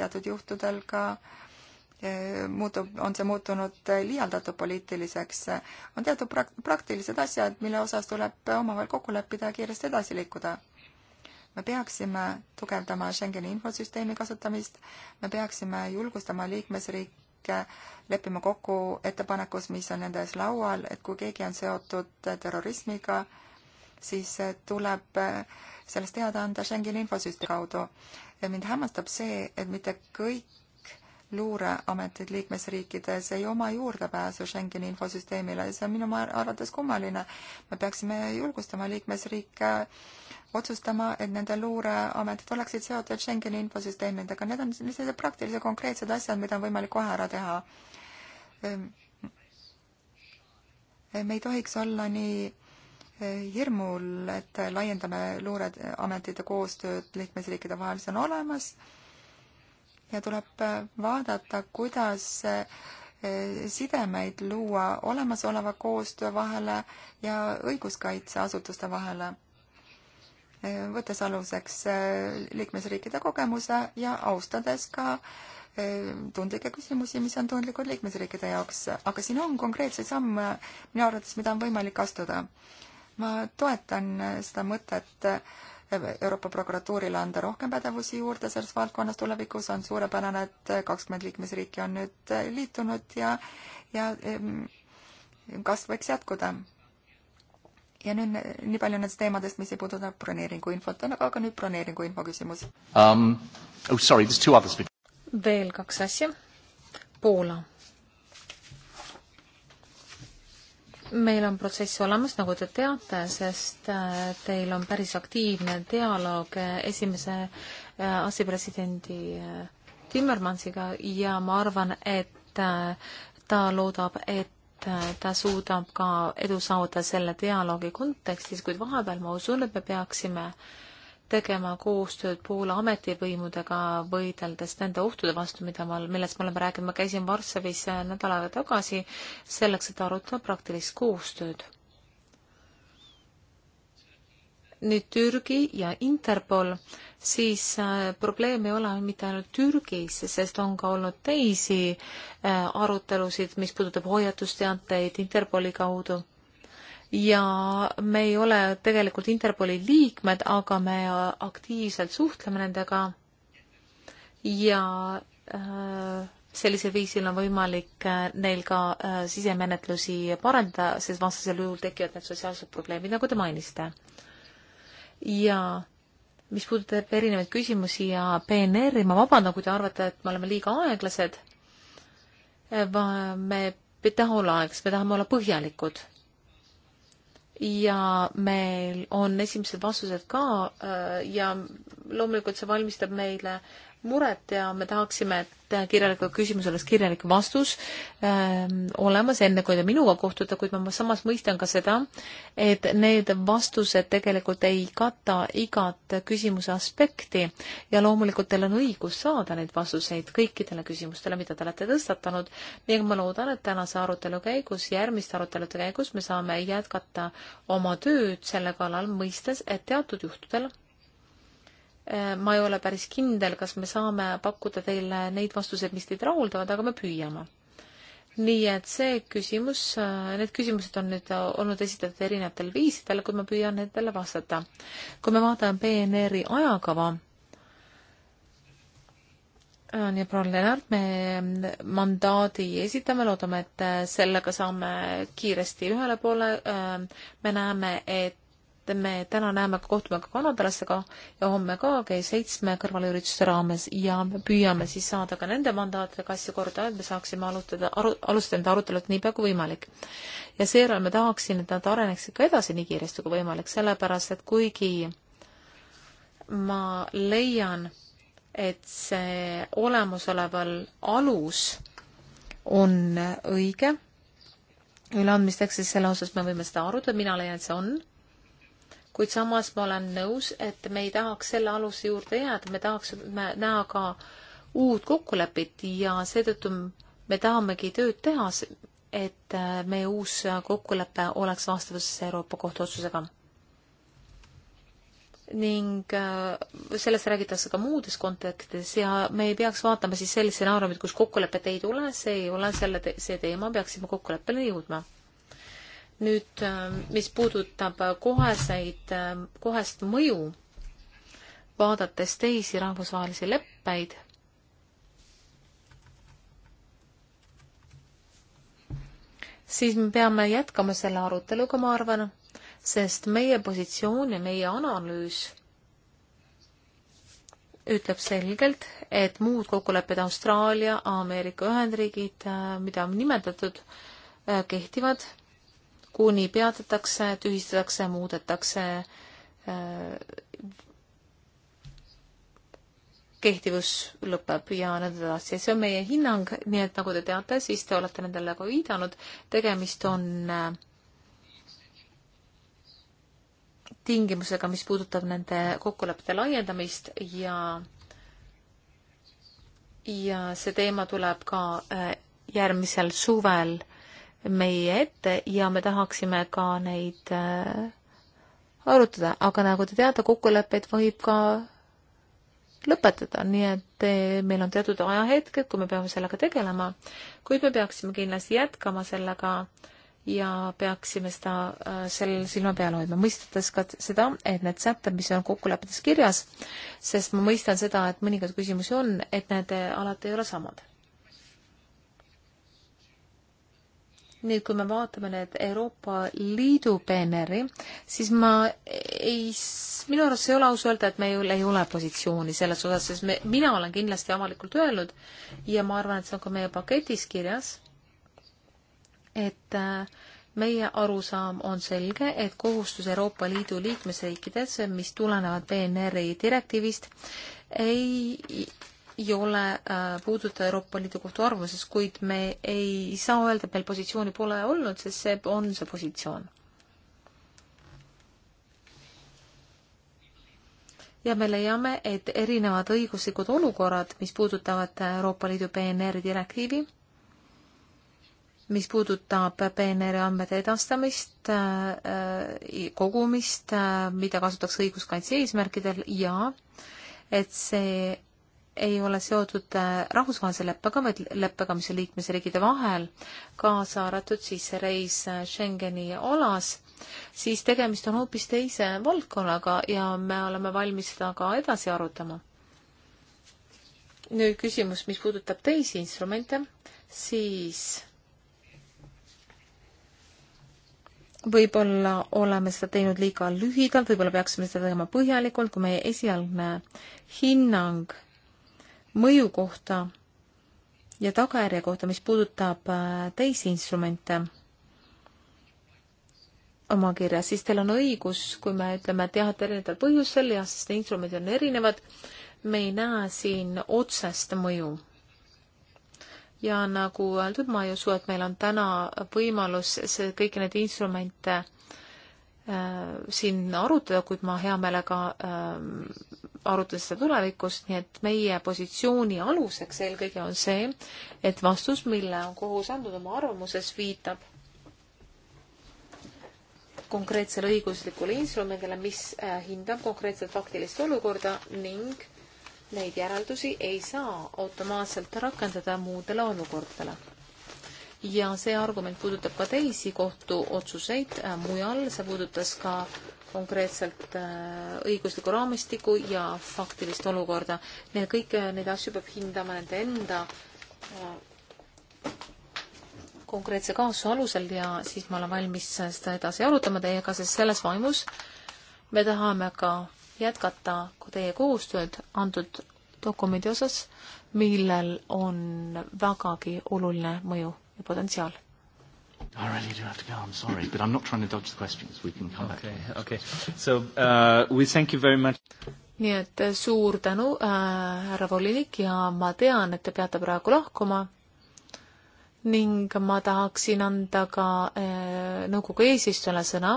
teatud juhtudel ka äh, muutub, on see muutunud liialdatud poliitiliseks. on teatud prak-, praktilised asjad, mille osas tuleb omavahel kokku leppida ja kiiresti edasi liikuda. me peaksime tugevdama Schengeni infosüsteemi kasutamist, me peaksime julgustama liikmesriik, leppima kokku ettepanekus, mis on nende ees laual, et kui keegi on seotud terrorismiga, siis tuleb sellest teada anda Schengeni infosüsteemi kaudu. ja mind hämmastab see, et mitte kõik luureametid liikmesriikides ei oma juurdepääsu Schengeni infosüsteemile ja see on minu arvates kummaline. me peaksime julgustama liikmesriike otsustama, et nende luureametid oleksid seotud Schengeni infosüsteemidega, need on sellised praktilised konkreetsed asjad, mida on võimalik kohe ära teha. me ehm, ehm, ei tohiks olla nii ehm, hirmul, et laiendame luureametite koostööd liikmesriikide vahel, see on olemas ja tuleb äh, vaadata, kuidas äh, sidemeid luua olemasoleva koostöö vahele ja õiguskaitseasutuste vahele, äh, võttes aluseks liikmesriikide kogemuse ja austades ka tundlikke küsimusi, mis on tundlikud liikmesriikide jaoks, aga siin on konkreetseid samme minu arvates, mida on võimalik astuda. ma toetan seda mõtet, Euroopa prokuratuurile anda rohkem pädevusi juurde selles valdkonnas tulevikus, on suurepärane, et kakskümmend liikmesriiki on nüüd liitunud ja, ja kasv võiks jätkuda. ja nüüd nii palju nendest teemadest, mis ei puuduta broneeringuinfot, aga ka nüüd broneeringuinfo küsimus um,. Oh sorry, there's two others. veel kaks asja. Poola meil on protsess olemas, nagu te teate, sest äh, teil on päris aktiivne dialoog äh, esimese äh, asepresidendi Timmermansiga ja ma arvan, et ta loodab, et ta suudab ka edu saavutada selle dialoogi kontekstis, kuid vahepeal ma usun, et me peaksime äh, tegema koostööd Poola ametivõimudega, võideldes nende ohtude vastu, mida ma, millest me oleme rääkinud, ma käisin Varssavis nädal aega tagasi selleks, et arutada praktilist koostööd. nüüd Türgi ja Interpol, siis äh, probleem ei ole mitte ainult Türgis, sest on ka olnud teisi äh, arutelusid, mis puudutab hoiatusteateid Interpoli kaudu ja me ei ole tegelikult Interpoli liikmed, aga me aktiivselt suhtleme nendega ja äh, sellisel viisil on võimalik äh, neil ka äh, sisemenetlusi parandada, sest vastasel juhul tekivad need sotsiaalsed probleemid, nagu te mainisite. ja mis puudutab erinevaid küsimusi ja PNR-i, ma vabandan, kui te arvate, et me oleme liiga aeglased. Äh, me ei taha olla aeglased, me tahame olla põhjalikud ja meil on esimesed vastused ka äh, ja loomulikult see valmistab meile muret ja me tahaksime, et kirjalikul küsimusel oleks kirjalik vastus ähm, olemas, enne kui te minuga kohtute, kuid ma samas mõistan ka seda, et need vastused tegelikult ei kata igat küsimuse aspekti ja loomulikult teil on õigus saada neid vastuseid kõikidele küsimustele, mida te olete tõstatanud ning ma loodan, et tänase arutelu käigus, järgmiste arutelude käigus me saame jätkata oma tööd selle kallal, mõistes, et teatud juhtudel Äh, ma ei ole päris kindel, kas me saame pakkuda teile neid vastuseid, mis teid rahuldavad, aga me püüame. nii et see küsimus, äh, need küsimused on nüüd olnud esitatud erinevatel viisidel, kuid ma püüan nendele vastata. kui me vaatame PNR-i ajakava, on äh, ja proua Lennart, me mandaadi esitame, loodame, et sellega saame kiiresti ühele poole. me näeme, et me täna näeme, kohtume ka kanadalastega ja homme ka G7 kõrvalürituse raames ja me püüame siis saada ka nende mandaatidega asju korda, et me saaksime alutada, aru, alustada enda arutelut niipea kui võimalik. ja seejärel ma tahaksin, et nad areneksid ka edasi nii kiiresti kui võimalik, sellepärast et kuigi ma leian, et see olemasoleval alus on õige, üleandmisteks, siis selle osas me võime seda arutada, mina leian, et see on kuid samas ma olen nõus, et me ei tahaks selle aluse juurde jääda, me tahaksime näha ka uut kokkulepet ja seetõttu me tahamegi tööd teha, et äh, meie uus kokkulepe oleks vastavuses Euroopa Kohtu otsusega. ning äh, sellest räägitakse ka muudes kontekstides ja me ei peaks vaatama siis sellist stsenaariumit, kus kokkulepet ei tule, see ei ole selle, see teema, peaksime kokkuleppele jõudma nüüd, ähm, mis puudutab äh, koheseid, ähm, kohest mõju, vaadates teisi rahvusvahelisi leppeid, siis me peame jätkama selle aruteluga, ma arvan, sest meie positsioon ja meie analüüs ütleb selgelt, et muud kokkulepped Austraalia, Ameerika Ühendriigid, äh, mida on nimetatud, äh, kehtivad kuni peatatakse, tühistatakse, muudetakse äh, kehtivus lõpeb ja nõnda edasi ja see on meie hinnang, nii et nagu te teate, siis te olete nendele ka viidanud, tegemist on äh, tingimusega, mis puudutab nende kokkulepete laiendamist ja ja see teema tuleb ka äh, järgmisel suvel meie ette ja me tahaksime ka neid äh, arutada, aga nagu te teate, kokkuleppeid võib ka lõpetada, nii et äh, meil on teatud ajahetked, kui me peame sellega tegelema, kuid me peaksime kindlasti jätkama sellega ja peaksime seda, äh, sellel silma peal hoidma, mõistetes ka seda, et need sätted, mis on kokkulepetes kirjas, sest ma mõistan seda, et mõningad küsimusi on, et need alati ei ole samad. nüüd, kui me vaatame nüüd Euroopa Liidu peeneri, siis ma ei, minu arust ei ole aus öelda, et meil ei ole positsiooni selles osas, sest me, mina olen kindlasti avalikult öelnud ja ma arvan, et see on ka meie paketis kirjas, et äh, meie arusaam on selge, et kohustus Euroopa Liidu liikmesriikides, mis tulenevad PNR-i direktiivist, ei ei ole äh, puuduta Euroopa Liidu kohtu arvamuses, kuid me ei saa öelda, et meil positsiooni pole olnud, sest see on see positsioon. ja me leiame, et erinevad õiguslikud olukorrad, mis puudutavad Euroopa Liidu PNR-i direktiivi, mis puudutab PNR-i andmete edastamist, äh, äh, kogumist, äh, mida kasutatakse õiguskaitse eesmärkidel ja et see ei ole seotud äh, rahvusvahelise leppega, vaid leppega, mis on liikmesriigide vahel, kaasa arvatud sissereis äh, Schengeni alas, siis tegemist on hoopis teise valdkonnaga ja me oleme valmis seda ka edasi arutama. nüüd küsimus, mis puudutab teisi instrumente, siis võib-olla oleme seda teinud liiga lühidalt, võib-olla peaksime seda tegema põhjalikult, kui meie esialgne hinnang mõju kohta ja tagajärje kohta, mis puudutab äh, teisi instrumente oma kirjas, siis teil on õigus, kui me ütleme, et jah, et erinevatel põhjustel, jah, sest need instrumendid on erinevad, me ei näe siin otsest mõju. ja nagu öeldud, ma ei usu, et meil on täna võimalus see, kõiki neid instrumente Äh, siin arutada, kuid ma hea meelega äh, arutan seda tulevikus, nii et meie positsiooni aluseks eelkõige on see, et vastus, mille on kohus andnud oma arvamuses, viitab konkreetsele õiguslikule instrumendile, mis äh, hindab konkreetset faktilist olukorda ning neid järeldusi ei saa automaatselt rakendada muudele olukordadele ja see argument puudutab ka teisi kohtuotsuseid äh, mujal, see puudutas ka konkreetselt äh, õigusliku raamistiku ja faktilist olukorda. Need kõik, neid asju peab hindama nende enda äh, konkreetse kaasuse alusel ja siis ma olen valmis seda edasi arutama teiega, sest selles vaimus me tahame ka jätkata teie koostööd antud dokumendi osas, millel on vägagi oluline mõju ja potentsiaal. I really do have to go. I'm sorry, but I'm not trying to dodge the questions. We can come okay, back. Okay, okay. So uh, we thank you very much. nii et äh, suur tänu äh,, härra volinik ja ma tean, et te peate praegu lahkuma ning ma tahaksin anda ka äh, nõukogu eesistujale sõna,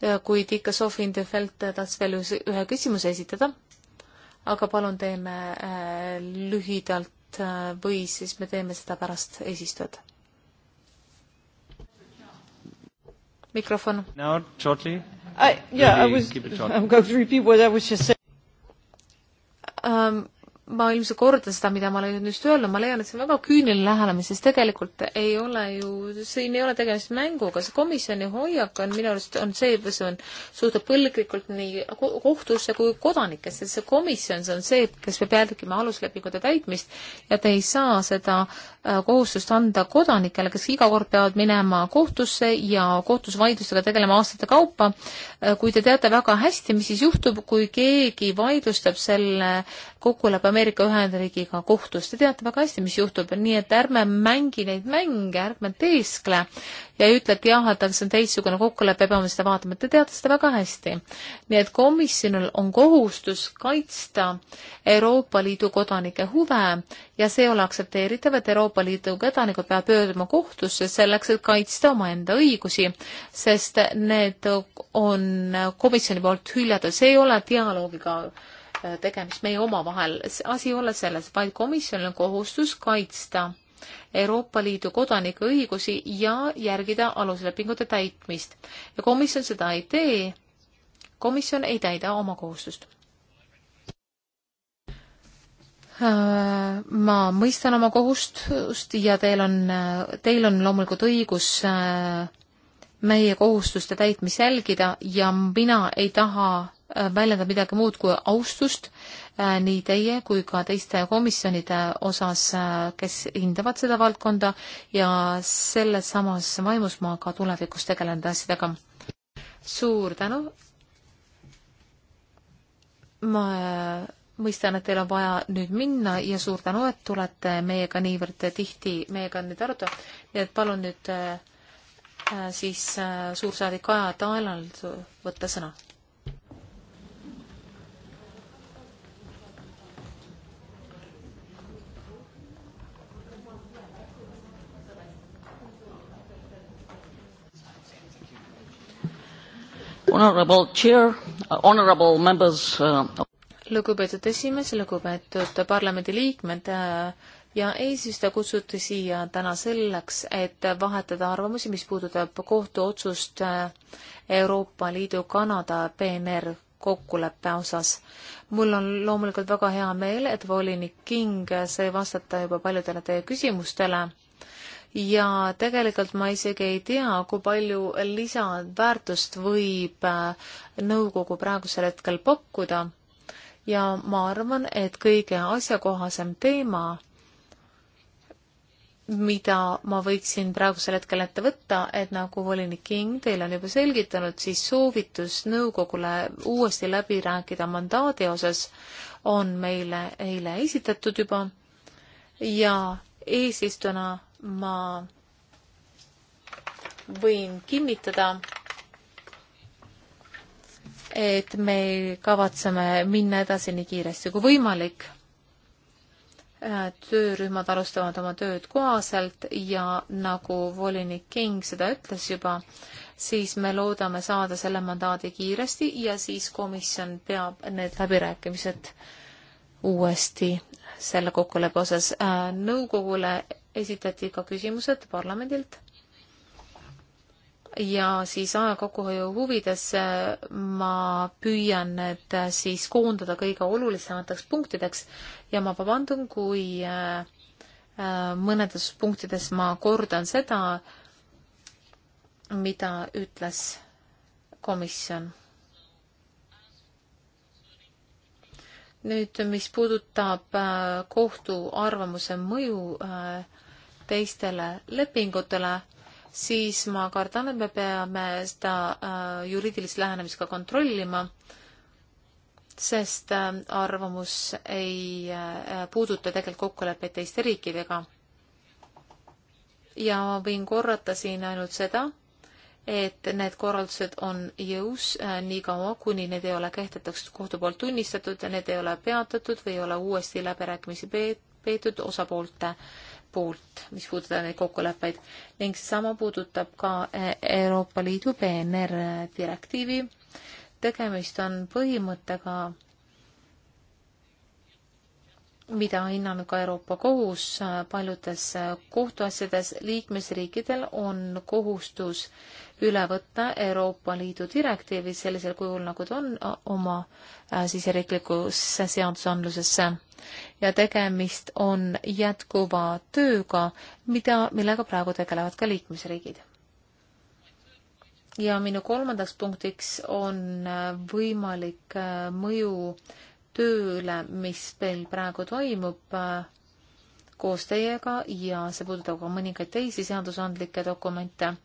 äh, kuid ikka Sofi Indefeld tahtis veel ühe küsimuse esitada. aga palun teeme äh, lühidalt Äh, või siis me teeme seda pärast eesistujat. mikrofon. Now shortly. I, yeah, I was, I am going to repeat what I was just saying um, ma ilmselt kordan seda, mida ma olen just öelnud, ma leian, et see on väga küüniline lähenemine, sest tegelikult ei ole ju, siin ei ole tegemist mänguga, see komisjoni hoiak on minu arust, on see, mis on, suhtub põlglikult nii kohtusse kui kodanikesse, see komisjon, see on see, kes peab jälgima aluslepingute täitmist ja te ei saa seda äh, kohustust anda kodanikele, kes iga kord peavad minema kohtusse ja kohtus vaidlustega tegelema aastate kaupa, äh, kui te teate väga hästi, mis siis juhtub, kui keegi vaidlustab selle kokkuleppe Ameerika Ühendriigiga kohtus, te teate väga hästi, mis juhtub, nii et ärme mängi neid mänge, ärme teeskle ja ei ütle, et jah, et see on teistsugune kokkulepe, peame seda vaatama, te teate seda väga hästi. nii et komisjonil on kohustus kaitsta Euroopa Liidu kodanike huve ja see ei ole aktsepteeritav, et Euroopa Liidu kodanikud peavad pöörduma kohtusse selleks, et kaitsta omaenda õigusi, sest need on komisjoni poolt hüljatud, see ei ole dialoogiga Äh, tegemist meie omavahel. asi ei ole selles, vaid komisjonil on kohustus kaitsta Euroopa Liidu kodanike õigusi ja järgida aluslepingute täitmist. ja komisjon seda ei tee. komisjon ei täida oma kohustust. Äh, ma mõistan oma kohustust ja teil on, teil on loomulikult õigus äh, meie kohustuste täitmist jälgida ja mina ei taha Äh, väljendab midagi muud kui austust äh, nii teie kui ka teiste komisjonide osas, äh, kes hindavad seda valdkonda ja selles samas vaimus ma ka tulevikus tegelen nende asjadega. suur tänu. ma mõistan, et teil on vaja nüüd minna ja suur tänu, et tulete meiega niivõrd tihti meiega nüüd arutada. nii et palun nüüd äh, siis äh, suursaadik Kaja Taelal võtta sõna Uh, uh, lugupeetud esimees, lugupeetud parlamendiliikmed uh, ja eesistuja kutsuti siia täna selleks, et vahetada arvamusi, mis puudutab kohtuotsust Euroopa Liidu Kanada PNR kokkuleppe osas. mul on loomulikult väga hea meel, et volinik King sai vastata juba paljudele teie küsimustele ja tegelikult ma isegi ei tea, kui palju lisaväärtust võib äh, nõukogu praegusel hetkel pakkuda. ja ma arvan, et kõige asjakohasem teema, mida ma võiksin praegusel hetkel ette võtta, et nagu volinik King teile on juba selgitanud, siis soovitus nõukogule uuesti läbi rääkida mandaadi osas on meile eile esitatud juba ja eesistujana ma võin kinnitada, et me kavatseme minna edasi nii kiiresti kui võimalik. Äh, töörühmad alustavad oma tööd kohaselt ja nagu volinik King seda ütles juba, siis me loodame saada selle mandaadi kiiresti ja siis komisjon peab need läbirääkimised uuesti selle kokkuleppe osas äh, nõukogule esitati ka küsimused parlamendilt ja siis aja kokkuhoiu huvides äh, ma püüan need äh, siis koondada kõige olulisemateks punktideks ja ma vabandun, kui äh, mõnedes punktides ma kordan seda, mida ütles komisjon. nüüd, mis puudutab äh, kohtu arvamuse mõju äh, teistele lepingutele, siis ma kardan, et me peame seda äh, juriidilist lähenemist ka kontrollima, sest arvamus ei puuduta tegelikult kokkuleppeid teiste riikidega. ja ma võin korrata siin ainult seda, et need korraldused on jõus äh, nii kaua, kuni need ei ole kehtetuks kohtu poolt tunnistatud ja need ei ole peatatud või ei ole uuesti läbirääkimisi peetud osapoolte poolt, mis puudutab neid kokkuleppeid ning sama puudutab ka äh, Euroopa Liidu PNR äh, direktiivi. tegemist on põhimõttega, mida on hinnanud ka Euroopa Kohus paljudes kohtuasjades, liikmesriikidel on kohustus äh, üle võtta Euroopa Liidu direktiivi sellisel kujul, nagu ta on, oma äh, siseriiklikusse seadusandlusesse. ja tegemist on jätkuva tööga, mida, millega praegu tegelevad ka liikmesriigid. ja minu kolmandaks punktiks on äh, võimalik äh, mõju tööle, mis meil praegu toimub koos teiega ja see puudutab ka mõningaid teisi seadusandlikke dokumente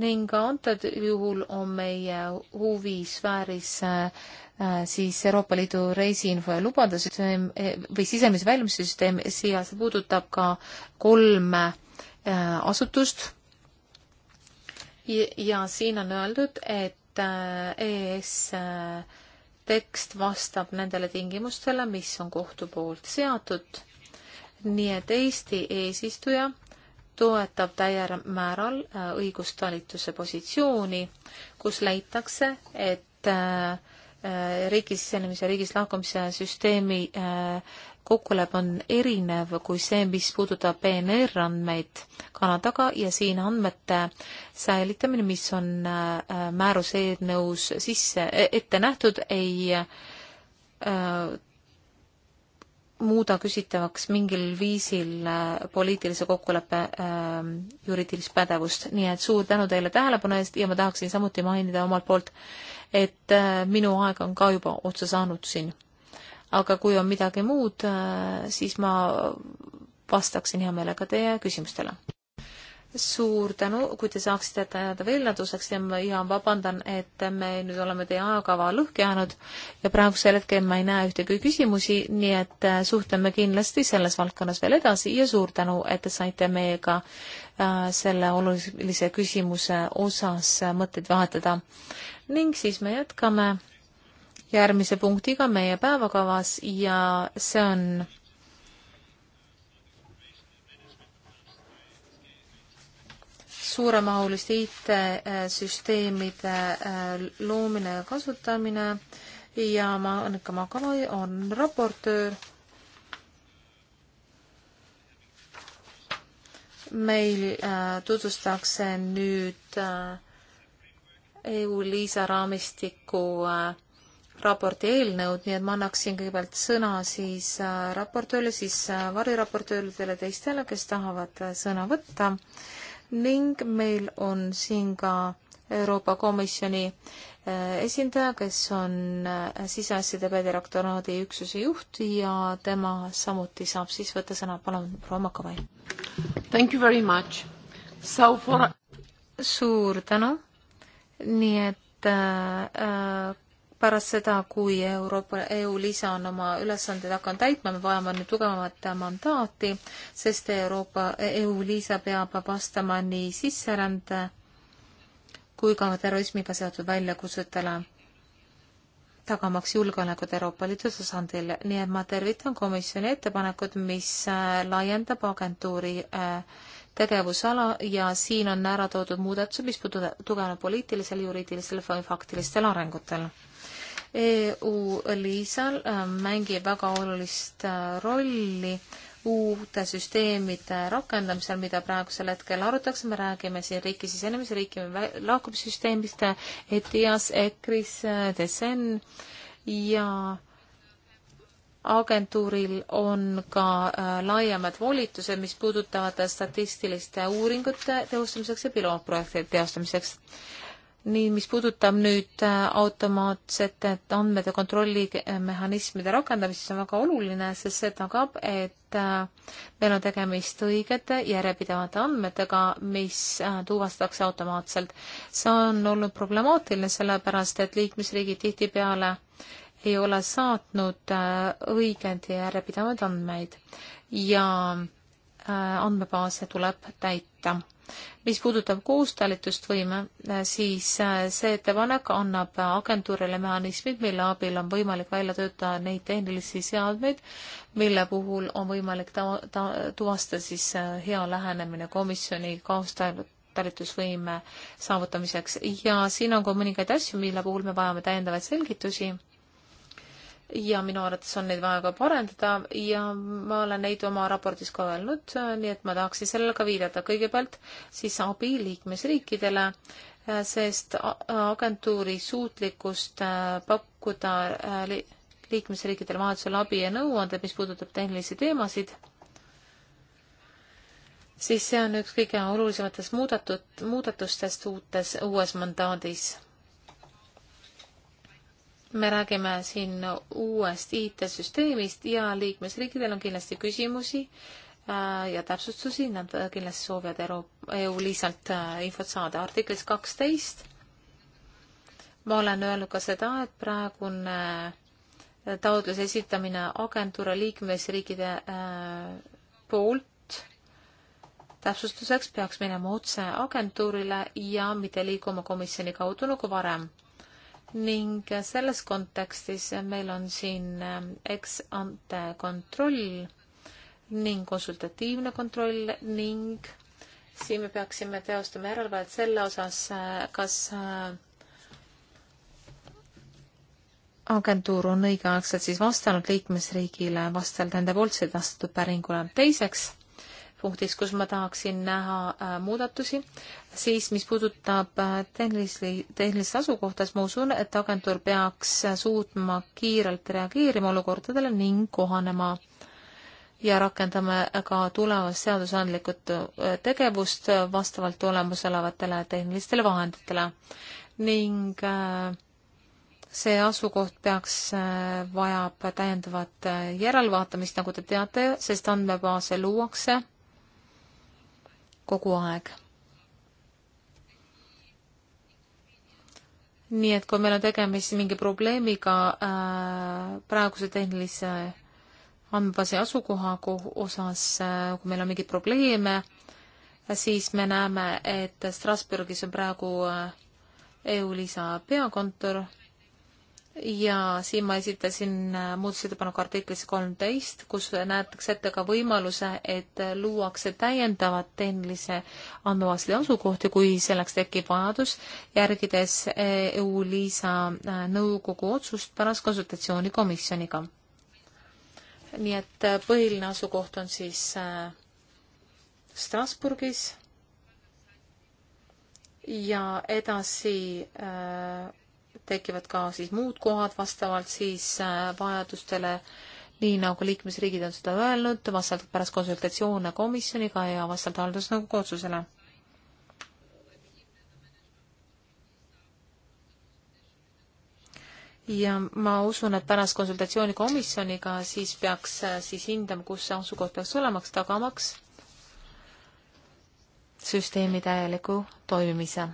ning antud juhul on meie huvisfääris äh, äh, siis Euroopa Liidu reisiinfo ja lubade süsteem eh, või sisemise väljumissüsteem, siia see puudutab ka kolme äh, asutust. ja siin on öeldud, et EES tekst vastab nendele tingimustele, mis on kohtu poolt seatud. nii et Eesti eesistuja toetab täiel määral äh, õigustalituse positsiooni, kus leitakse, et äh, äh, riigis sisenemise ja riigist lahkumise süsteemi kokkulepe on erinev kui see, mis puudutab PNR andmeid Kanadaga ja siin andmete säilitamine, mis on määruse eelnõus sisse, e-, ette nähtud, ei muuda küsitavaks mingil viisil äh, poliitilise kokkuleppe äh, juriidilist pädevust. nii et suur tänu teile tähelepanu eest ja ma tahaksin samuti mainida omalt poolt, et äh, minu aeg on ka juba otsa saanud siin. aga kui on midagi muud äh,, siis ma vastaksin hea meelega teie küsimustele suur tänu, kui te saaksite jääda väljenduseks ja ma ja vabandan, et me nüüd oleme teie ajakava lõhki ajanud ja praegusel hetkel ma ei näe ühtegi küsimusi, nii et äh, suhtleme kindlasti selles valdkonnas veel edasi ja suur tänu, et te saite meiega äh, selle olulise küsimuse osas mõtteid vahetada. ning siis me jätkame järgmise punktiga meie päevakavas ja see on suuremahuliste IT-süsteemide äh, loomine ja kasutamine ja ma, Annika Makalai on raportöör. meil äh, tutvustatakse nüüd äh, EU-Liisa raamistiku äh, raporti eelnõud, nii et ma annaksin kõigepealt sõna siis äh, raportööle, siis äh, variraportööridele, teistele, kes tahavad sõna võtta ning meil on siin ka Euroopa Komisjoni eh, esindaja, kes on eh, siseasjade peadirektoraadi üksuse juht ja tema samuti saab siis võtta sõna. palun, proua Makavai. Thank you very much. So for suur tänu. nii et äh, pärast seda, kui Euroopa, EU lisa on oma ülesanded hakanud täitma, me vajame nüüd tugevamat mandaati, sest Euroopa, EU lisa peab vastama nii sisserände kui ka terrorismiga seotud väljakutsetele, tagamaks julgeolekut Euroopa Liidu tasandil. nii et ma tervitan komisjoni ettepanekut, mis äh, laiendab agentuuri äh, tegevusala ja siin on ära toodud muudatused, mis tugenevad poliitilisel, juriidilisel või faktilistel arengutel EU liisal äh, mängib väga olulist äh, rolli uute süsteemide rakendamisel, mida praegusel hetkel arutatakse, me räägime siin riiki sisenemise, riiki lahkumissüsteemist, ETIAS, EKRIS, DSN ja agentuuril on ka äh, laiemad volitused, mis puudutavad statistiliste uuringute teostamiseks ja pilootprojektide teostamiseks nii, mis puudutab nüüd äh, automaatsete andmete kontrollimehhanismide rakendamist, siis on väga oluline, sest see tagab, et äh, meil on tegemist õigete järjepidevate andmetega, mis äh, tuvastatakse automaatselt. see on olnud problemaatiline, sellepärast et liikmesriigid tihtipeale ei ole saatnud õigeid ja järjepidevaid andmeid ja Äh, andmebaase tuleb täita. mis puudutab koostalitlustvõime, äh, siis äh, see ettepanek annab agentuurile mehhanismid, mille abil on võimalik välja töötada neid tehnilisi seadmeid, mille puhul on võimalik ta-, ta-, tuvastada siis hea lähenemine komisjoni koostalitlusvõime saavutamiseks ja siin on ka mõningaid asju, mille puhul me vajame täiendavaid selgitusi ja minu arvates on neid vaja ka parendada ja ma olen neid oma raportis ka öelnud, nii et ma tahaksin sellele ka viidata. kõigepealt siis abi liikmesriikidele, äh, sest agentuuri suutlikkust äh, pakkuda äh, liikmesriikidele vajadusel abi ja nõuanded, mis puudutab tehnilisi teemasid, siis see on üks kõige olulisematest muudatud, muudatustest uutes, uues mandaadis me räägime siin uuest IT-süsteemist ja liikmesriikidel on kindlasti küsimusi äh, ja täpsustusi, nad äh, kindlasti soovivad Euro-, EU äh, lihtsalt infot saada. artiklis kaksteist ma olen öelnud ka seda, et praegune taotluse esitamine agentuuri liikmesriikide poolt täpsustuseks peaks minema otse agentuurile ja mitte liikuma komisjoni kaudu nagu varem ning selles kontekstis meil on siin ähm, ex-ante kontroll ning konsultatiivne kontroll ning siin me peaksime teostama järelevalvet selle osas, äh, kas äh, agentuur on õigeaegselt siis vastanud liikmesriigile vastavalt nende poolt sedastatud päringule. teiseks punktis, kus ma tahaksin näha äh, muudatusi, siis mis puudutab äh, tehnilisi, tehnilist asukohta, siis ma usun, et agentuur peaks äh, suutma kiirelt reageerima olukordadele ning kohanema ja rakendame ka tulevast seadusandlikud tegevust vastavalt olemasolevatele tehnilistele vahenditele ning see asukoht peaks, vajab täiendavat järelvaatamist, nagu te teate, sest andmebaase luuakse kogu aeg. nii et kui meil on tegemist mingi probleemiga äh, praeguse tehnilise andmebaasi asukoha osas äh,, kui meil on mingeid probleeme, siis me näeme, et Strasbourgis on praegu äh, EU-lisa peakontor ja siin ma esitasin äh, muudatusettepaneku artiklis kolmteist, kus näetakse ette ka võimaluse, et luuakse täiendavad tehnilise andmebaaside asukohti, kui selleks tekib vajadus, järgides äh, EU-LISA äh, nõukogu otsust pärast konsultatsiooni komisjoniga. nii et põhiline asukoht on siis Strasburgis ja edasi äh, tekivad ka siis muud kohad vastavalt siis äh, vajadustele, nii nagu liikmesriigid on seda öelnud, vastavalt pärast konsultatsioone komisjoniga ja vastavalt haldusnõukogu otsusele. ja ma usun, et pärast konsultatsiooni komisjoniga siis peaks äh, siis hindama, kus see asukoht peaks olema, tagamaks süsteemi täieliku toimimise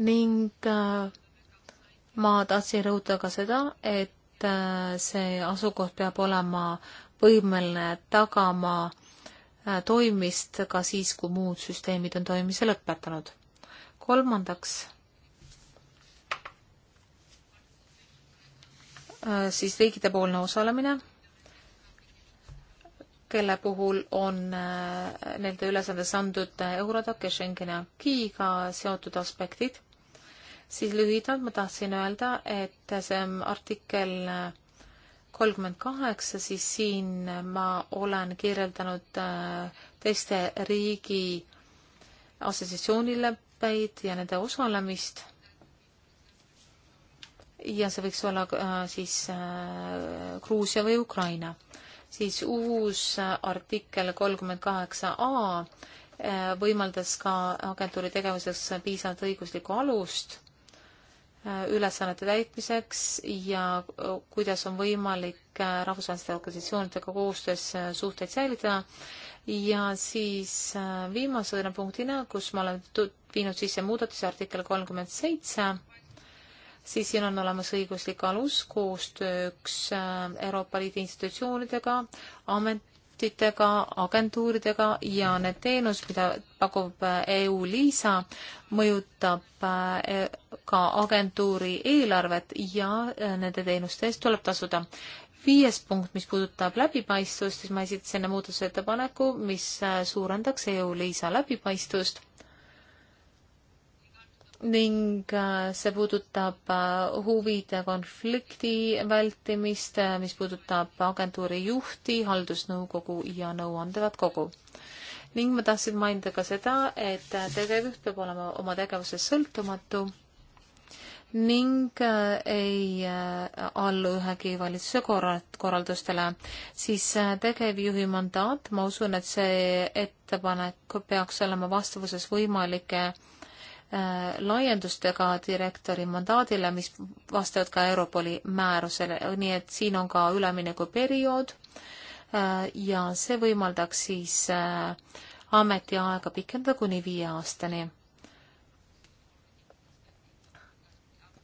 ning äh, ma tahtsin rõhutada ka seda, et äh, see asukoht peab olema võimeline tagama äh, toimimist ka siis, kui muud süsteemid on toimimise lõpetanud. kolmandaks siis riikidepoolne osalemine kelle puhul on äh, nende ülesandes antud Eurodac ja Schengeni akiiga seotud aspektid, siis lühidalt ma tahtsin öelda, et see artikkel kolmkümmend kaheksa, siis siin ma olen kirjeldanud äh, teiste riigi assotsiatsioonileppeid ja nende osalemist ja see võiks olla äh, siis äh, Gruusia või Ukraina siis uus artikkel kolmkümmend kaheksa A eh, võimaldas ka agentuuri tegevuseks piisavalt õiguslikku alust eh, ülesannete täitmiseks ja eh, kuidas on võimalik rahvusvaheliste organisatsioonidega koostöös suhteid säilitada. ja siis viimase punktina, kus ma olen viinud sisse muudatuse artikkel kolmkümmend seitse siis siin on olemas õiguslik alus koostööks äh, Euroopa Liidu institutsioonidega, ametitega, agentuuridega ja need teenus, mida pakub äh, EU-LISA, mõjutab äh, e-, ka agentuuri eelarvet ja nende teenuste eest tuleb tasuda viies punkt, mis puudutab läbipaistvust, siis ma esitasin muudatusettepaneku, mis suurendaks EU-LISA läbipaistvust ning äh, see puudutab äh, huvide konflikti vältimist, äh, mis puudutab agentuuri juhti, haldusnõukogu ja nõuandevat kogu. ning ma tahtsin mainida ka seda, et tegevjuht peab olema oma tegevuses sõltumatu ning ei allu ühegi valitsuse korraldustele, siis tegevjuhi mandaat, ma usun, et see ettepanek peaks olema vastavuses võimalike Äh, laiendustega direktori mandaadile, mis vastavad ka Europoli määrusele, nii et siin on ka üleminekuperiood äh, ja see võimaldaks siis äh, ametiaega pikendada kuni viie aastani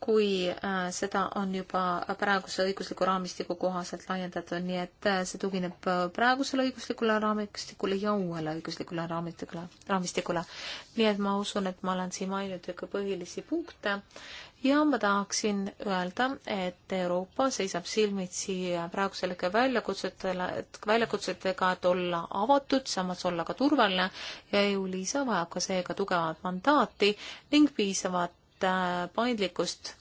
kui äh, seda on juba praeguse õigusliku raamistiku kohaselt laiendatud, nii et äh, see tugineb äh, praegusele õiguslikule raamistikule ja uuele õiguslikule raamistikule, raamistikule. nii et ma usun, et ma olen siin maininud ikka põhilisi punkte ja ma tahaksin öelda, et Euroopa seisab silmitsi praeguselike väljakutsetele, väljakutsetega, et olla avatud, samas olla ka turvaline ja EU-Liisa vajab ka seega tugevat mandaati ning piisavat Äh, paindlikkust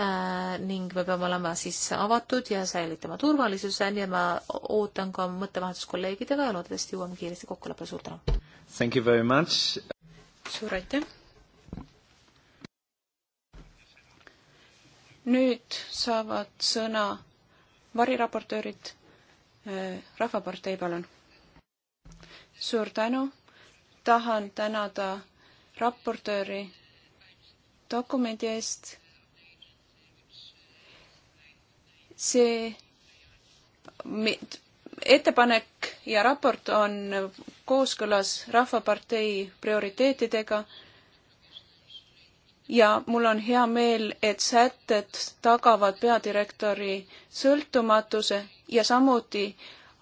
äh, ning me peame olema siis avatud ja säilitama turvalisuse ja ma ootan ka mõttevahetust kolleegidega ja loodetavasti jõuame kiiresti kokkuleppele, suur tänu! Thank you very much! suur aitäh! nüüd saavad sõna variraportöörid, äh, Rahvapartei, palun! suur tänu, tahan tänada raportööri dokumendi eest. see ettepanek ja raport on kooskõlas Rahvapartei prioriteetidega ja mul on hea meel, et sätted tagavad peadirektori sõltumatuse ja samuti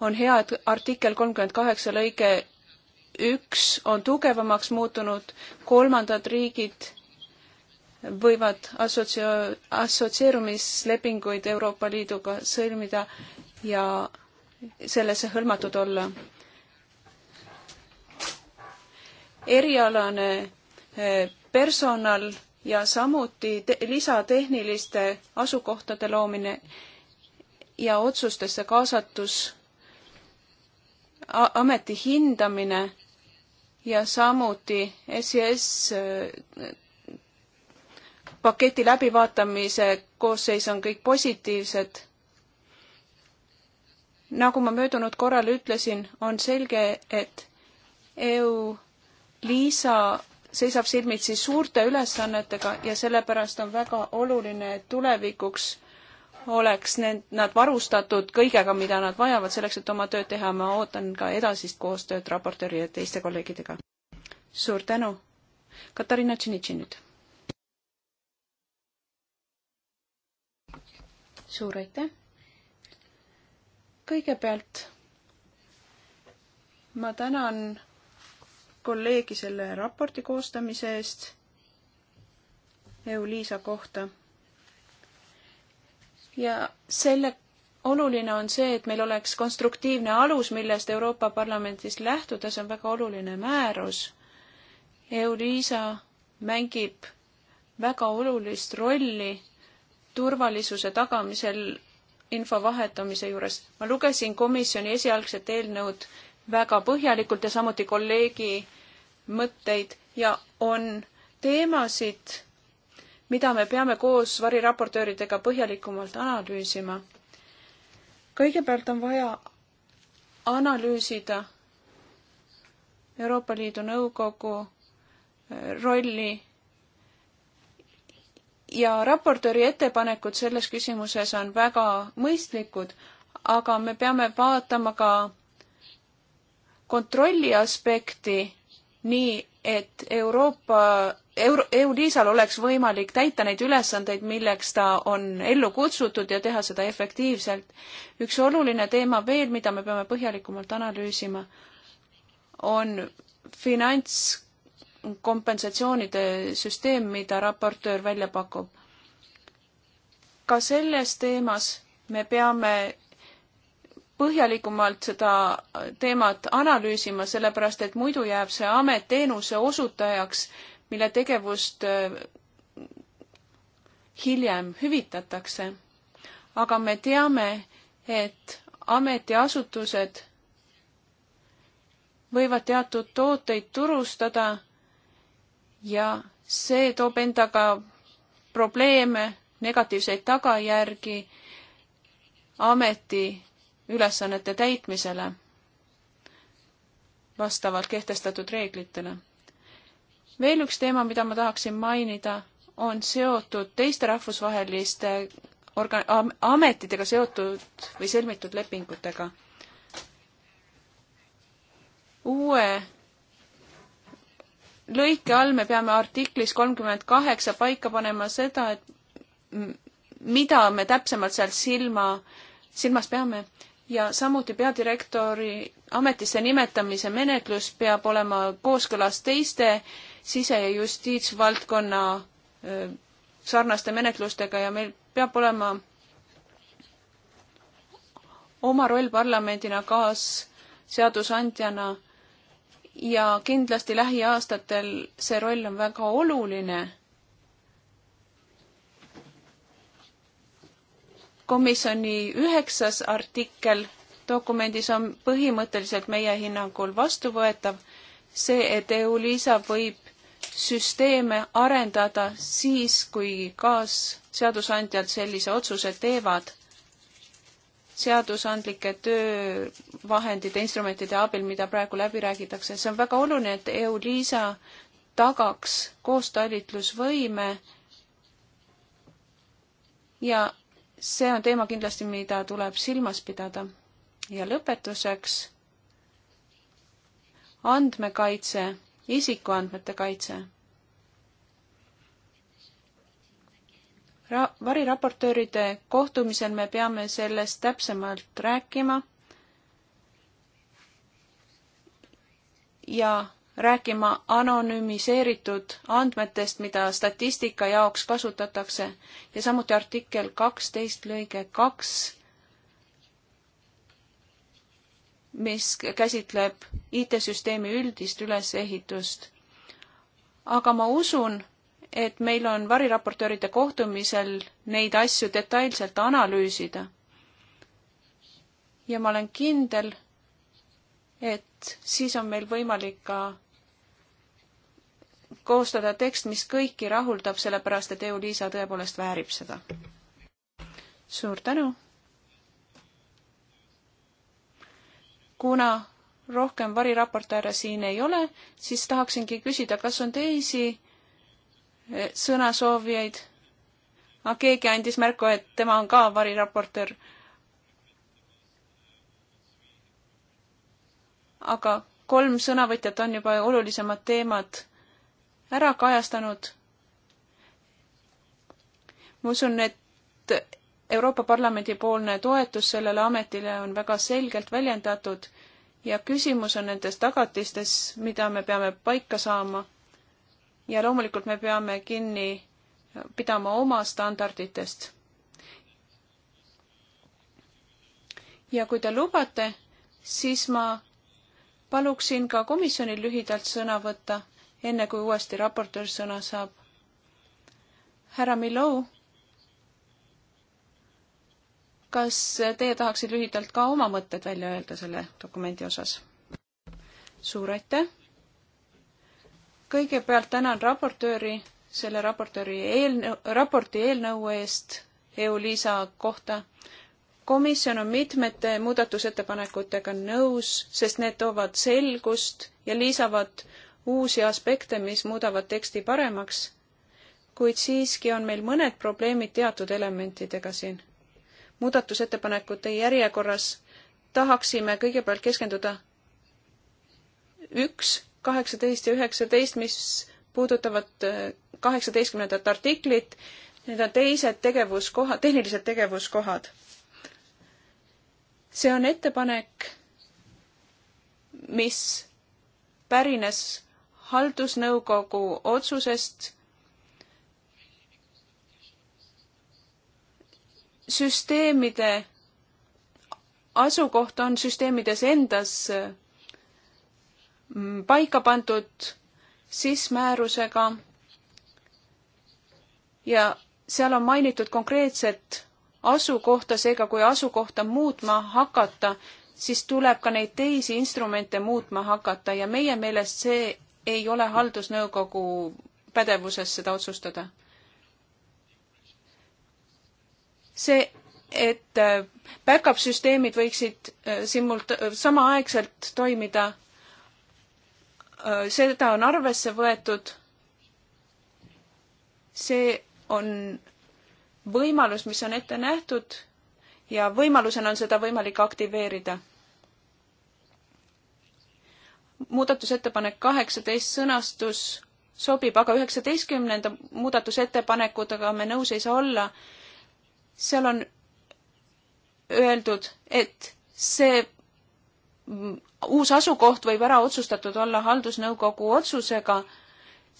on hea, et artikkel kolmkümmend kaheksa lõige üks on tugevamaks muutunud, kolmandad riigid võivad assotsio-, assotsieerumislepinguid Euroopa Liiduga sõlmida ja sellesse hõlmatud olla. erialane eh, personal ja samuti te-, lisatehniliste asukohtade loomine ja otsustesse kaasatus, ameti hindamine ja samuti SES paketi läbivaatamise koosseis on kõik positiivsed. nagu ma möödunud korral ütlesin, on selge, et EU Liisa seisab silmitsi suurte ülesannetega ja sellepärast on väga oluline, et tulevikuks oleks need, nad varustatud kõigega, mida nad vajavad selleks, et oma tööd teha. ma ootan ka edasist koostööd raportööri ja teiste kolleegidega. suur tänu. Katariina Tšinitši nüüd suur aitäh! kõigepealt ma tänan kolleegi selle raporti koostamise eest Euliisa kohta. ja selle oluline on see, et meil oleks konstruktiivne alus, millest Euroopa Parlamendis lähtuda, see on väga oluline määrus. Euliisa mängib väga olulist rolli turvalisuse tagamisel info vahetamise juures. ma lugesin komisjoni esialgset eelnõud väga põhjalikult ja samuti kolleegi mõtteid ja on teemasid, mida me peame koos variraportööridega põhjalikumalt analüüsima. kõigepealt on vaja analüüsida Euroopa Liidu Nõukogu eh, rolli ja raportööri ettepanekud selles küsimuses on väga mõistlikud, aga me peame vaatama ka kontrolli aspekti nii, et Euroopa Euro, EU-liisal oleks võimalik täita neid ülesandeid, milleks ta on ellu kutsutud ja teha seda efektiivselt. üks oluline teema veel, mida me peame põhjalikumalt analüüsima, on finants kompensatsioonide süsteem, mida raportöör välja pakub. ka selles teemas me peame põhjalikumalt seda teemat analüüsima, sellepärast et muidu jääb see amet teenuse osutajaks, mille tegevust äh, hiljem hüvitatakse. aga me teame, et ametiasutused võivad teatud tooteid turustada ja see toob endaga probleeme, negatiivseid tagajärgi ameti ülesannete täitmisele vastavalt kehtestatud reeglitele. veel üks teema, mida ma tahaksin mainida, on seotud teiste rahvusvaheliste orga-, ametitega seotud või sõlmitud lepingutega. uue lõike all me peame artiklis kolmkümmend kaheksa paika panema seda, et mida me täpsemalt seal silma, silmas peame ja samuti peadirektori ametisse nimetamise menetlus peab olema kooskõlas teiste sise- ja justiitsvaldkonna sarnaste menetlustega ja meil peab olema oma roll parlamendina kaasseadusandjana ja kindlasti lähiaastatel see roll on väga oluline. komisjoni üheksas artikkel dokumendis on põhimõtteliselt meie hinnangul vastuvõetav see, et EU-LISA võib süsteeme arendada siis, kui kaasseadusandjad sellise otsuse teevad seadusandlike töövahendite, instrumentide abil, mida praegu läbi räägitakse. see on väga oluline, et EU-LISA tagaks koostalitlusvõime ja see on teema kindlasti, mida tuleb silmas pidada. ja lõpetuseks andmekaitse, isikuandmete kaitse ra-, variraportööride kohtumisel me peame sellest täpsemalt rääkima ja rääkima anonüümiseeritud andmetest, mida statistika jaoks kasutatakse ja samuti artikkel kaksteist lõige kaks, mis käsitleb IT-süsteemi üldist ülesehitust. aga ma usun, et meil on variraportööride kohtumisel neid asju detailselt analüüsida. ja ma olen kindel, et siis on meil võimalik ka koostada tekst, mis kõiki rahuldab, sellepärast et EU-Liisa tõepoolest väärib seda. suur tänu! kuna rohkem variraportööre siin ei ole, siis tahaksingi küsida, kas on teisi Eh, sõnasoovijaid. aga keegi andis märku, et tema on ka variraportöör. aga kolm sõnavõtjat on juba olulisemad teemad ära kajastanud. ma usun, et Euroopa Parlamendi poolne toetus sellele ametile on väga selgelt väljendatud ja küsimus on nendes tagatistes, mida me peame paika saama ja loomulikult me peame kinni pidama oma standarditest. ja kui te lubate, siis ma paluksin ka komisjonil lühidalt sõna võtta, enne kui uuesti raportöör sõna saab. härra Milou, kas teie tahaksite lühidalt ka oma mõtted välja öelda selle dokumendi osas? suur aitäh! kõigepealt tänan raportööri selle raportööri eelnõu, raporti eelnõu eest EU-LISA kohta. komisjon on mitmete muudatusettepanekutega nõus, sest need toovad selgust ja lisavad uusi aspekte, mis muudavad teksti paremaks, kuid siiski on meil mõned probleemid teatud elementidega siin. muudatusettepanekute järjekorras tahaksime kõigepealt keskenduda üks kaheksateist ja üheksateist, mis puudutavad äh, kaheksateistkümnendat artiklit, need on teised tegevuskohad, tehnilised tegevuskohad. see on ettepanek, mis pärines haldusnõukogu otsusest süsteemide asukoht on süsteemides endas äh, Mm, paika pandud siis määrusega ja seal on mainitud konkreetset asukohta, seega kui asukohta muutma hakata, siis tuleb ka neid teisi instrumente muutma hakata ja meie meelest see ei ole haldusnõukogu pädevuses seda otsustada. see, et äh, back-up süsteemid võiksid äh, simult-, äh, samaaegselt toimida Äh, seda on arvesse võetud. see on võimalus, mis on ette nähtud ja võimalusena on seda võimalik aktiveerida. muudatusettepanek kaheksateist sõnastus sobib, aga üheksateistkümnenda muudatusettepanekutega me nõus ei saa olla. seal on öeldud, et see uus asukoht võib ära otsustatud olla haldusnõukogu otsusega.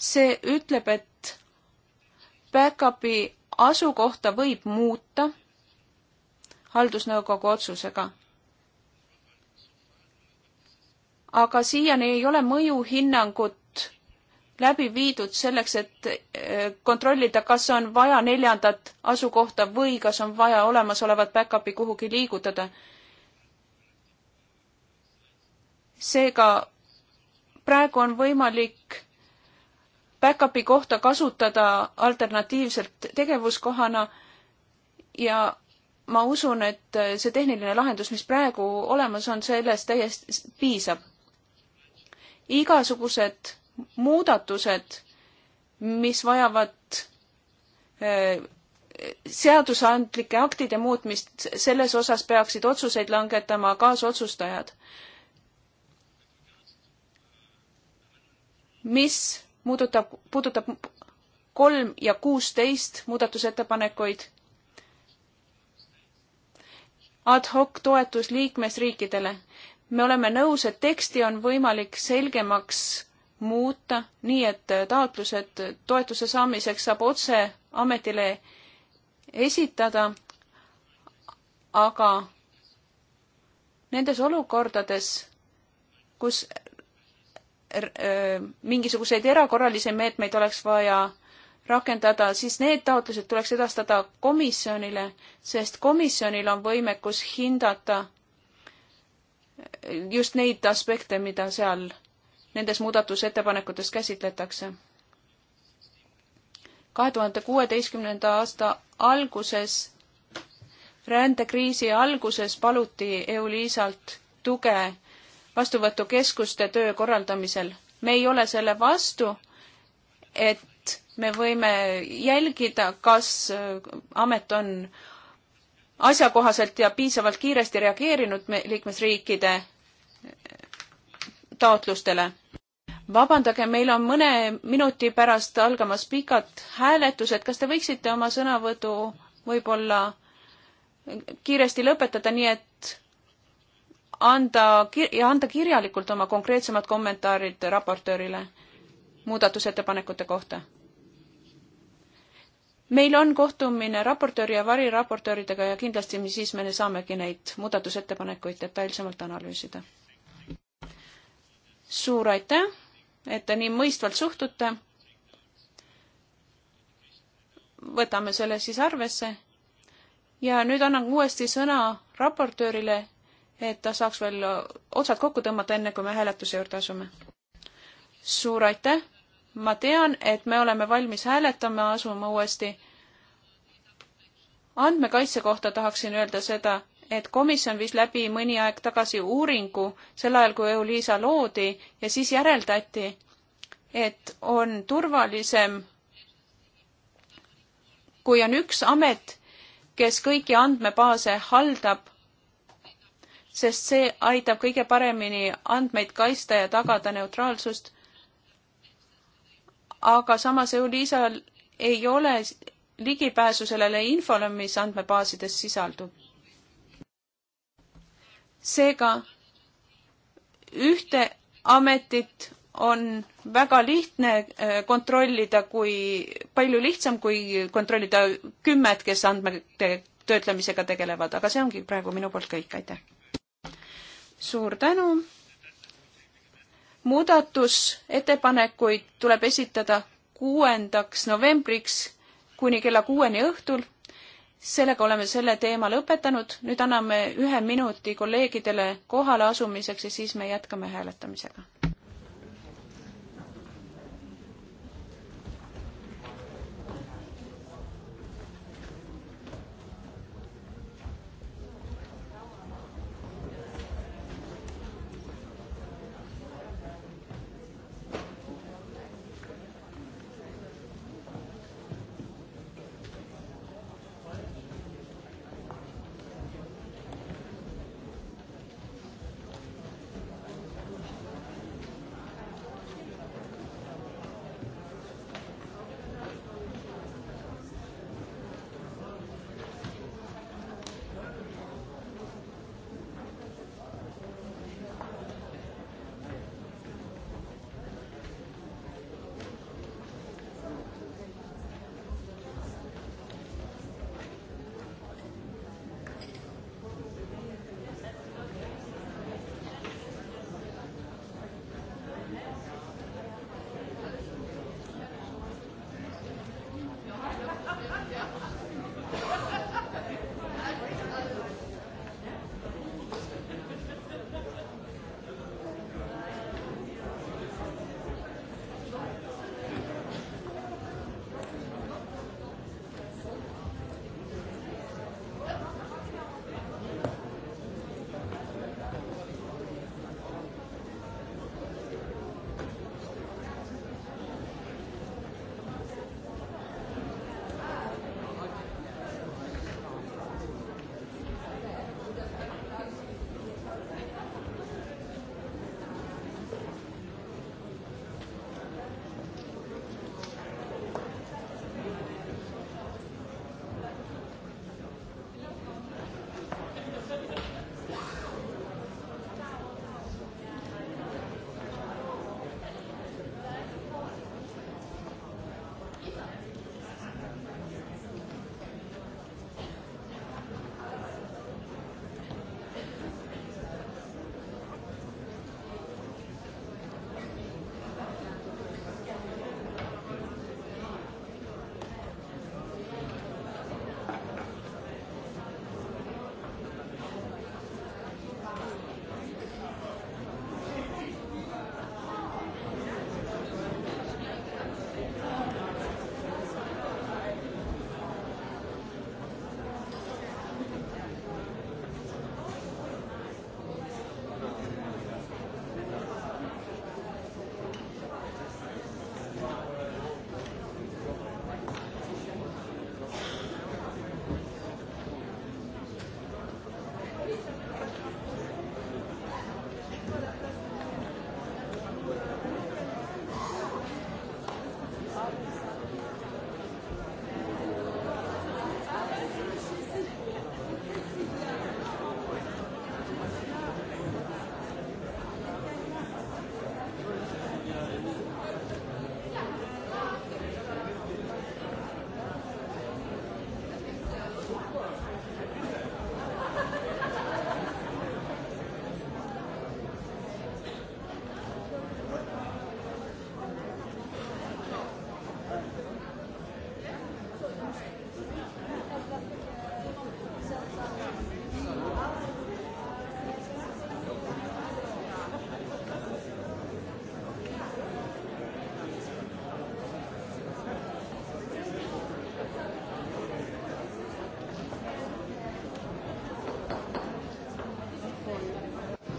see ütleb, et back-up'i asukohta võib muuta haldusnõukogu otsusega. aga siiani ei ole mõjuhinnangut läbi viidud selleks, et eh, kontrollida, kas on vaja neljandat asukohta või kas on vaja olemasolevat back-up'i kuhugi liigutada seega praegu on võimalik back-up'i kohta kasutada alternatiivselt tegevuskohana ja ma usun, et see tehniline lahendus, mis praegu olemas on, sellest täiesti piisab. igasugused muudatused, mis vajavad eh, seadusandlike aktide muutmist, selles osas peaksid otsuseid langetama kaasotsustajad. mis muudutab, puudutab kolm ja kuusteist muudatusettepanekuid. ad hoc toetus liikmesriikidele. me oleme nõus, et teksti on võimalik selgemaks muuta, nii et taotlused toetuse saamiseks saab otse ametile esitada, aga nendes olukordades, kus mingisuguseid erakorralisi meetmeid oleks vaja rakendada, siis need taotlused tuleks edastada komisjonile, sest komisjonil on võimekus hindata just neid aspekte, mida seal nendes muudatusettepanekutes käsitletakse. kahe tuhande kuueteistkümnenda aasta alguses, rändekriisi alguses paluti EULISalt tuge vastuvõtukeskuste töö korraldamisel. me ei ole selle vastu, et me võime jälgida, kas äh, amet on asjakohaselt ja piisavalt kiiresti reageerinud liikmesriikide äh, taotlustele. vabandage, meil on mõne minuti pärast algamas pikad hääletused, kas te võiksite oma sõnavõtu võib-olla kiiresti lõpetada, nii et anda ja anda kirjalikult oma konkreetsemad kommentaarid raportöörile muudatusettepanekute kohta. meil on kohtumine raportööri ja variraportööridega ja kindlasti me siis me saamegi neid muudatusettepanekuid detailsemalt analüüsida. suur aitäh, et te nii mõistvalt suhtute. võtame selle siis arvesse ja nüüd annan uuesti sõna raportöörile et ta saaks veel otsad kokku tõmmata, enne kui me hääletuse juurde asume. suur aitäh! ma tean, et me oleme valmis hääletama, asume uuesti. andmekaitse kohta tahaksin öelda seda, et komisjon viis läbi mõni aeg tagasi uuringu sel ajal, kui Euliisa loodi ja siis järeldati, et on turvalisem, kui on üks amet, kes kõiki andmebaase haldab sest see aitab kõige paremini andmeid kaitsta ja tagada neutraalsust. aga samas EULISA-l ei ole ligipääsu sellele infole, mis andmebaasides sisaldub. seega ühte ametit on väga lihtne äh, kontrollida, kui, palju lihtsam, kui kontrollida kümmet, kes andmete töötlemisega tegelevad, aga see ongi praegu minu poolt kõik, aitäh! suur tänu. muudatusettepanekuid tuleb esitada kuuendaks novembriks kuni kella kuueni õhtul. sellega oleme selle teema lõpetanud, nüüd anname ühe minuti kolleegidele kohale asumiseks ja siis me jätkame hääletamisega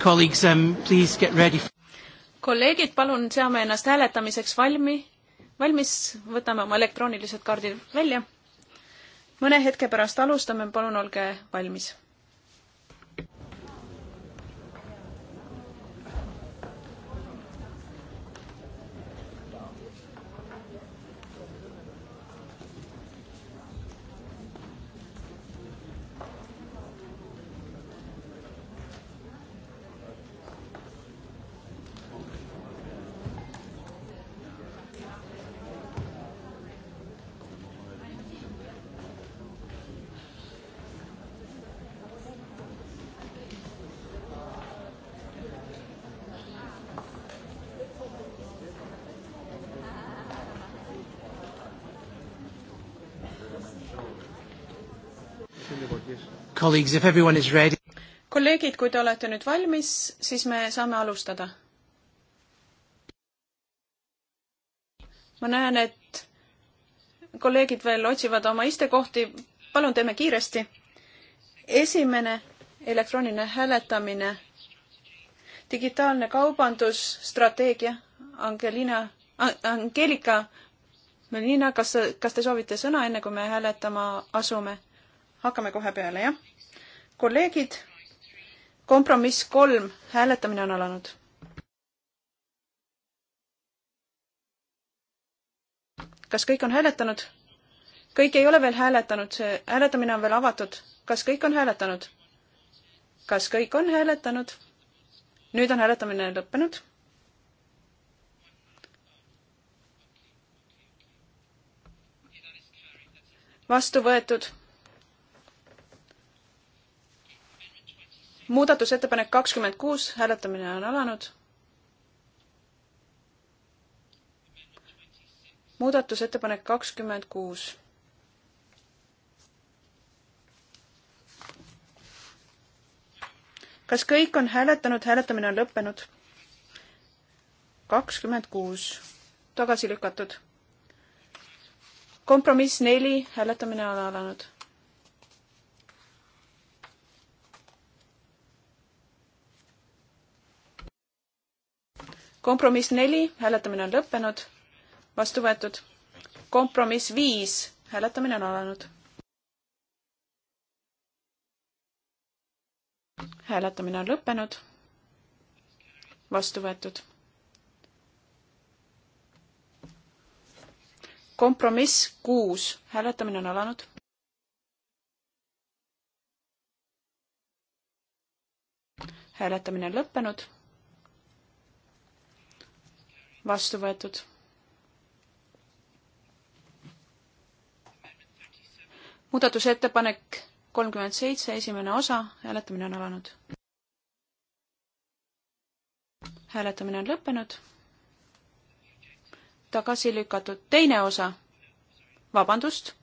Colleagues, um, please get ready. kolleegid, palun seame ennast hääletamiseks valmi, valmis, võtame oma elektroonilised kaardid välja. mõne hetke pärast alustame, palun olge valmis Colleagues, if everyone is ready. kolleegid, kui te olete nüüd valmis, siis me saame alustada. ma näen, et kolleegid veel otsivad oma istekohti. palun teeme kiiresti. esimene elektrooniline hääletamine. digitaalne kaubandusstrateegia. Angelina, Angelika, Melina, kas, kas te soovite sõna, enne kui me hääletama asume? hakkame kohe peale, jah. kolleegid, kompromiss kolm, hääletamine on alanud. kas kõik on hääletanud? kõik ei ole veel hääletanud, see hääletamine on veel avatud. kas kõik on hääletanud? kas kõik on hääletanud? nüüd on hääletamine lõppenud vastu võetud. muudatusettepanek kakskümmend kuus, hääletamine on alanud. muudatusettepanek kakskümmend kuus. kas kõik on hääletanud, hääletamine on lõppenud? kakskümmend kuus, tagasi lükatud. kompromiss neli, hääletamine on alanud kompromiss neli, hääletamine on lõppenud, vastu võetud. kompromiss viis, hääletamine on alanud. hääletamine on lõppenud, vastu võetud. kompromiss kuus, hääletamine on alanud. hääletamine on lõppenud vastu võetud. muudatusettepanek kolmkümmend seitse, esimene osa, hääletamine on alanud. hääletamine on lõppenud. tagasi lükatud teine osa. vabandust.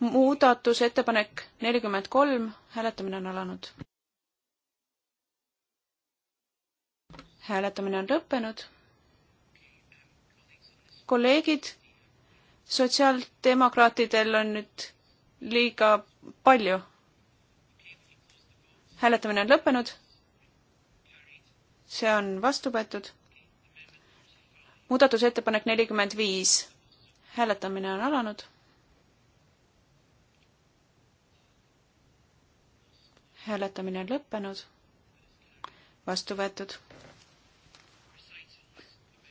muudatusettepanek nelikümmend kolm, hääletamine on alanud. hääletamine on lõppenud. kolleegid, sotsiaaldemokraatidel on nüüd liiga palju. hääletamine on lõppenud. see on vastu võetud. muudatusettepanek nelikümmend viis. hääletamine on alanud. hääletamine on lõppenud. vastu võetud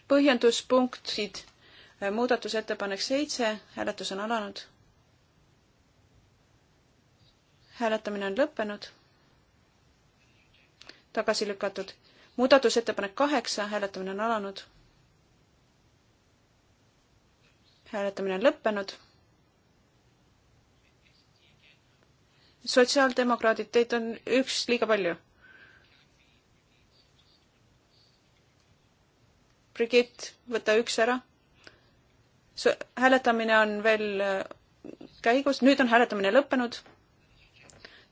põhjenduspunktid, äh, muudatusettepanek seitse, hääletus on alanud. hääletamine on lõppenud. tagasi lükatud. muudatusettepanek kaheksa, hääletamine on alanud. hääletamine on lõppenud. sotsiaaldemokraadid, teid on üks liiga palju Brigitt, võta üks ära. hääletamine on veel äh, käigus, nüüd on hääletamine lõppenud,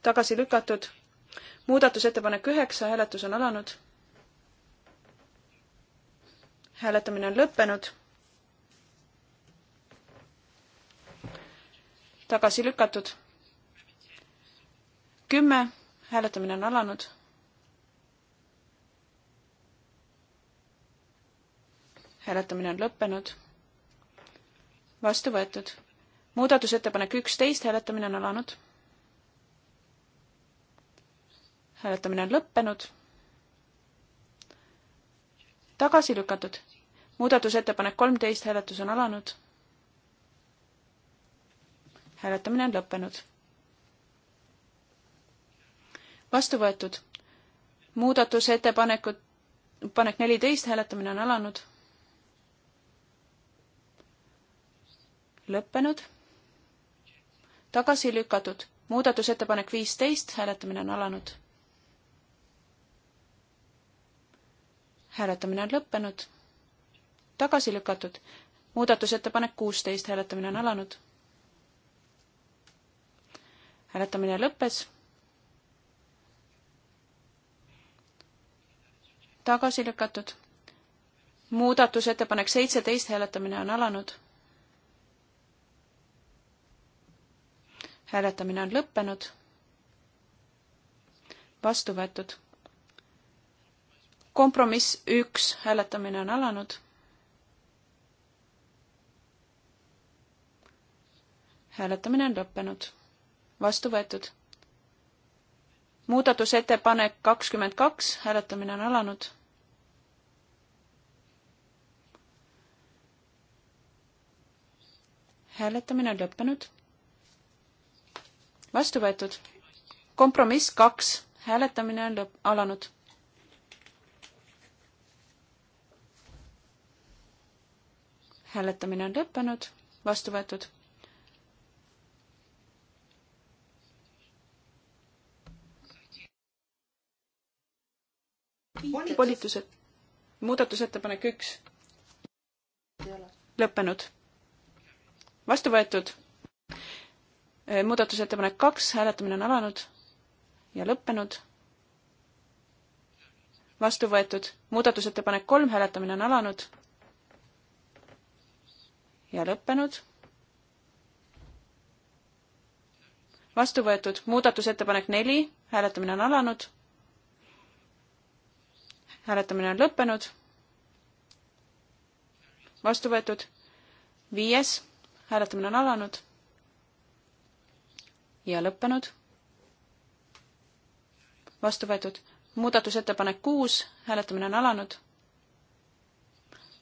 tagasi lükatud. muudatusettepanek üheksa, hääletus on alanud. hääletamine on lõppenud. tagasi lükatud. kümme, hääletamine on alanud hääletamine on lõppenud. vastu võetud. muudatusettepanek üksteist, hääletamine on alanud. hääletamine on lõppenud. tagasi lükatud. muudatusettepanek kolmteist, hääletus on alanud. hääletamine on lõppenud. vastu võetud. muudatusettepanekud, panek neliteist, hääletamine on alanud lõppenud, tagasi lükatud, muudatusettepanek viisteist, hääletamine on alanud. hääletamine on lõppenud, tagasi lükatud, muudatusettepanek kuusteist, hääletamine on alanud. hääletamine lõppes. tagasi lükatud, muudatusettepanek seitseteist, hääletamine on alanud hääletamine on lõppenud. vastu võetud. kompromiss üks, hääletamine on alanud. hääletamine on lõppenud. vastu võetud. muudatusettepanek kakskümmend kaks, hääletamine on alanud hääletamine on lõppenud vastu võetud. kompromiss kaks, hääletamine on lõpp, alanud. hääletamine on lõppenud, vastu võetud. volitused, muudatusettepanek üks. lõppenud. vastu võetud Äh, muudatusettepanek kaks, hääletamine on alanud ja lõppenud. vastu võetud. muudatusettepanek kolm, hääletamine on alanud ja lõppenud. vastu võetud. muudatusettepanek neli, hääletamine on alanud. hääletamine on lõppenud. vastu võetud. viies, hääletamine on alanud ja lõppenud. vastu võetud. muudatusettepanek kuus, hääletamine on alanud.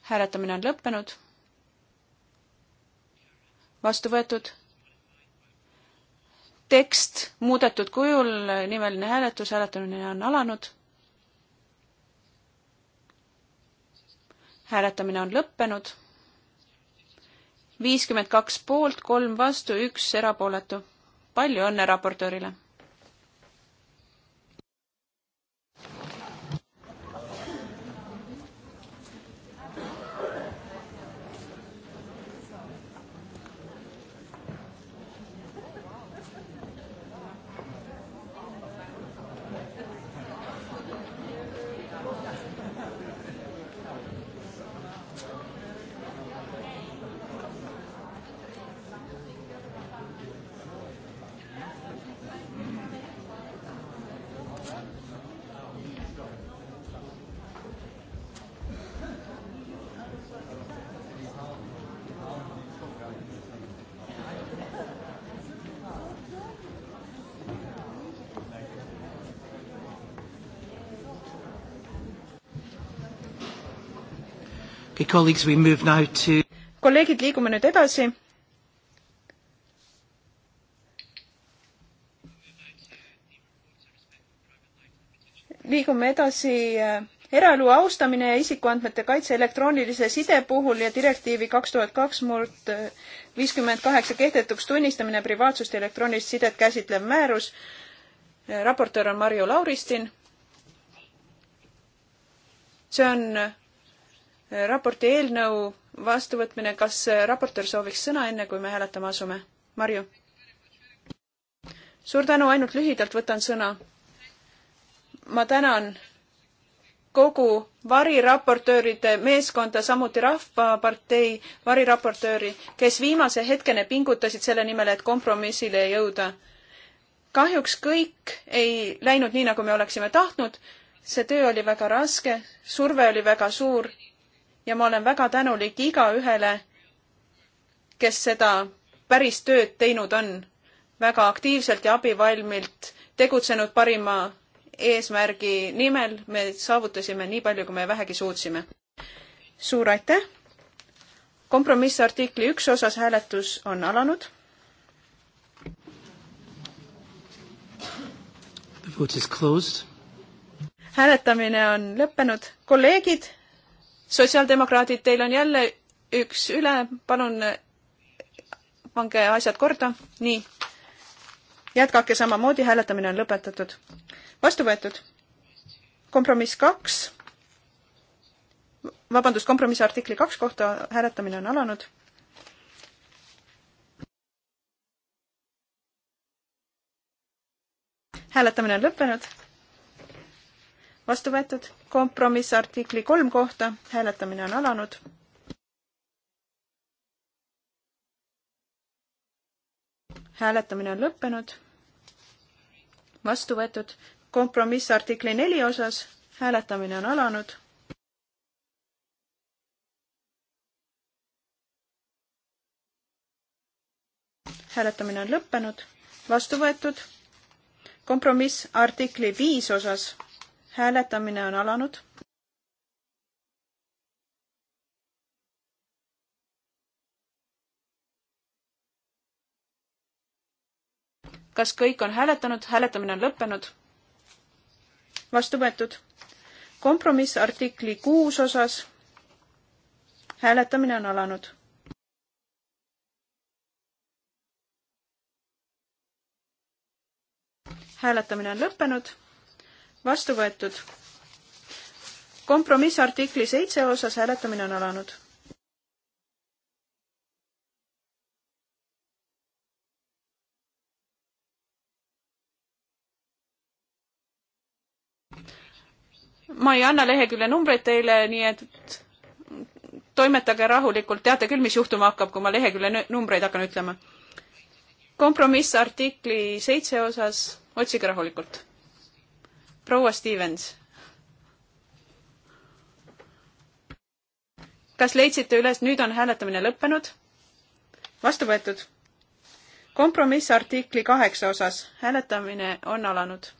hääletamine on lõppenud. vastu võetud. tekst muudetud kujul, nimeline hääletus, hääletamine on alanud. hääletamine on lõppenud viiskümmend kaks poolt, kolm vastu, üks erapooletu palju õnne raportöörile! kolleegid, liigume nüüd edasi. liigume edasi äh, eraelu austamine ja isikuandmete kaitse elektroonilise side puhul ja direktiivi kaks tuhat kaks murd äh, viiskümmend kaheksa kehtetuks tunnistamine privaatsust ja elektroonilist sidet käsitlev määrus. Äh, raportöör on Marju Lauristin. see on raporti eelnõu vastuvõtmine, kas raportöör sooviks sõna, enne kui me hääletama asume? Marju? suur tänu, ainult lühidalt võtan sõna. ma tänan kogu variraportööride meeskonda, samuti Rahvapartei variraportööri, kes viimase hetkeni pingutasid selle nimel, et kompromissile jõuda. kahjuks kõik ei läinud nii, nagu me oleksime tahtnud. see töö oli väga raske, surve oli väga suur ja ma olen väga tänulik igaühele, kes seda päris tööd teinud on, väga aktiivselt ja abivalmilt tegutsenud parima eesmärgi nimel, me saavutasime nii palju, kui me vähegi suutsime. suur aitäh! kompromissartikli üks osas hääletus on alanud. hääletamine on lõppenud. kolleegid, sotsiaaldemokraadid, teil on jälle üks üle, palun eh, pange asjad korda, nii. jätkake samamoodi, hääletamine on lõpetatud. vastu võetud. kompromiss kaks. vabandust, kompromissi artikli kaks kohta hääletamine on alanud. hääletamine on lõppenud vastu võetud. kompromiss artikli kolm kohta, hääletamine on alanud. hääletamine on lõppenud. vastu võetud. kompromiss artikli neli osas, hääletamine on alanud hääletamine on lõppenud, vastu võetud. kompromiss artikli viis osas, hääletamine on alanud. kas kõik on hääletanud, hääletamine on lõppenud? vastu võetud. kompromiss artikli kuus osas. hääletamine on alanud. hääletamine on lõppenud vastu võetud. kompromiss artikli seitse osas hääletamine on alanud. ma ei anna lehekülje numbreid teile, nii et toimetage rahulikult, teate küll, mis juhtuma hakkab, kui ma lehekülje numbreid hakkan ütlema. kompromiss artikli seitse osas, otsige rahulikult proua Stevens. kas leidsite üles, nüüd on hääletamine lõppenud? vastu võetud. kompromiss artikli kaheksa osas. hääletamine on alanud.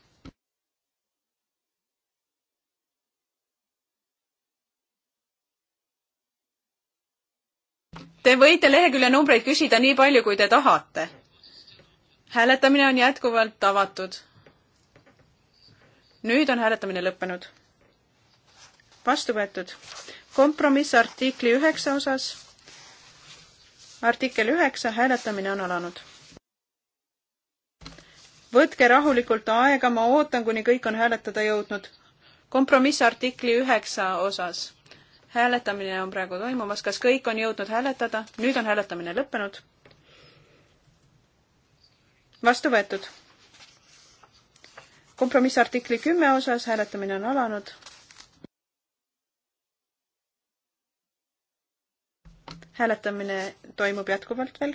Te võite lehekülje numbreid küsida nii palju, kui te tahate. hääletamine on jätkuvalt avatud nüüd on hääletamine lõppenud. vastu võetud. kompromiss artikli üheksa osas. artikkel üheksa, hääletamine on alanud. võtke rahulikult aega, ma ootan, kuni kõik on hääletada jõudnud. kompromiss artikli üheksa osas. hääletamine on praegu toimumas, kas kõik on jõudnud hääletada? nüüd on hääletamine lõppenud. vastu võetud kompromissartikli kümme osas hääletamine on alanud. hääletamine toimub jätkuvalt veel.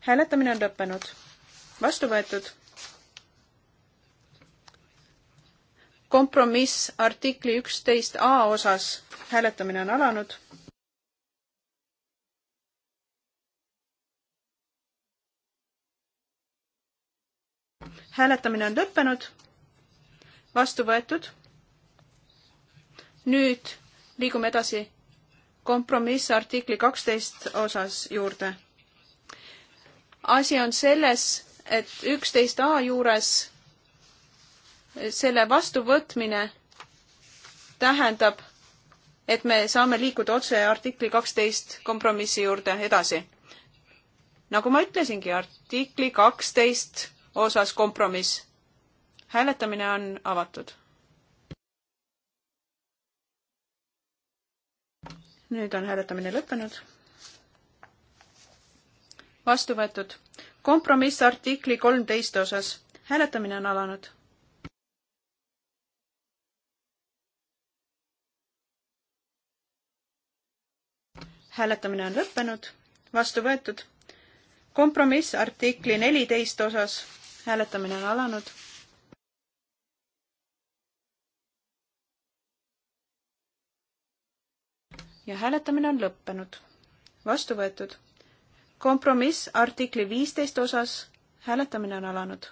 hääletamine on lõppenud. vastu võetud. kompromiss artikli üksteist A osas hääletamine on alanud hääletamine on lõppenud, vastu võetud. nüüd liigume edasi kompromiss artikli kaksteist osas juurde. asi on selles, et üksteist A juures selle vastuvõtmine tähendab, et me saame liikuda otse artikli kaksteist kompromissi juurde edasi. nagu ma ütlesingi, artikli kaksteist osas kompromiss. hääletamine on avatud. nüüd on hääletamine lõppenud. vastu võetud. kompromiss artikli kolmteist osas. hääletamine on alanud. hääletamine on lõppenud, vastu võetud. kompromiss artikli neliteist osas, hääletamine on alanud. ja hääletamine on lõppenud. vastu võetud. kompromiss artikli viisteist osas. hääletamine on alanud.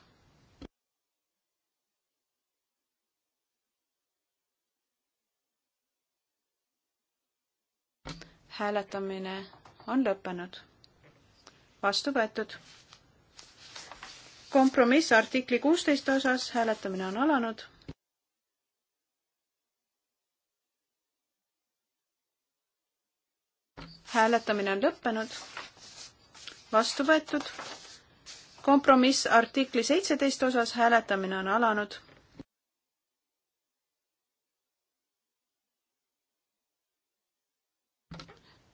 hääletamine on lõppenud. vastu võetud kompromiss artikli kuusteist osas, hääletamine on alanud. hääletamine on lõppenud. vastu võetud. kompromiss artikli seitseteist osas, hääletamine on alanud.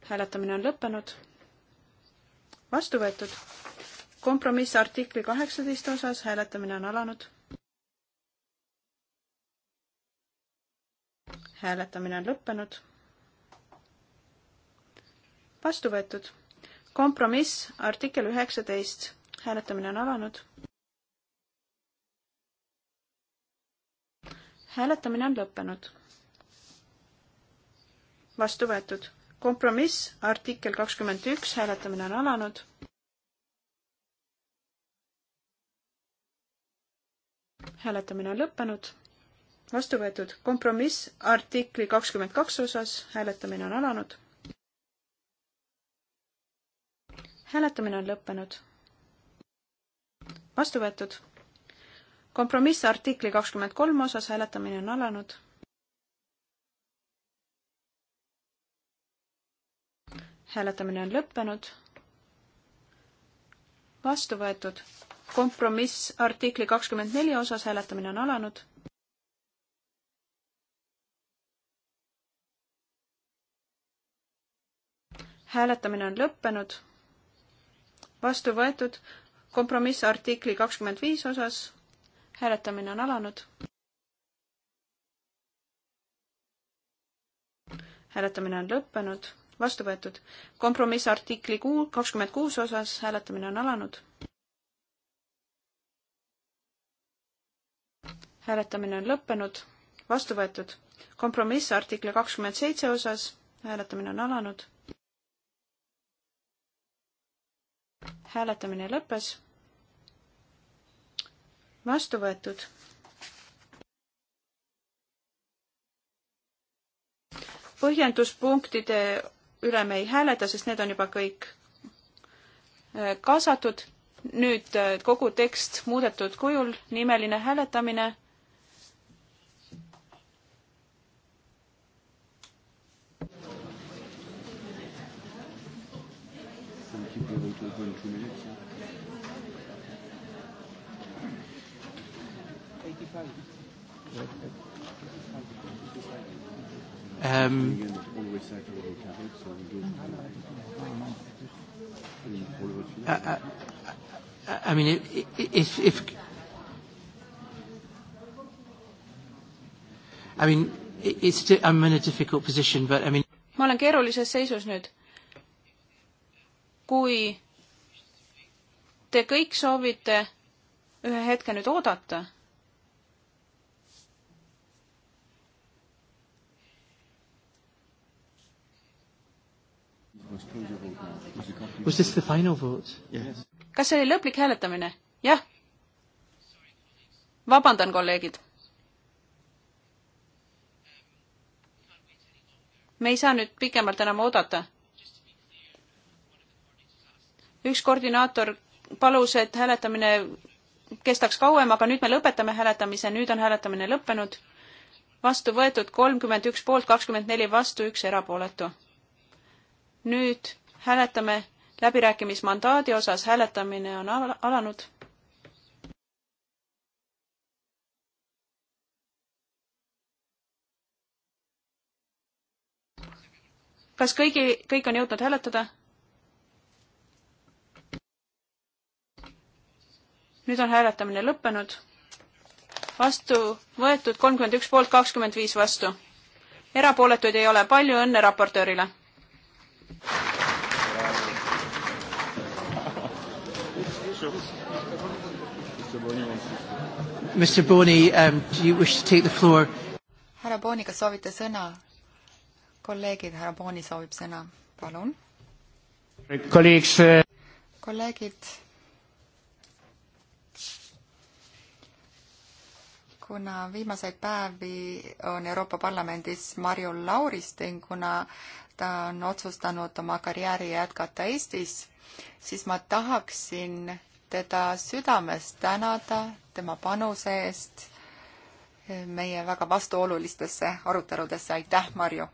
hääletamine on lõppenud. vastu võetud kompromiss artikli kaheksateist osas, hääletamine on alanud. hääletamine on lõppenud. vastu võetud. kompromiss artikkel üheksateist, hääletamine on alanud. hääletamine on lõppenud. vastu võetud. kompromiss artikkel kakskümmend üks, hääletamine on alanud. hääletamine on lõppenud. vastu võetud kompromiss artikli kakskümmend kaks osas, hääletamine on alanud. hääletamine on lõppenud. vastu võetud. kompromiss artikli kakskümmend kolm osas, hääletamine on alanud. hääletamine on lõppenud. vastu võetud kompromiss artikli kakskümmend neli osas hääletamine on alanud. hääletamine on lõppenud. vastu võetud kompromiss artikli kakskümmend viis osas. hääletamine on alanud. hääletamine on lõppenud, vastu võetud. kompromiss artikli kuu, kakskümmend kuus osas hääletamine on alanud. hääletamine on lõppenud, vastu võetud. kompromiss artikli kakskümmend seitse osas, hääletamine on alanud. hääletamine lõppes. vastu võetud. põhjenduspunktide üle me ei hääleta, sest need on juba kõik äh, kaasatud. nüüd äh, kogu tekst muudetud kujul, nimeline hääletamine Um, I, I, I mean, if, if I mean, it's, I'm in a difficult position, but I mean. ma olen keerulises seisus nüüd. kui te kõik soovite ühe hetke nüüd oodata. kas see oli lõplik hääletamine? jah. vabandan, kolleegid. me ei saa nüüd pikemalt enam oodata. üks koordinaator palus, et hääletamine kestaks kauem, aga nüüd me lõpetame hääletamise, nüüd on hääletamine lõppenud. vastu võetud kolmkümmend üks poolt, kakskümmend neli vastu, üks erapooletu. nüüd hääletame läbirääkimismandaadi osas, hääletamine on al alanud. kas kõigi, kõik on jõudnud hääletada? nüüd on hääletamine lõppenud. vastu võetud kolmkümmend üks poolt, kakskümmend viis vastu. erapooletuid ei ole, palju õnne raportöörile. Mr Boni um,, do you wish to take the floor? härra Boni, kas soovite sõna? kolleegid, härra Boni soovib sõna, palun. kolleegid kuna viimaseid päevi on Euroopa Parlamendis Marju Lauristin, kuna ta on otsustanud oma karjääri jätkata Eestis, siis ma tahaksin teda südamest tänada tema panuse eest meie väga vastuolulistesse aruteludesse. aitäh, Marju!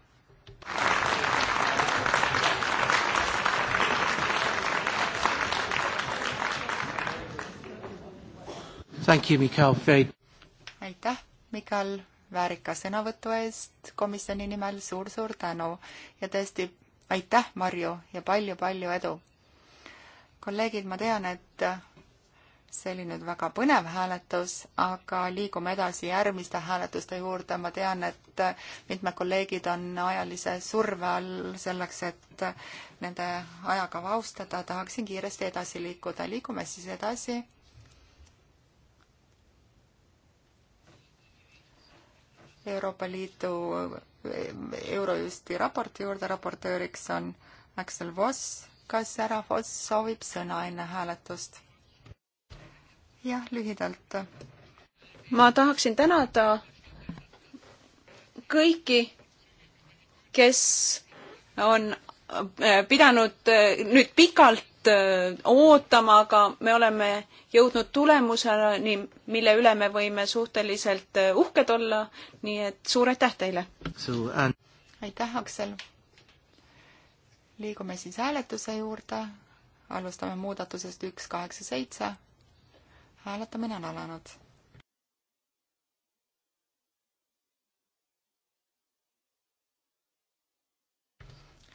Thank you, Mikael. Very aitäh, Mikal, väärika sõnavõtu eest komisjoni nimel suur-suur tänu ja tõesti aitäh, Marju, ja palju-palju edu! kolleegid, ma tean, et see oli nüüd väga põnev hääletus, aga liigume edasi järgmiste hääletuste juurde. ma tean, et mitmed kolleegid on ajalise surve all selleks, et nende ajakava austada. tahaksin kiiresti edasi liikuda. liigume siis edasi Euroopa Liidu Eurojusti raporti juurde, raportööriks on Axel Voss. kas härra Voss soovib sõna enne hääletust? jah, lühidalt. ma tahaksin tänada kõiki, kes on eh, pidanud eh, nüüd pikalt meid äh, ootama, aga me oleme jõudnud tulemuseni, mille üle me võime suhteliselt äh, uhked olla, nii et suur aitäh teile! aitäh, Aksel! liigume siis hääletuse juurde, alustame muudatusest üks kaheksa seitse. hääletamine on alanud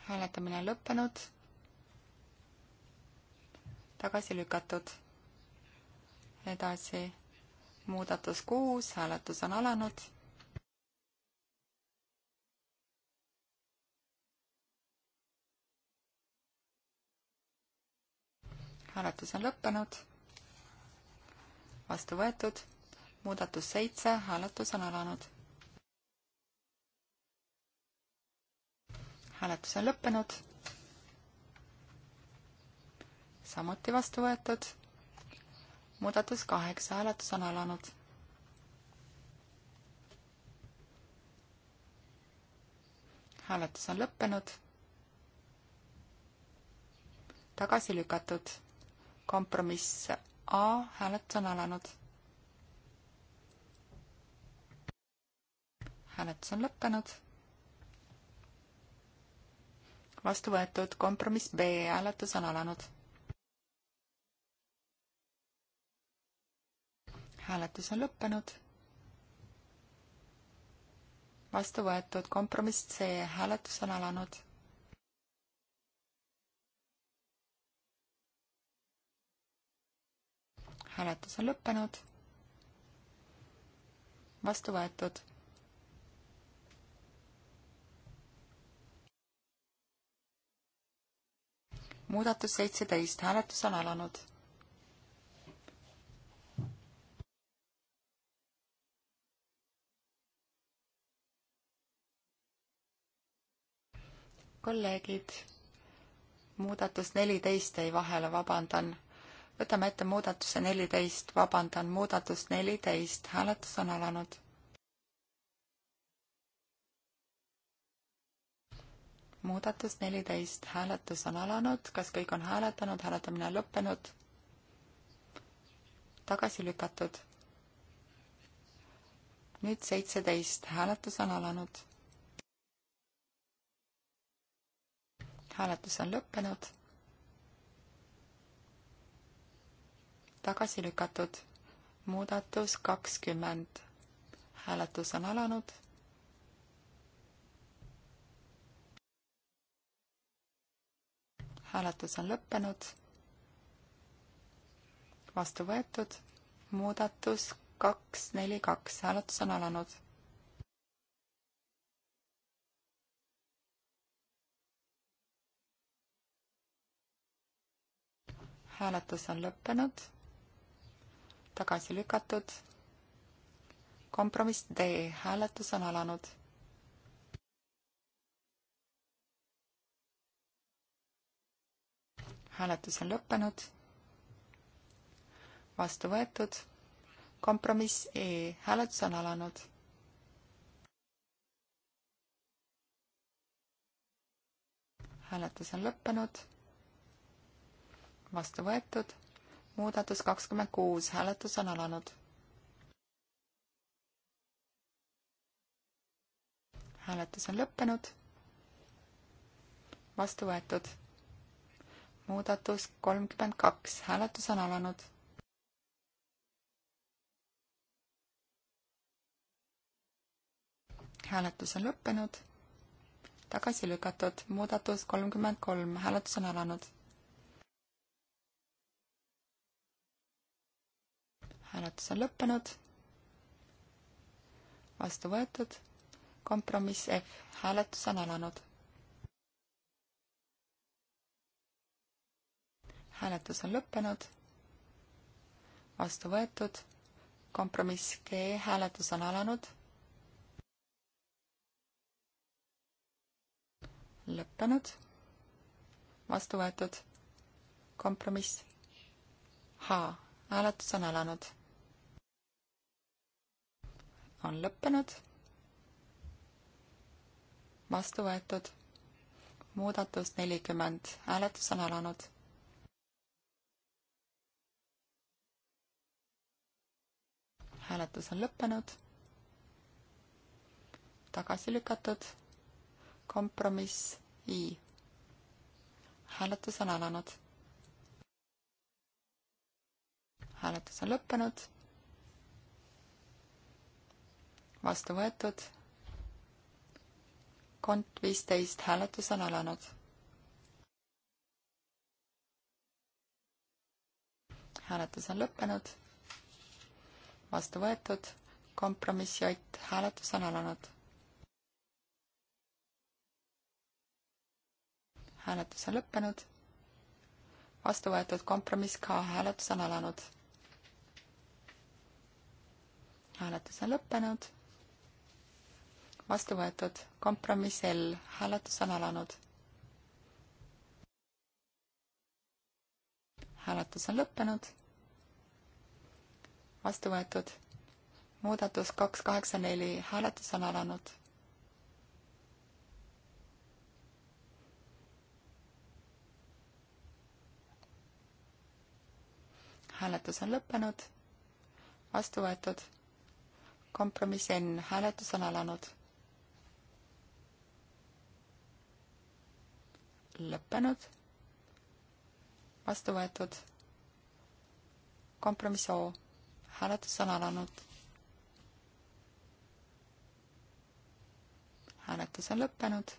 hääletamine lõppenud tagasi lükatud. edasi, muudatus kuus, hääletus on alanud. hääletus on lõppenud. vastu võetud. muudatus seitse, hääletus on alanud. hääletus on lõppenud samuti vastu võetud. muudatus kaheksa, hääletus on alanud. hääletus on lõppenud. tagasi lükatud. kompromiss A, hääletus on alanud. hääletus on lõppenud vastu võetud kompromiss B hääletus on alanud. hääletus on lõppenud. vastu võetud kompromiss C, hääletus on alanud. hääletus on lõppenud. vastu võetud. muudatus seitseteist, hääletus on alanud kolleegid, muudatus neliteist jäi vahele, vabandan. võtame ette muudatuse neliteist, vabandan, muudatus neliteist, hääletus on alanud. muudatus neliteist, hääletus on alanud, kas kõik on hääletanud, hääletamine on lõppenud? tagasi lükatud. nüüd seitseteist, hääletus on alanud hääletus on lõppenud. tagasi lükatud muudatus kakskümmend. hääletus on alanud. hääletus on lõppenud. vastu võetud muudatus kaks, neli, kaks, hääletus on alanud hääletus on lõppenud, tagasi lükatud, kompromiss D, hääletus on alanud. hääletus on lõppenud, vastu võetud, kompromiss E, hääletus on alanud hääletus on lõppenud vastu võetud. muudatus kakskümmend kuus, hääletus on alanud. hääletus on lõppenud. vastu võetud. muudatus kolmkümmend kaks, hääletus on alanud. hääletus on lõppenud. tagasi lükatud, muudatus kolmkümmend kolm, hääletus on alanud hääletus on lõppenud. vastu võetud. kompromiss F, hääletus on alanud. hääletus on lõppenud. vastu võetud. kompromiss G, hääletus on alanud. lõppenud. vastu võetud. kompromiss H, hääletus on alanud on lõppenud. vastu võetud. muudatus nelikümmend, hääletus on alanud. hääletus on lõppenud. tagasi lükatud. kompromiss I. hääletus on alanud hääletus on lõppenud vastu võetud. kont viisteist, hääletus on alanud. hääletus on lõppenud. vastu võetud, kompromiss J, hääletus on alanud. hääletus on lõppenud. vastu võetud kompromiss K, hääletus on alanud. hääletus on lõppenud vastu võetud, kompromiss L, hääletus on alanud. hääletus on lõppenud. vastu võetud, muudatus kaks kaheksa neli, hääletus on alanud. hääletus on lõppenud, vastu võetud, kompromiss N, hääletus on alanud lõppenud, vastu võetud, kompromiss O, hääletus on alanud. hääletus on lõppenud,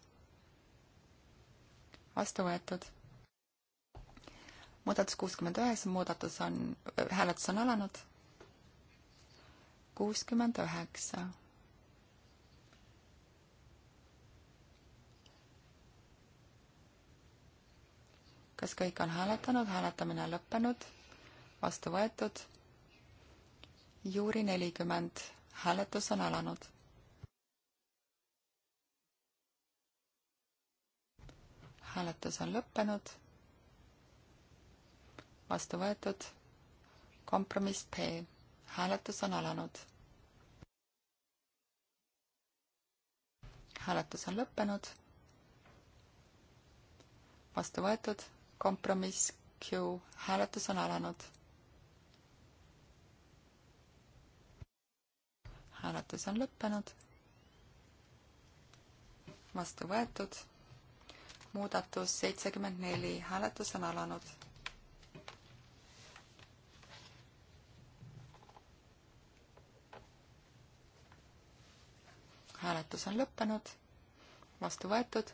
vastu võetud. muudatus kuuskümmend üheksa, muudatus on, äh, hääletus on alanud, kuuskümmend üheksa kas kõik on hääletanud, hääletamine on lõppenud, vastu võetud. juuri nelikümmend, hääletus on alanud. hääletus on lõppenud, vastu võetud, kompromiss P, hääletus on alanud hääletus on lõppenud, vastu võetud kompromiss Q hääletus on alanud. hääletus on lõppenud. vastu võetud. muudatus seitsekümmend neli, hääletus on alanud. hääletus on lõppenud, vastu võetud.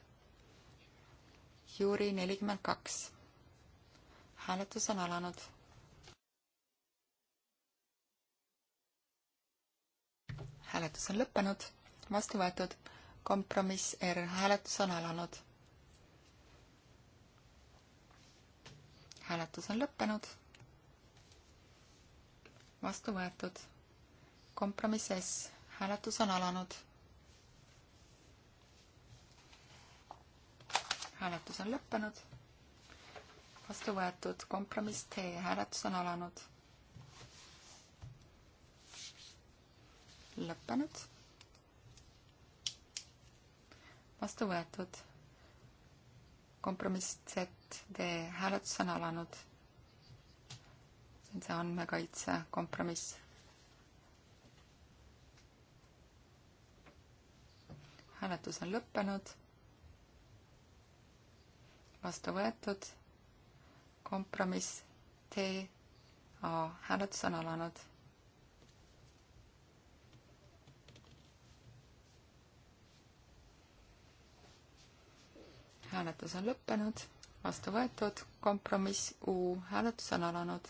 Juri nelikümmend kaks hääletus on alanud. hääletus on lõppenud, vastu võetud. kompromiss R, hääletus on alanud. hääletus on lõppenud. vastu võetud. kompromiss S, hääletus on alanud hääletus on lõppenud vastu võetud, kompromiss T, hääletus on alanud. lõppenud. vastu võetud, kompromiss Z, D, hääletus on alanud. see on see andmekaitse kompromiss. hääletus on lõppenud. vastu võetud kompromiss TA hääletus on alanud. hääletus on lõppenud, vastu võetud, kompromiss U hääletus on alanud.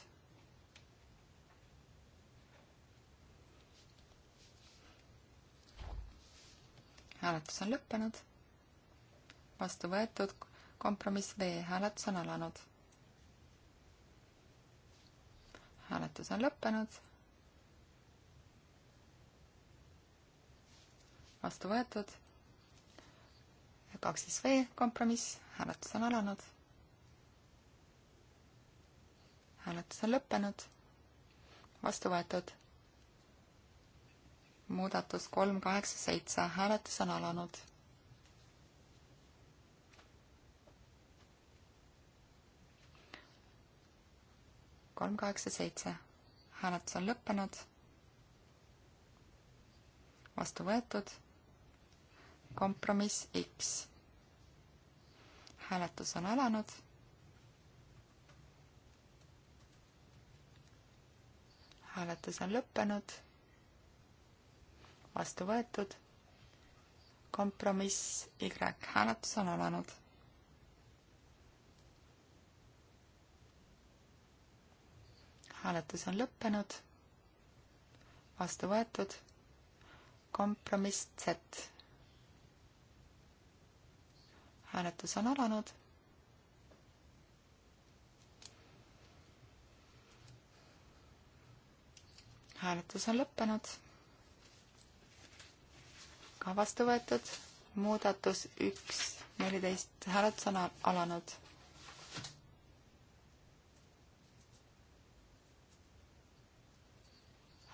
hääletus on lõppenud, vastu võetud, kompromiss V hääletus on alanud hääletus on lõppenud. vastu võetud. kaks siis V kompromiss, hääletus on alanud. hääletus on lõppenud. vastu võetud. muudatus kolm, kaheksa, seitse, hääletus on alanud kolm kaheksa seitse. hääletus on lõppenud. vastu võetud. kompromiss X. hääletus on alanud. hääletus on lõppenud. vastu võetud. kompromiss Y hääletus on alanud hääletus on lõppenud, vastu võetud, kompromiss Z. hääletus on alanud. hääletus on lõppenud, ka vastu võetud, muudatus üks, neliteist, hääletus on alanud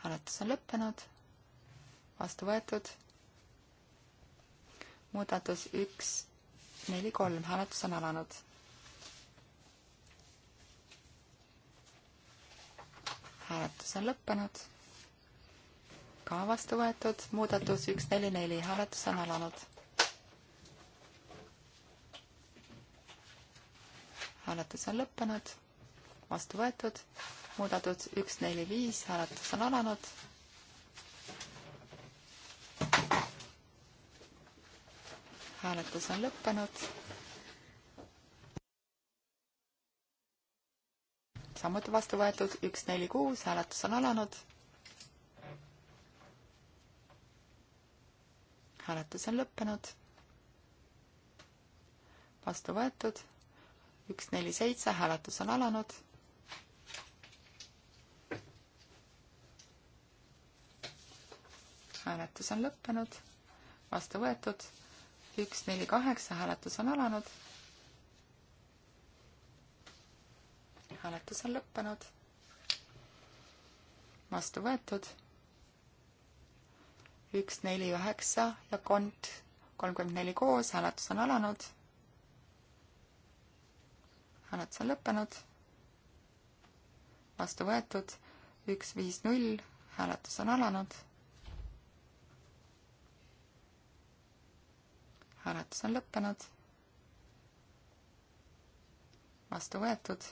hääletus on lõppenud, vastu võetud. muudatus üks, neli, kolm, hääletus on alanud. hääletus on lõppenud, ka vastu võetud, muudatus üks, neli, neli, hääletus on alanud hääletus on lõppenud, vastu võetud muudatud üks, neli, viis, hääletus on alanud. hääletus on lõppenud. samuti vastu võetud üks, neli, kuus, hääletus on alanud. hääletus on lõppenud. vastu võetud üks, neli, seitse, hääletus on alanud hääletus on lõppenud, vastu võetud, üks, neli, kaheksa, hääletus on alanud. hääletus on lõppenud, vastu võetud, üks, neli, üheksa ja kont kolmkümmend neli koos, hääletus on alanud. hääletus on lõppenud, vastu võetud, üks, viis, null, hääletus on alanud hääletus on lõppenud. vastu võetud.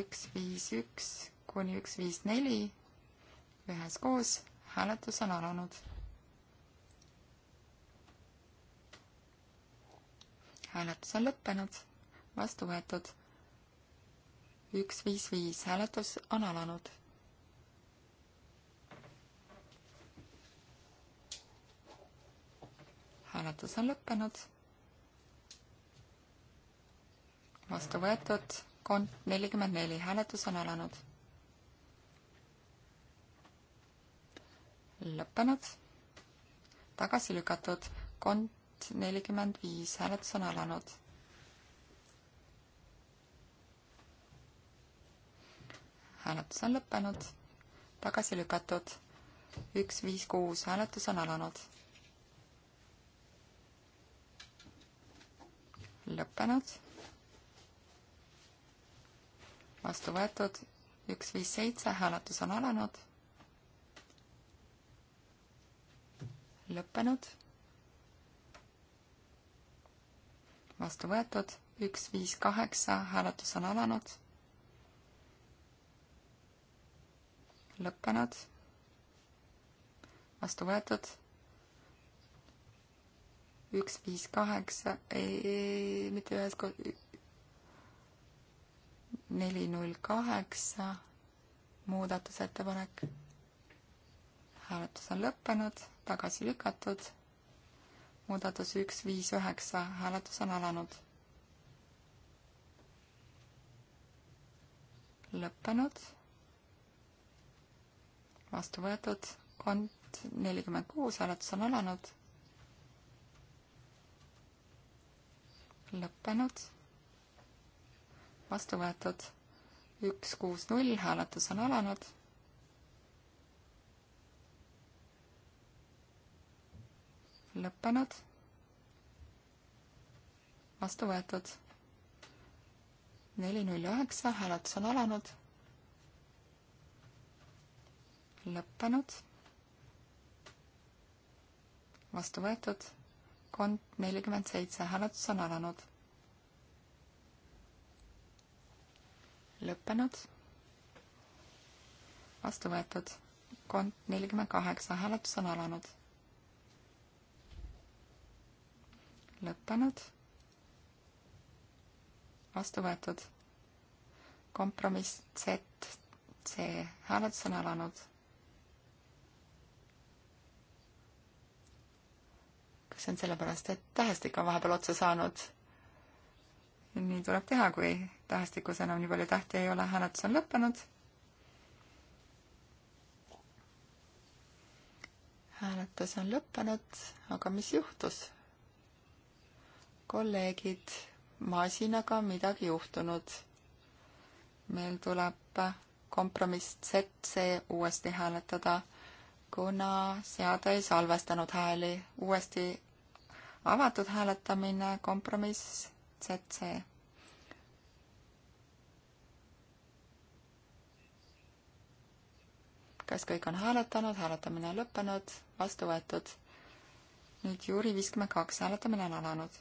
üks, viis, üks kuni üks, viis, neli üheskoos hääletus on alanud. hääletus on lõppenud, vastu võetud. üks, viis, viis hääletus on alanud hääletus on lõppenud. vastu võetud, kont nelikümmend neli, hääletus on alanud. lõppenud, tagasi lükatud, kont nelikümmend viis, hääletus on alanud. hääletus on lõppenud, tagasi lükatud, üks, viis, kuus, hääletus on alanud lõppenud. vastu võetud üks, viis, seitse, hääletus on alanud. lõppenud. vastu võetud üks, viis, kaheksa, hääletus on alanud. lõppenud. vastu võetud üks, viis, kaheksa, ei, mitte ühes ko-, neli, null, kaheksa, muudatusettepanek. hääletus on lõppenud, tagasi lükatud. muudatus üks, viis, üheksa, hääletus on alanud. lõppenud. vastu võetud, kont nelikümmend kuus, hääletus on alanud lõppenud, vastu võetud üks, kuus, null, hääletus on alanud. lõppenud, vastu võetud neli, null, üheksa, hääletus on alanud. lõppenud, vastu võetud kond nelikümmend seitse, hääletus on alanud. lõppenud. vastu võetud. kond nelikümmend kaheksa, hääletus on alanud. lõppenud. vastu võetud. kompromiss Z, C, hääletus on alanud see on sellepärast, et tähestik on vahepeal otsa saanud. nii tuleb teha, kui tähestikus enam nii palju tähti ei ole, hääletus on lõppenud. hääletus on lõppenud, aga mis juhtus? kolleegid, masinaga midagi juhtunud. meil tuleb kompromiss ZC uuesti hääletada kuna seade ei salvestanud hääli. uuesti avatud hääletamine, kompromiss ZC. kas kõik on hääletanud, hääletamine on lõppenud, vastu võetud. nüüd juuri viiskümmend kaks, hääletamine on alanud.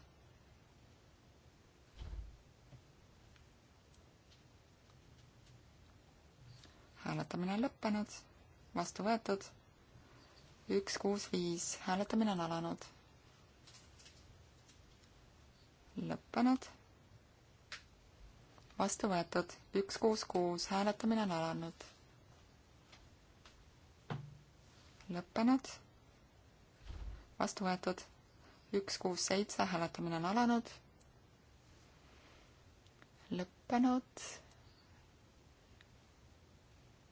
hääletamine on lõppenud, vastu võetud. üks, kuus, viis, hääletamine on alanud lõppenud. vastu võetud, üks kuus kuus, hääletamine on alanud. lõppenud. vastu võetud, üks kuus seitse, hääletamine on alanud. lõppenud.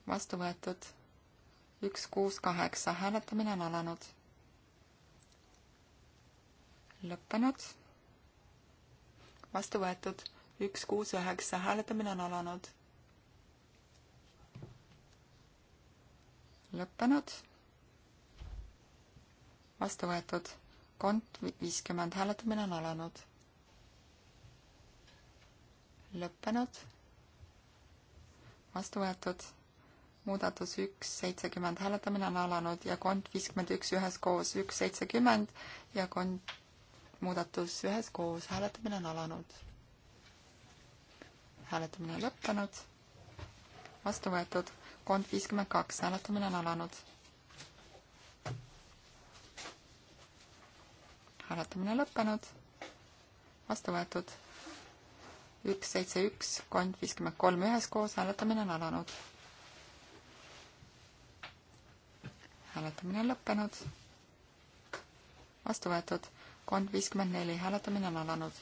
vastu võetud, üks kuus kaheksa, hääletamine on alanud. lõppenud vastu võetud. üks, kuus, üheksa, hääletamine on alanud. lõppenud. vastu võetud. kont viiskümmend, hääletamine on alanud. lõppenud. vastu võetud. muudatus üks, seitsekümmend, hääletamine on alanud ja kont viiskümmend üks üheskoos, üks, seitsekümmend ja kont muudatus üheskoos, hääletamine on alanud. hääletamine on lõppenud, vastu võetud, kond viiskümmend kaks, hääletamine on alanud. hääletamine lõppenud, vastu võetud, üks, seitse, üks, kond viiskümmend kolm üheskoos, hääletamine on alanud. hääletamine on lõppenud, vastu võetud kond viiskümmend neli, hääletamine on alanud.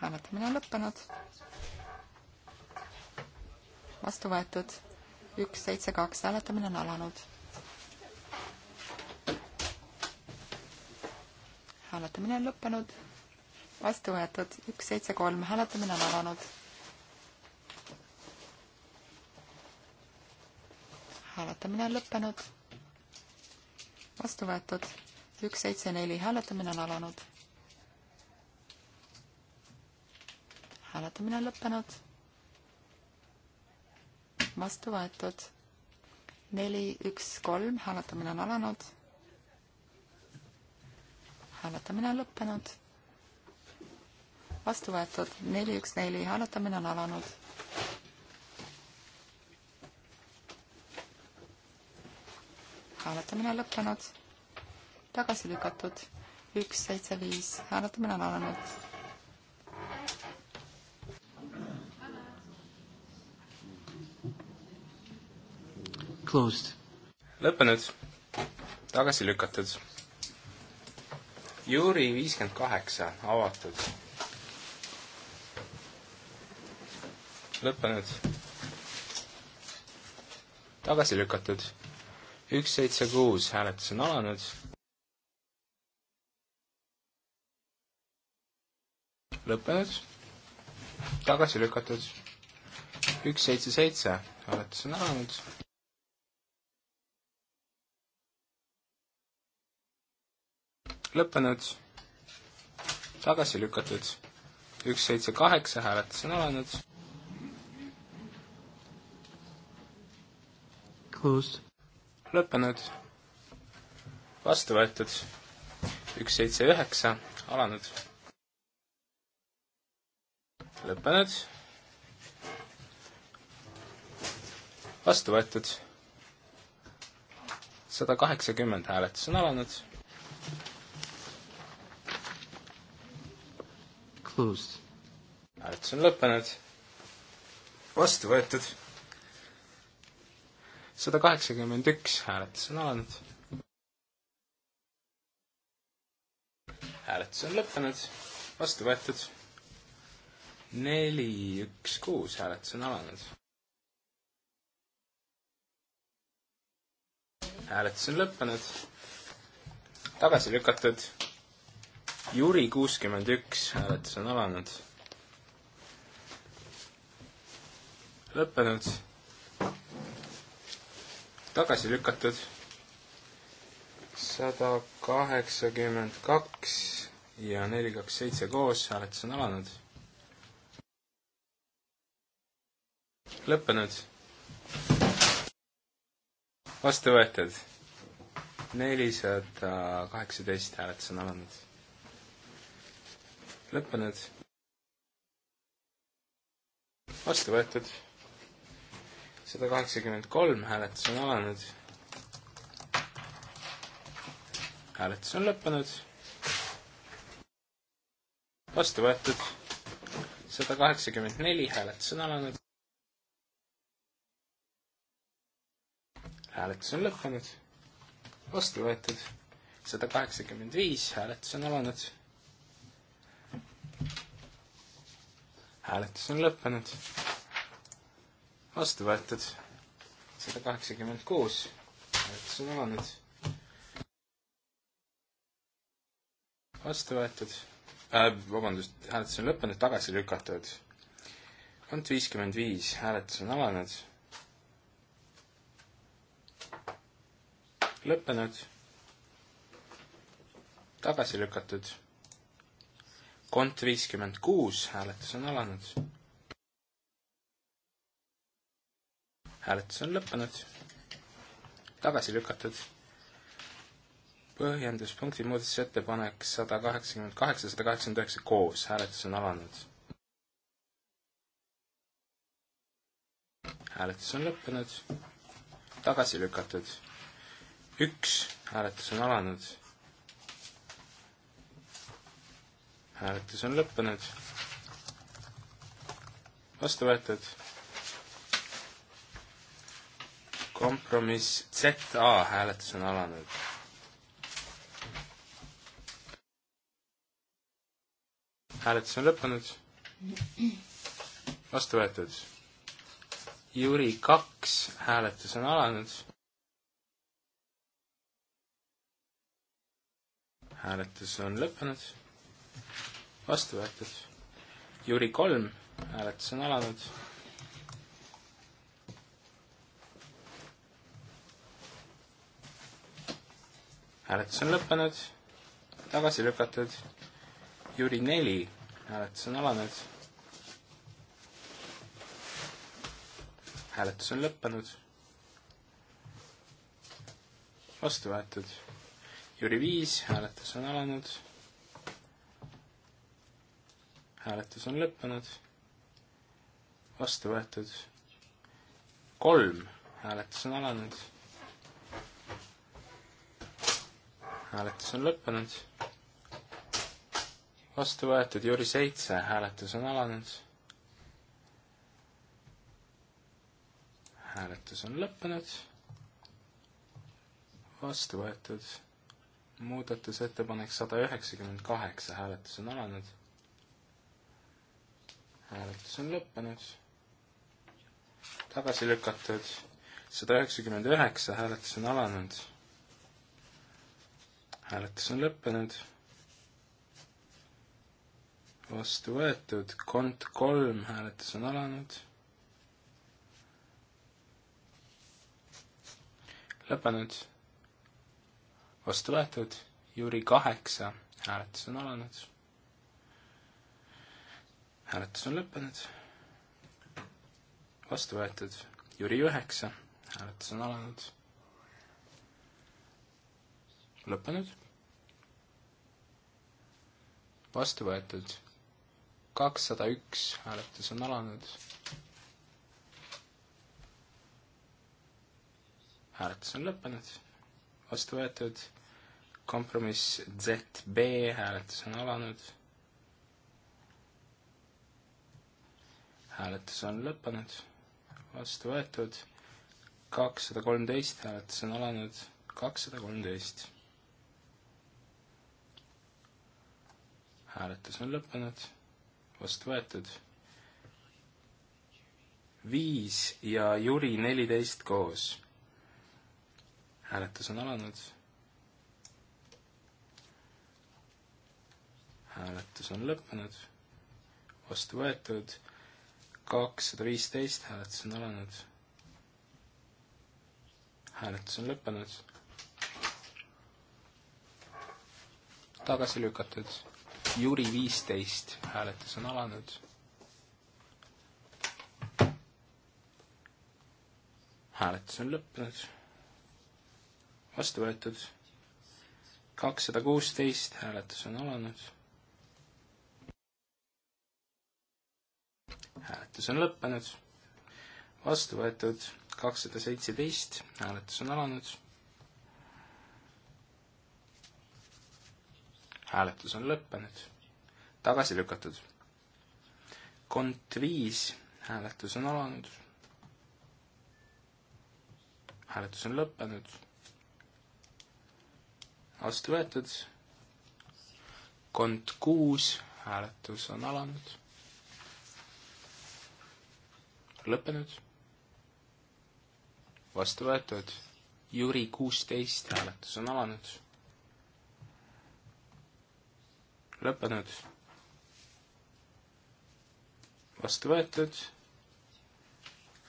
hääletamine on lõppenud. vastu võetud. üks, seitse, kaks, hääletamine on alanud. hääletamine on lõppenud. vastu võetud. üks, seitse, kolm, hääletamine on alanud. hääletamine on lõppenud vastu võetud, üks, seitse, neli, hääletamine on alanud. hääletamine on lõppenud. vastu võetud, neli, üks, kolm, hääletamine on alanud. hääletamine on lõppenud. vastu võetud, neli, üks, neli, hääletamine on alanud hääletamine lõppenud, tagasi lükatud, üks, seitse, viis, hääletamine on alanud. Closed. lõppenud, tagasi lükatud. Juri viiskümmend kaheksa, avatud. lõppenud tagasi lükatud üks, seitse, kuus, hääletus on alanud. lõppenud, tagasi lükatud. üks, seitse, seitse, hääletus on alanud. lõppenud, tagasi lükatud. üks, seitse, kaheksa, hääletus on alanud. Closed lõppenud, vastu võetud, üks, seitse, üheksa, alanud, lõppenud, vastu võetud, sada kaheksakümmend hääletus on alanud. Closed. hääletus on lõppenud, vastu võetud sada kaheksakümmend üks hääletus on alanud. hääletus on lõppenud, vastu võetud. neli, üks, kuus hääletus on alanud. hääletus on lõppenud, tagasi lükatud. Juri kuuskümmend üks hääletus on alanud. lõppenud tagasi lükatud. sada kaheksakümmend kaks ja neli, kaks, seitse koos, hääletus on alanud. lõppenud. vastu võetud. nelisada kaheksateist hääletus on alanud. lõppenud. vastu võetud sada kaheksakümmend kolm, hääletus on alanud. hääletus on lõppenud. vastu võetud. sada kaheksakümmend neli, hääletus on alanud. hääletus on lõppenud. vastu võetud. sada kaheksakümmend viis, hääletus on alanud hääletus on lõppenud vastu võetud sada kaheksakümmend kuus, hääletus on alanud. vastu võetud äh,, vabandust, hääletus on lõppenud, tagasi lükatud. kont viiskümmend viis, hääletus on alanud. lõppenud, tagasi lükatud. kont viiskümmend kuus, hääletus on alanud hääletus on lõppenud, tagasi lükatud. põhjenduspunkti muudatusettepanek sada kaheksakümmend kaheksa, sada kaheksakümmend üheksa koos, hääletus on alanud. hääletus on lõppenud, tagasi lükatud. üks, hääletus on alanud hääletus on lõppenud. vastu võetud kompromiss ZA hääletus on alanud. hääletus on lõppenud. vastu võetud. Jüri kaks hääletus on alanud. hääletus on lõppenud. vastu võetud. Jüri kolm hääletus on alanud hääletus on lõppenud, tagasi lükatud. Jüri neli, hääletus on alanud. hääletus on lõppenud. vastu võetud. Jüri viis, hääletus on alanud. hääletus on lõppenud. vastu võetud. kolm, hääletus on alanud hääletus on lõppenud. vastu võetud Jüri seitse, hääletus on alanud. hääletus on lõppenud. vastu võetud muudatusettepanek sada üheksakümmend kaheksa, hääletus on alanud. hääletus on lõppenud. tagasi lükatud sada üheksakümmend üheksa, hääletus on alanud hääletus on lõppenud. vastu võetud, kont kolm, hääletus on alanud. lõppenud, vastu võetud, juuri kaheksa, hääletus on alanud. hääletus on lõppenud, vastu võetud, juuri üheksa, hääletus on alanud. lõppenud vastu võetud. kakssada üks hääletus on alanud. hääletus on lõppenud, vastu võetud. kompromiss ZB hääletus on alanud. hääletus on lõppenud, vastu võetud. kakssada kolmteist hääletus on alanud, kakssada kolmteist hääletus on lõppenud, vastu võetud. viis ja Jüri neliteist koos. hääletus on alanud. hääletus on lõppenud, vastu võetud. kakssada viisteist, hääletus on alanud. hääletus on lõppenud. tagasi lükatud Juri viisteist, hääletus on alanud. hääletus on lõppenud. vastu võetud. kakssada kuusteist, hääletus on alanud. hääletus on lõppenud. vastu võetud kakssada seitseteist, hääletus on alanud hääletus on lõppenud. tagasi lükatud. kont viis, hääletus on alanud. hääletus on lõppenud. vastu võetud. kont kuus, hääletus on alanud. lõppenud. vastu võetud. Jüri kuusteist, hääletus on alanud lõppenud, vastu võetud,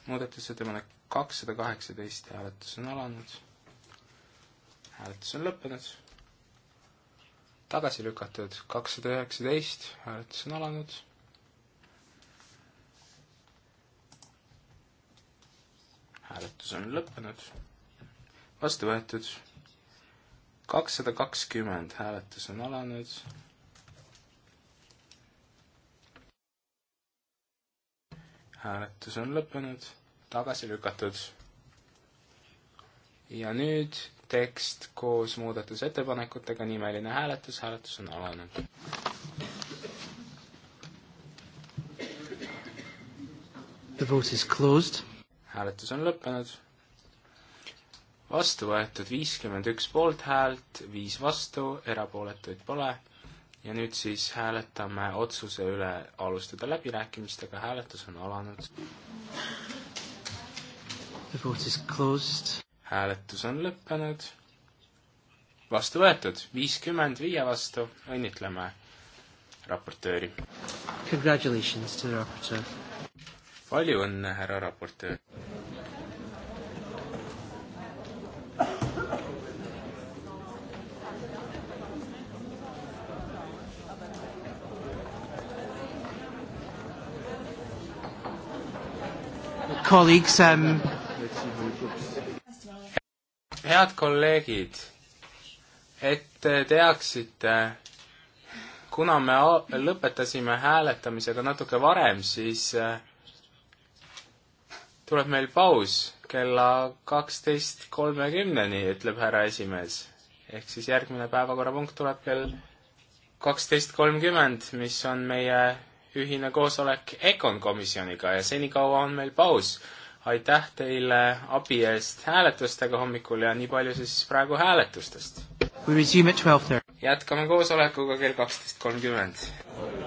muudatusettepanek kakssada kaheksateist, hääletus on alanud, hääletus on lõppenud, tagasi lükatud kakssada üheksateist, hääletus on alanud, hääletus on lõppenud, vastu võetud kakssada kakskümmend hääletus on alanud. hääletus on lõppenud, tagasi lükatud. ja nüüd tekst koos muudatusettepanekutega, nimeline hääletus, hääletus on alanud. The vote is closed. hääletus on lõppenud. vastu võetud viiskümmend üks poolthäält, viis vastu, erapooletuid pole ja nüüd siis hääletame otsuse üle alustada läbirääkimistega, hääletus on alanud. hääletus on lõppenud. vastu võetud, viiskümmend viie vastu, õnnitleme raportööri. palju õnne, härra raportöör! colleagues um.... head kolleegid, et te teaksite, kuna me lõpetasime hääletamisega natuke varem, siis eh, tuleb meil paus kella kaksteist kolmekümneni, ütleb härra esimees. ehk siis järgmine päevakorrapunkt tuleb kell kaksteist kolmkümmend, mis on meie ühine koosolek EKON komisjoniga ja senikaua on meil paus. aitäh teile abi eest hääletustega hommikul ja nii palju siis praegu hääletustest. jätkame koosolekuga kell kaksteist kolmkümmend.